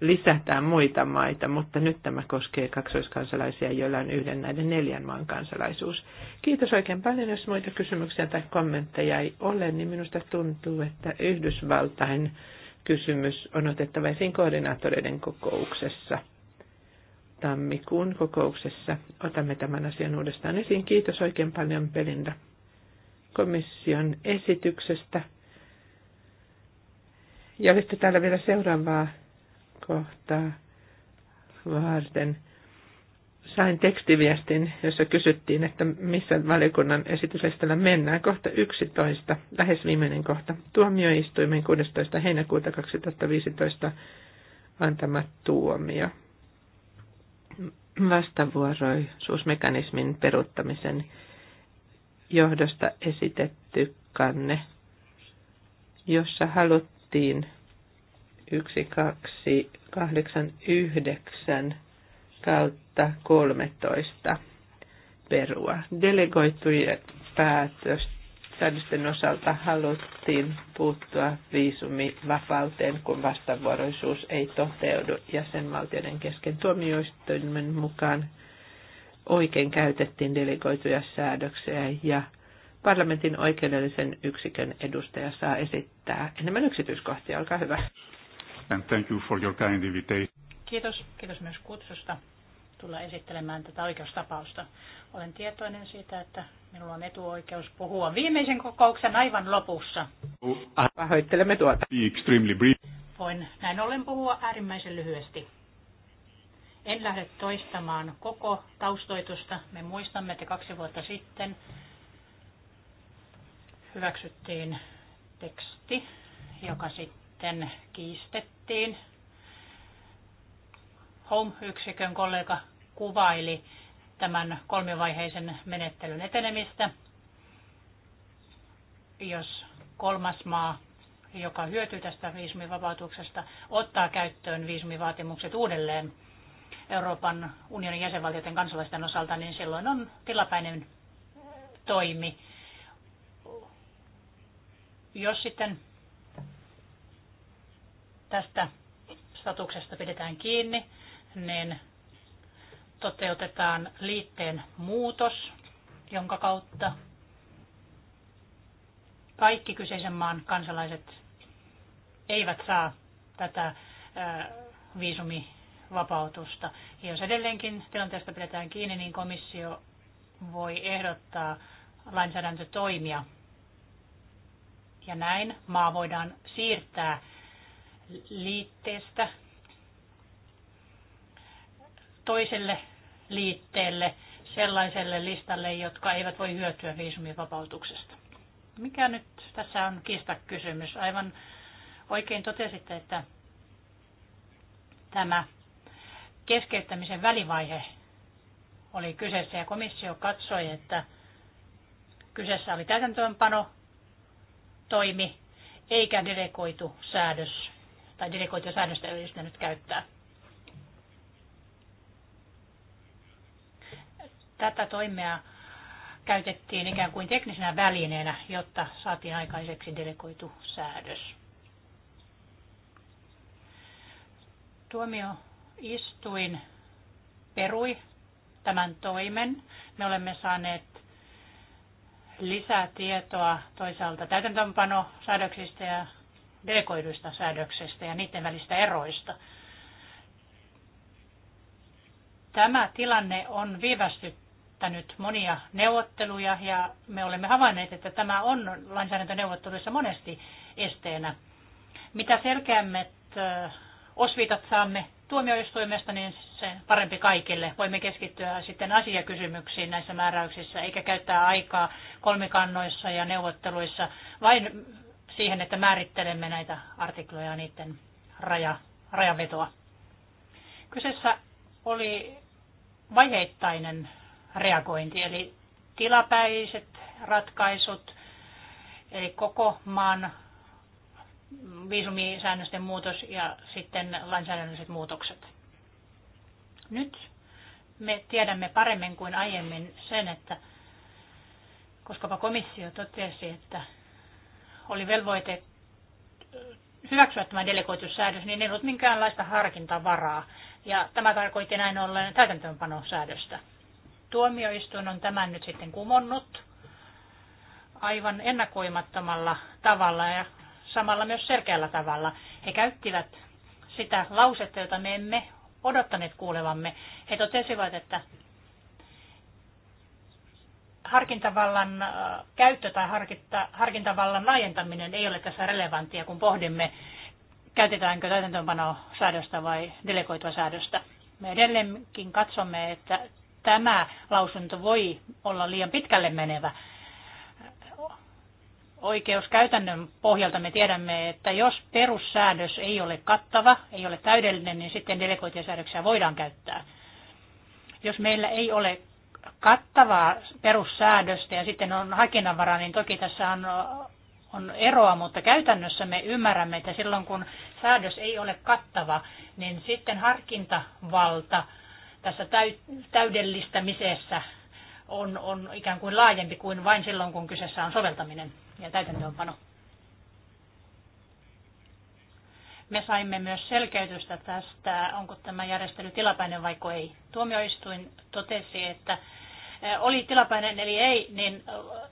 lisätään muita maita, mutta nyt tämä koskee kaksoiskansalaisia, joilla on yhden näiden neljän maan kansalaisuus. Kiitos oikein paljon. Jos muita kysymyksiä tai kommentteja ei ole, niin minusta tuntuu, että Yhdysvaltain kysymys on otettava esiin koordinaattoreiden kokouksessa. Tammikuun kokouksessa otamme tämän asian uudestaan esiin. Kiitos oikein paljon Pelinda komission esityksestä. Ja olette täällä vielä seuraavaa kohtaa varten sain tekstiviestin, jossa kysyttiin, että missä valiokunnan esityslistalla mennään. Kohta 11, lähes viimeinen kohta, tuomioistuimen 16. heinäkuuta 2015 antama tuomio. Vastavuoroisuusmekanismin peruuttamisen johdosta esitetty kanne, jossa haluttiin 1289 kautta 13 perua. Delegoitujen säädösten osalta haluttiin puuttua viisumivapauteen, kun vastavuoroisuus ei toteudu jäsenvaltioiden kesken tuomioistuimen mukaan. Oikein käytettiin delegoituja säädöksiä ja parlamentin oikeudellisen yksikön edustaja saa esittää enemmän yksityiskohtia. Olkaa hyvä. And thank you for your kind invitation. Kiitos. Kiitos myös kutsusta tulla esittelemään tätä oikeustapausta. Olen tietoinen siitä, että minulla on etuoikeus puhua viimeisen kokouksen aivan lopussa. Pahoittelemme tuota. Voin näin ollen puhua äärimmäisen lyhyesti. En lähde toistamaan koko taustoitusta. Me muistamme, että kaksi vuotta sitten hyväksyttiin teksti, joka sitten kiistettiin Home-yksikön kollega kuvaili tämän kolmivaiheisen menettelyn etenemistä. Jos kolmas maa, joka hyötyy tästä viisumivapautuksesta, ottaa käyttöön viisumivaatimukset uudelleen Euroopan unionin jäsenvaltioiden kansalaisten osalta, niin silloin on tilapäinen toimi. Jos sitten tästä statuksesta pidetään kiinni, niin toteutetaan liitteen muutos, jonka kautta kaikki kyseisen maan kansalaiset eivät saa tätä viisumivapautusta. Ja jos edelleenkin tilanteesta pidetään kiinni, niin komissio voi ehdottaa lainsäädäntötoimia. Ja näin maa voidaan siirtää liitteestä toiselle liitteelle sellaiselle listalle, jotka eivät voi hyötyä viisumivapautuksesta. Mikä nyt tässä on kysymys, Aivan oikein totesitte, että tämä keskeyttämisen välivaihe oli kyseessä ja komissio katsoi, että kyseessä oli täytäntöönpano toimi eikä delegoitu säädös tai delegoitu säännöstä nyt käyttää. Tätä toimea käytettiin ikään kuin teknisenä välineenä, jotta saatiin aikaiseksi delegoitu säädös. Tuomioistuin perui tämän toimen. Me olemme saaneet lisää tietoa toisaalta täytäntöönpano-säädöksistä ja delegoiduista säädöksistä ja niiden välistä eroista. Tämä tilanne on viivästyttänyt käyttänyt monia neuvotteluja ja me olemme havainneet, että tämä on lainsäädäntöneuvotteluissa monesti esteenä. Mitä selkeämmät osviitat saamme tuomioistuimesta, niin se parempi kaikille. Voimme keskittyä sitten asiakysymyksiin näissä määräyksissä, eikä käyttää aikaa kolmikannoissa ja neuvotteluissa vain siihen, että määrittelemme näitä artikloja ja niiden raja, rajanvetoa. Kyseessä oli vaiheittainen reagointi, eli tilapäiset ratkaisut, eli koko maan viisumisäännösten muutos ja sitten lainsäädännölliset muutokset. Nyt me tiedämme paremmin kuin aiemmin sen, että koskapa komissio totesi, että oli velvoite hyväksyä tämä delegoitussäädös, niin ei ollut minkäänlaista harkintavaraa. Ja tämä tarkoitti näin ollen täytäntöönpanosäädöstä. Tuomioistuin on tämän nyt sitten kumonnut aivan ennakoimattomalla tavalla ja samalla myös selkeällä tavalla. He käyttivät sitä lausetta, jota me emme odottaneet kuulevamme. He totesivat, että harkintavallan äh, käyttö tai harkintavallan laajentaminen ei ole tässä relevanttia, kun pohdimme, käytetäänkö täytäntöönpanosäädöstä vai delegoitua säädöstä. Me edelleenkin katsomme, että tämä lausunto voi olla liian pitkälle menevä. Oikeuskäytännön pohjalta me tiedämme, että jos perussäädös ei ole kattava, ei ole täydellinen, niin sitten delegointisäädöksiä voidaan käyttää. Jos meillä ei ole kattavaa perussäädöstä ja sitten on hakinnanvaraa, niin toki tässä on, on eroa, mutta käytännössä me ymmärrämme, että silloin kun säädös ei ole kattava, niin sitten harkintavalta – tässä täydellistämisessä on, on ikään kuin laajempi kuin vain silloin, kun kyseessä on soveltaminen ja täytäntöönpano. Me saimme myös selkeytystä tästä, onko tämä järjestely tilapäinen vai ei. Tuomioistuin totesi, että eh, oli tilapäinen eli ei, niin eh,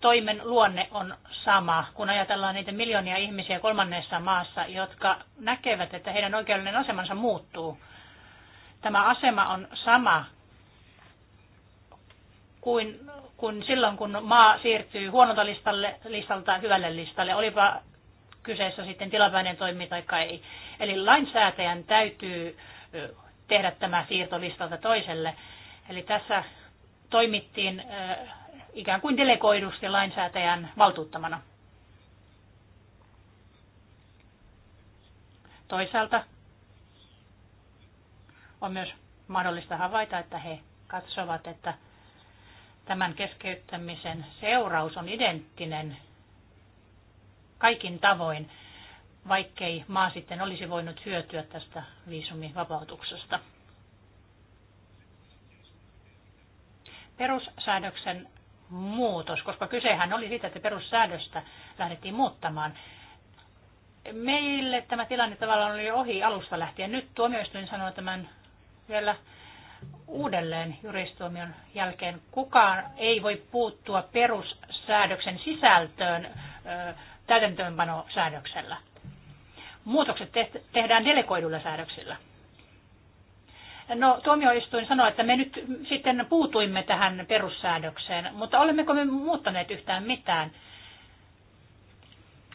toimen luonne on sama, kun ajatellaan niitä miljoonia ihmisiä kolmannessa maassa, jotka näkevät, että heidän oikeudellinen asemansa muuttuu – Tämä asema on sama kuin, kuin silloin, kun maa siirtyy huonolta listalle, listalta hyvälle listalle, olipa kyseessä sitten tilapäinen toimi tai ei. Eli lainsäätäjän täytyy tehdä tämä siirto listalta toiselle. Eli tässä toimittiin ikään kuin delegoidusti lainsäätäjän valtuuttamana. Toisaalta on myös mahdollista havaita, että he katsovat, että tämän keskeyttämisen seuraus on identtinen kaikin tavoin, vaikkei maa sitten olisi voinut hyötyä tästä viisumivapautuksesta. Perussäädöksen muutos, koska kysehän oli siitä, että perussäädöstä lähdettiin muuttamaan. Meille tämä tilanne tavallaan oli ohi alusta lähtien. Nyt tuomioistuin sanoi tämän vielä uudelleen juristuomion jälkeen. Kukaan ei voi puuttua perussäädöksen sisältöön täytäntöönpanosäädöksellä. Muutokset tehdään delegoidulla säädöksillä. No, tuomioistuin sanoi, että me nyt sitten puutuimme tähän perussäädökseen, mutta olemmeko me muuttaneet yhtään mitään?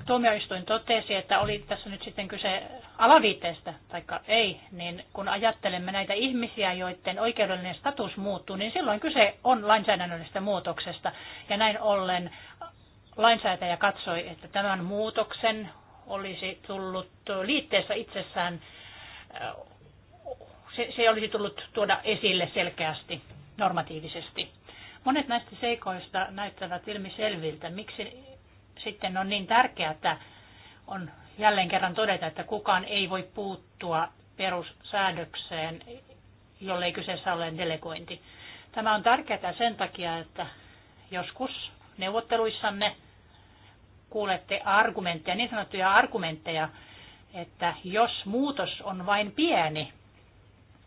tuomioistuin totesi, että oli tässä nyt sitten kyse alaviitteestä, taikka ei, niin kun ajattelemme näitä ihmisiä, joiden oikeudellinen status muuttuu, niin silloin kyse on lainsäädännöllisestä muutoksesta. Ja näin ollen lainsäätäjä katsoi, että tämän muutoksen olisi tullut liitteessä itsessään, äh, se, se olisi tullut tuoda esille selkeästi normatiivisesti. Monet näistä seikoista näyttävät ilmiselviltä. Miksi sitten on niin tärkeää, että on jälleen kerran todeta, että kukaan ei voi puuttua perussäädökseen, jollei kyseessä ole delegointi. Tämä on tärkeää sen takia, että joskus neuvotteluissanne kuulette argumentteja, niin sanottuja argumentteja, että jos muutos on vain pieni,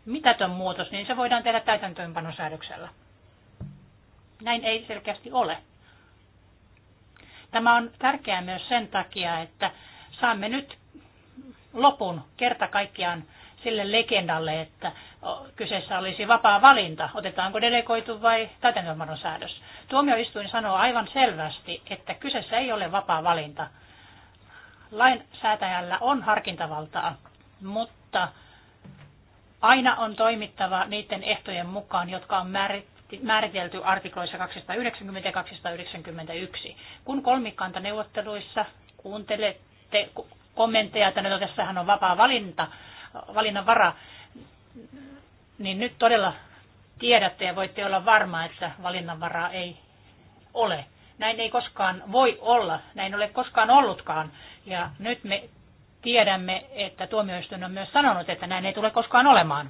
mitätön muutos, niin se voidaan tehdä täytäntöönpanosäädöksellä. Näin ei selkeästi ole. Tämä on tärkeää myös sen takia, että saamme nyt lopun kerta kaikkiaan sille legendalle, että kyseessä olisi vapaa valinta, otetaanko delegoitu vai täytäntöönpanon säädös. Tuomioistuin sanoo aivan selvästi, että kyseessä ei ole vapaa valinta. Lainsäätäjällä on harkintavaltaa, mutta aina on toimittava niiden ehtojen mukaan, jotka on määritelty artikloissa 290 ja 291. Kun kolmikantaneuvotteluissa kuuntelette kommentteja, että no tässähän on vapaa valinta, valinnanvara, niin nyt todella tiedätte ja voitte olla varma, että valinnanvaraa ei ole. Näin ei koskaan voi olla, näin ei ole koskaan ollutkaan. Ja nyt me tiedämme, että tuomioistuin on myös sanonut, että näin ei tule koskaan olemaan.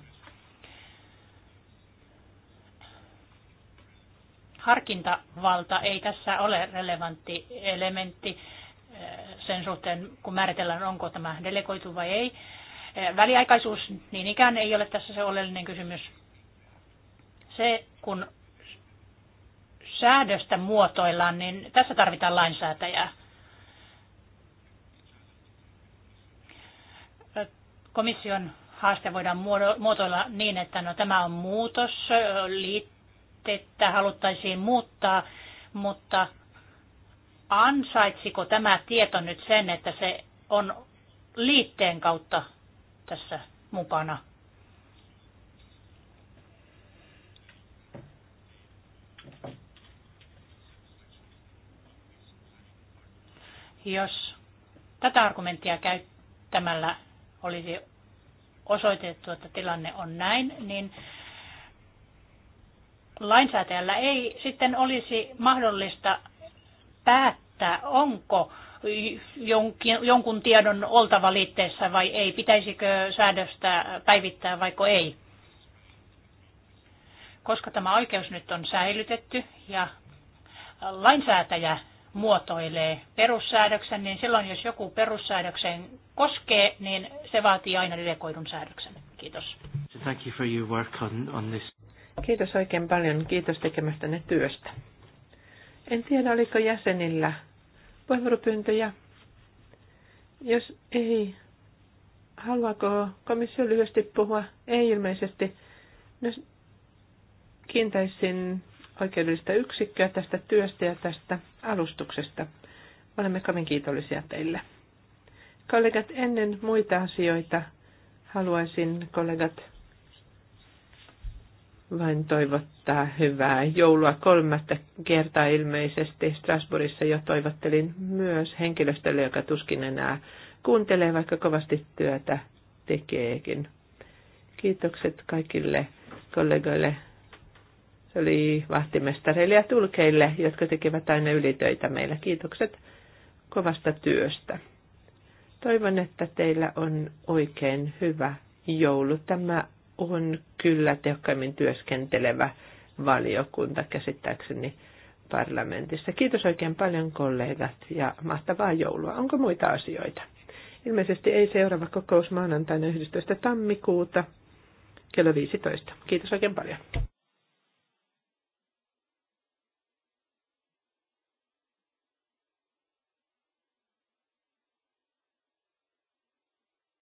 harkintavalta ei tässä ole relevantti elementti eh, sen suhteen, kun määritellään, onko tämä delegoitu vai ei. Eh, väliaikaisuus niin ikään ei ole tässä se oleellinen kysymys. Se, kun säädöstä muotoillaan, niin tässä tarvitaan lainsäätäjää. Komission haaste voidaan muotoilla niin, että no, tämä on muutos, eh, liittyy että haluttaisiin muuttaa, mutta ansaitsiko tämä tieto nyt sen, että se on liitteen kautta tässä mukana? Jos tätä argumenttia käyttämällä olisi osoitettu, että tilanne on näin, niin lainsäätäjällä ei sitten olisi mahdollista päättää, onko jonkin, jonkun tiedon oltava liitteessä vai ei, pitäisikö säädöstä päivittää vaiko ei. Koska tämä oikeus nyt on säilytetty ja lainsäätäjä muotoilee perussäädöksen, niin silloin jos joku perussäädöksen koskee, niin se vaatii aina delegoidun säädöksen. Kiitos. So thank you for your work on, on this. Kiitos oikein paljon. Kiitos tekemästänne työstä. En tiedä, oliko jäsenillä puheenvuoropyyntöjä. Jos ei, haluaako komissio lyhyesti puhua? Ei ilmeisesti. No, kiintäisin oikeudellista yksikköä tästä työstä ja tästä alustuksesta. Olemme kovin kiitollisia teille. Kollegat, ennen muita asioita haluaisin kollegat vain toivottaa hyvää joulua kolmatta kertaa ilmeisesti. Strasbourgissa jo toivottelin myös henkilöstölle, joka tuskin enää kuuntelee, vaikka kovasti työtä tekeekin. Kiitokset kaikille kollegoille. Se oli vahtimestareille ja tulkeille, jotka tekevät aina ylitöitä meillä. Kiitokset kovasta työstä. Toivon, että teillä on oikein hyvä joulu. Tämä on kyllä tehokkaimmin työskentelevä valiokunta käsittääkseni parlamentissa. Kiitos oikein paljon kollegat ja mahtavaa joulua. Onko muita asioita? Ilmeisesti ei seuraava kokous maanantaina 11. tammikuuta kello 15. Kiitos oikein paljon.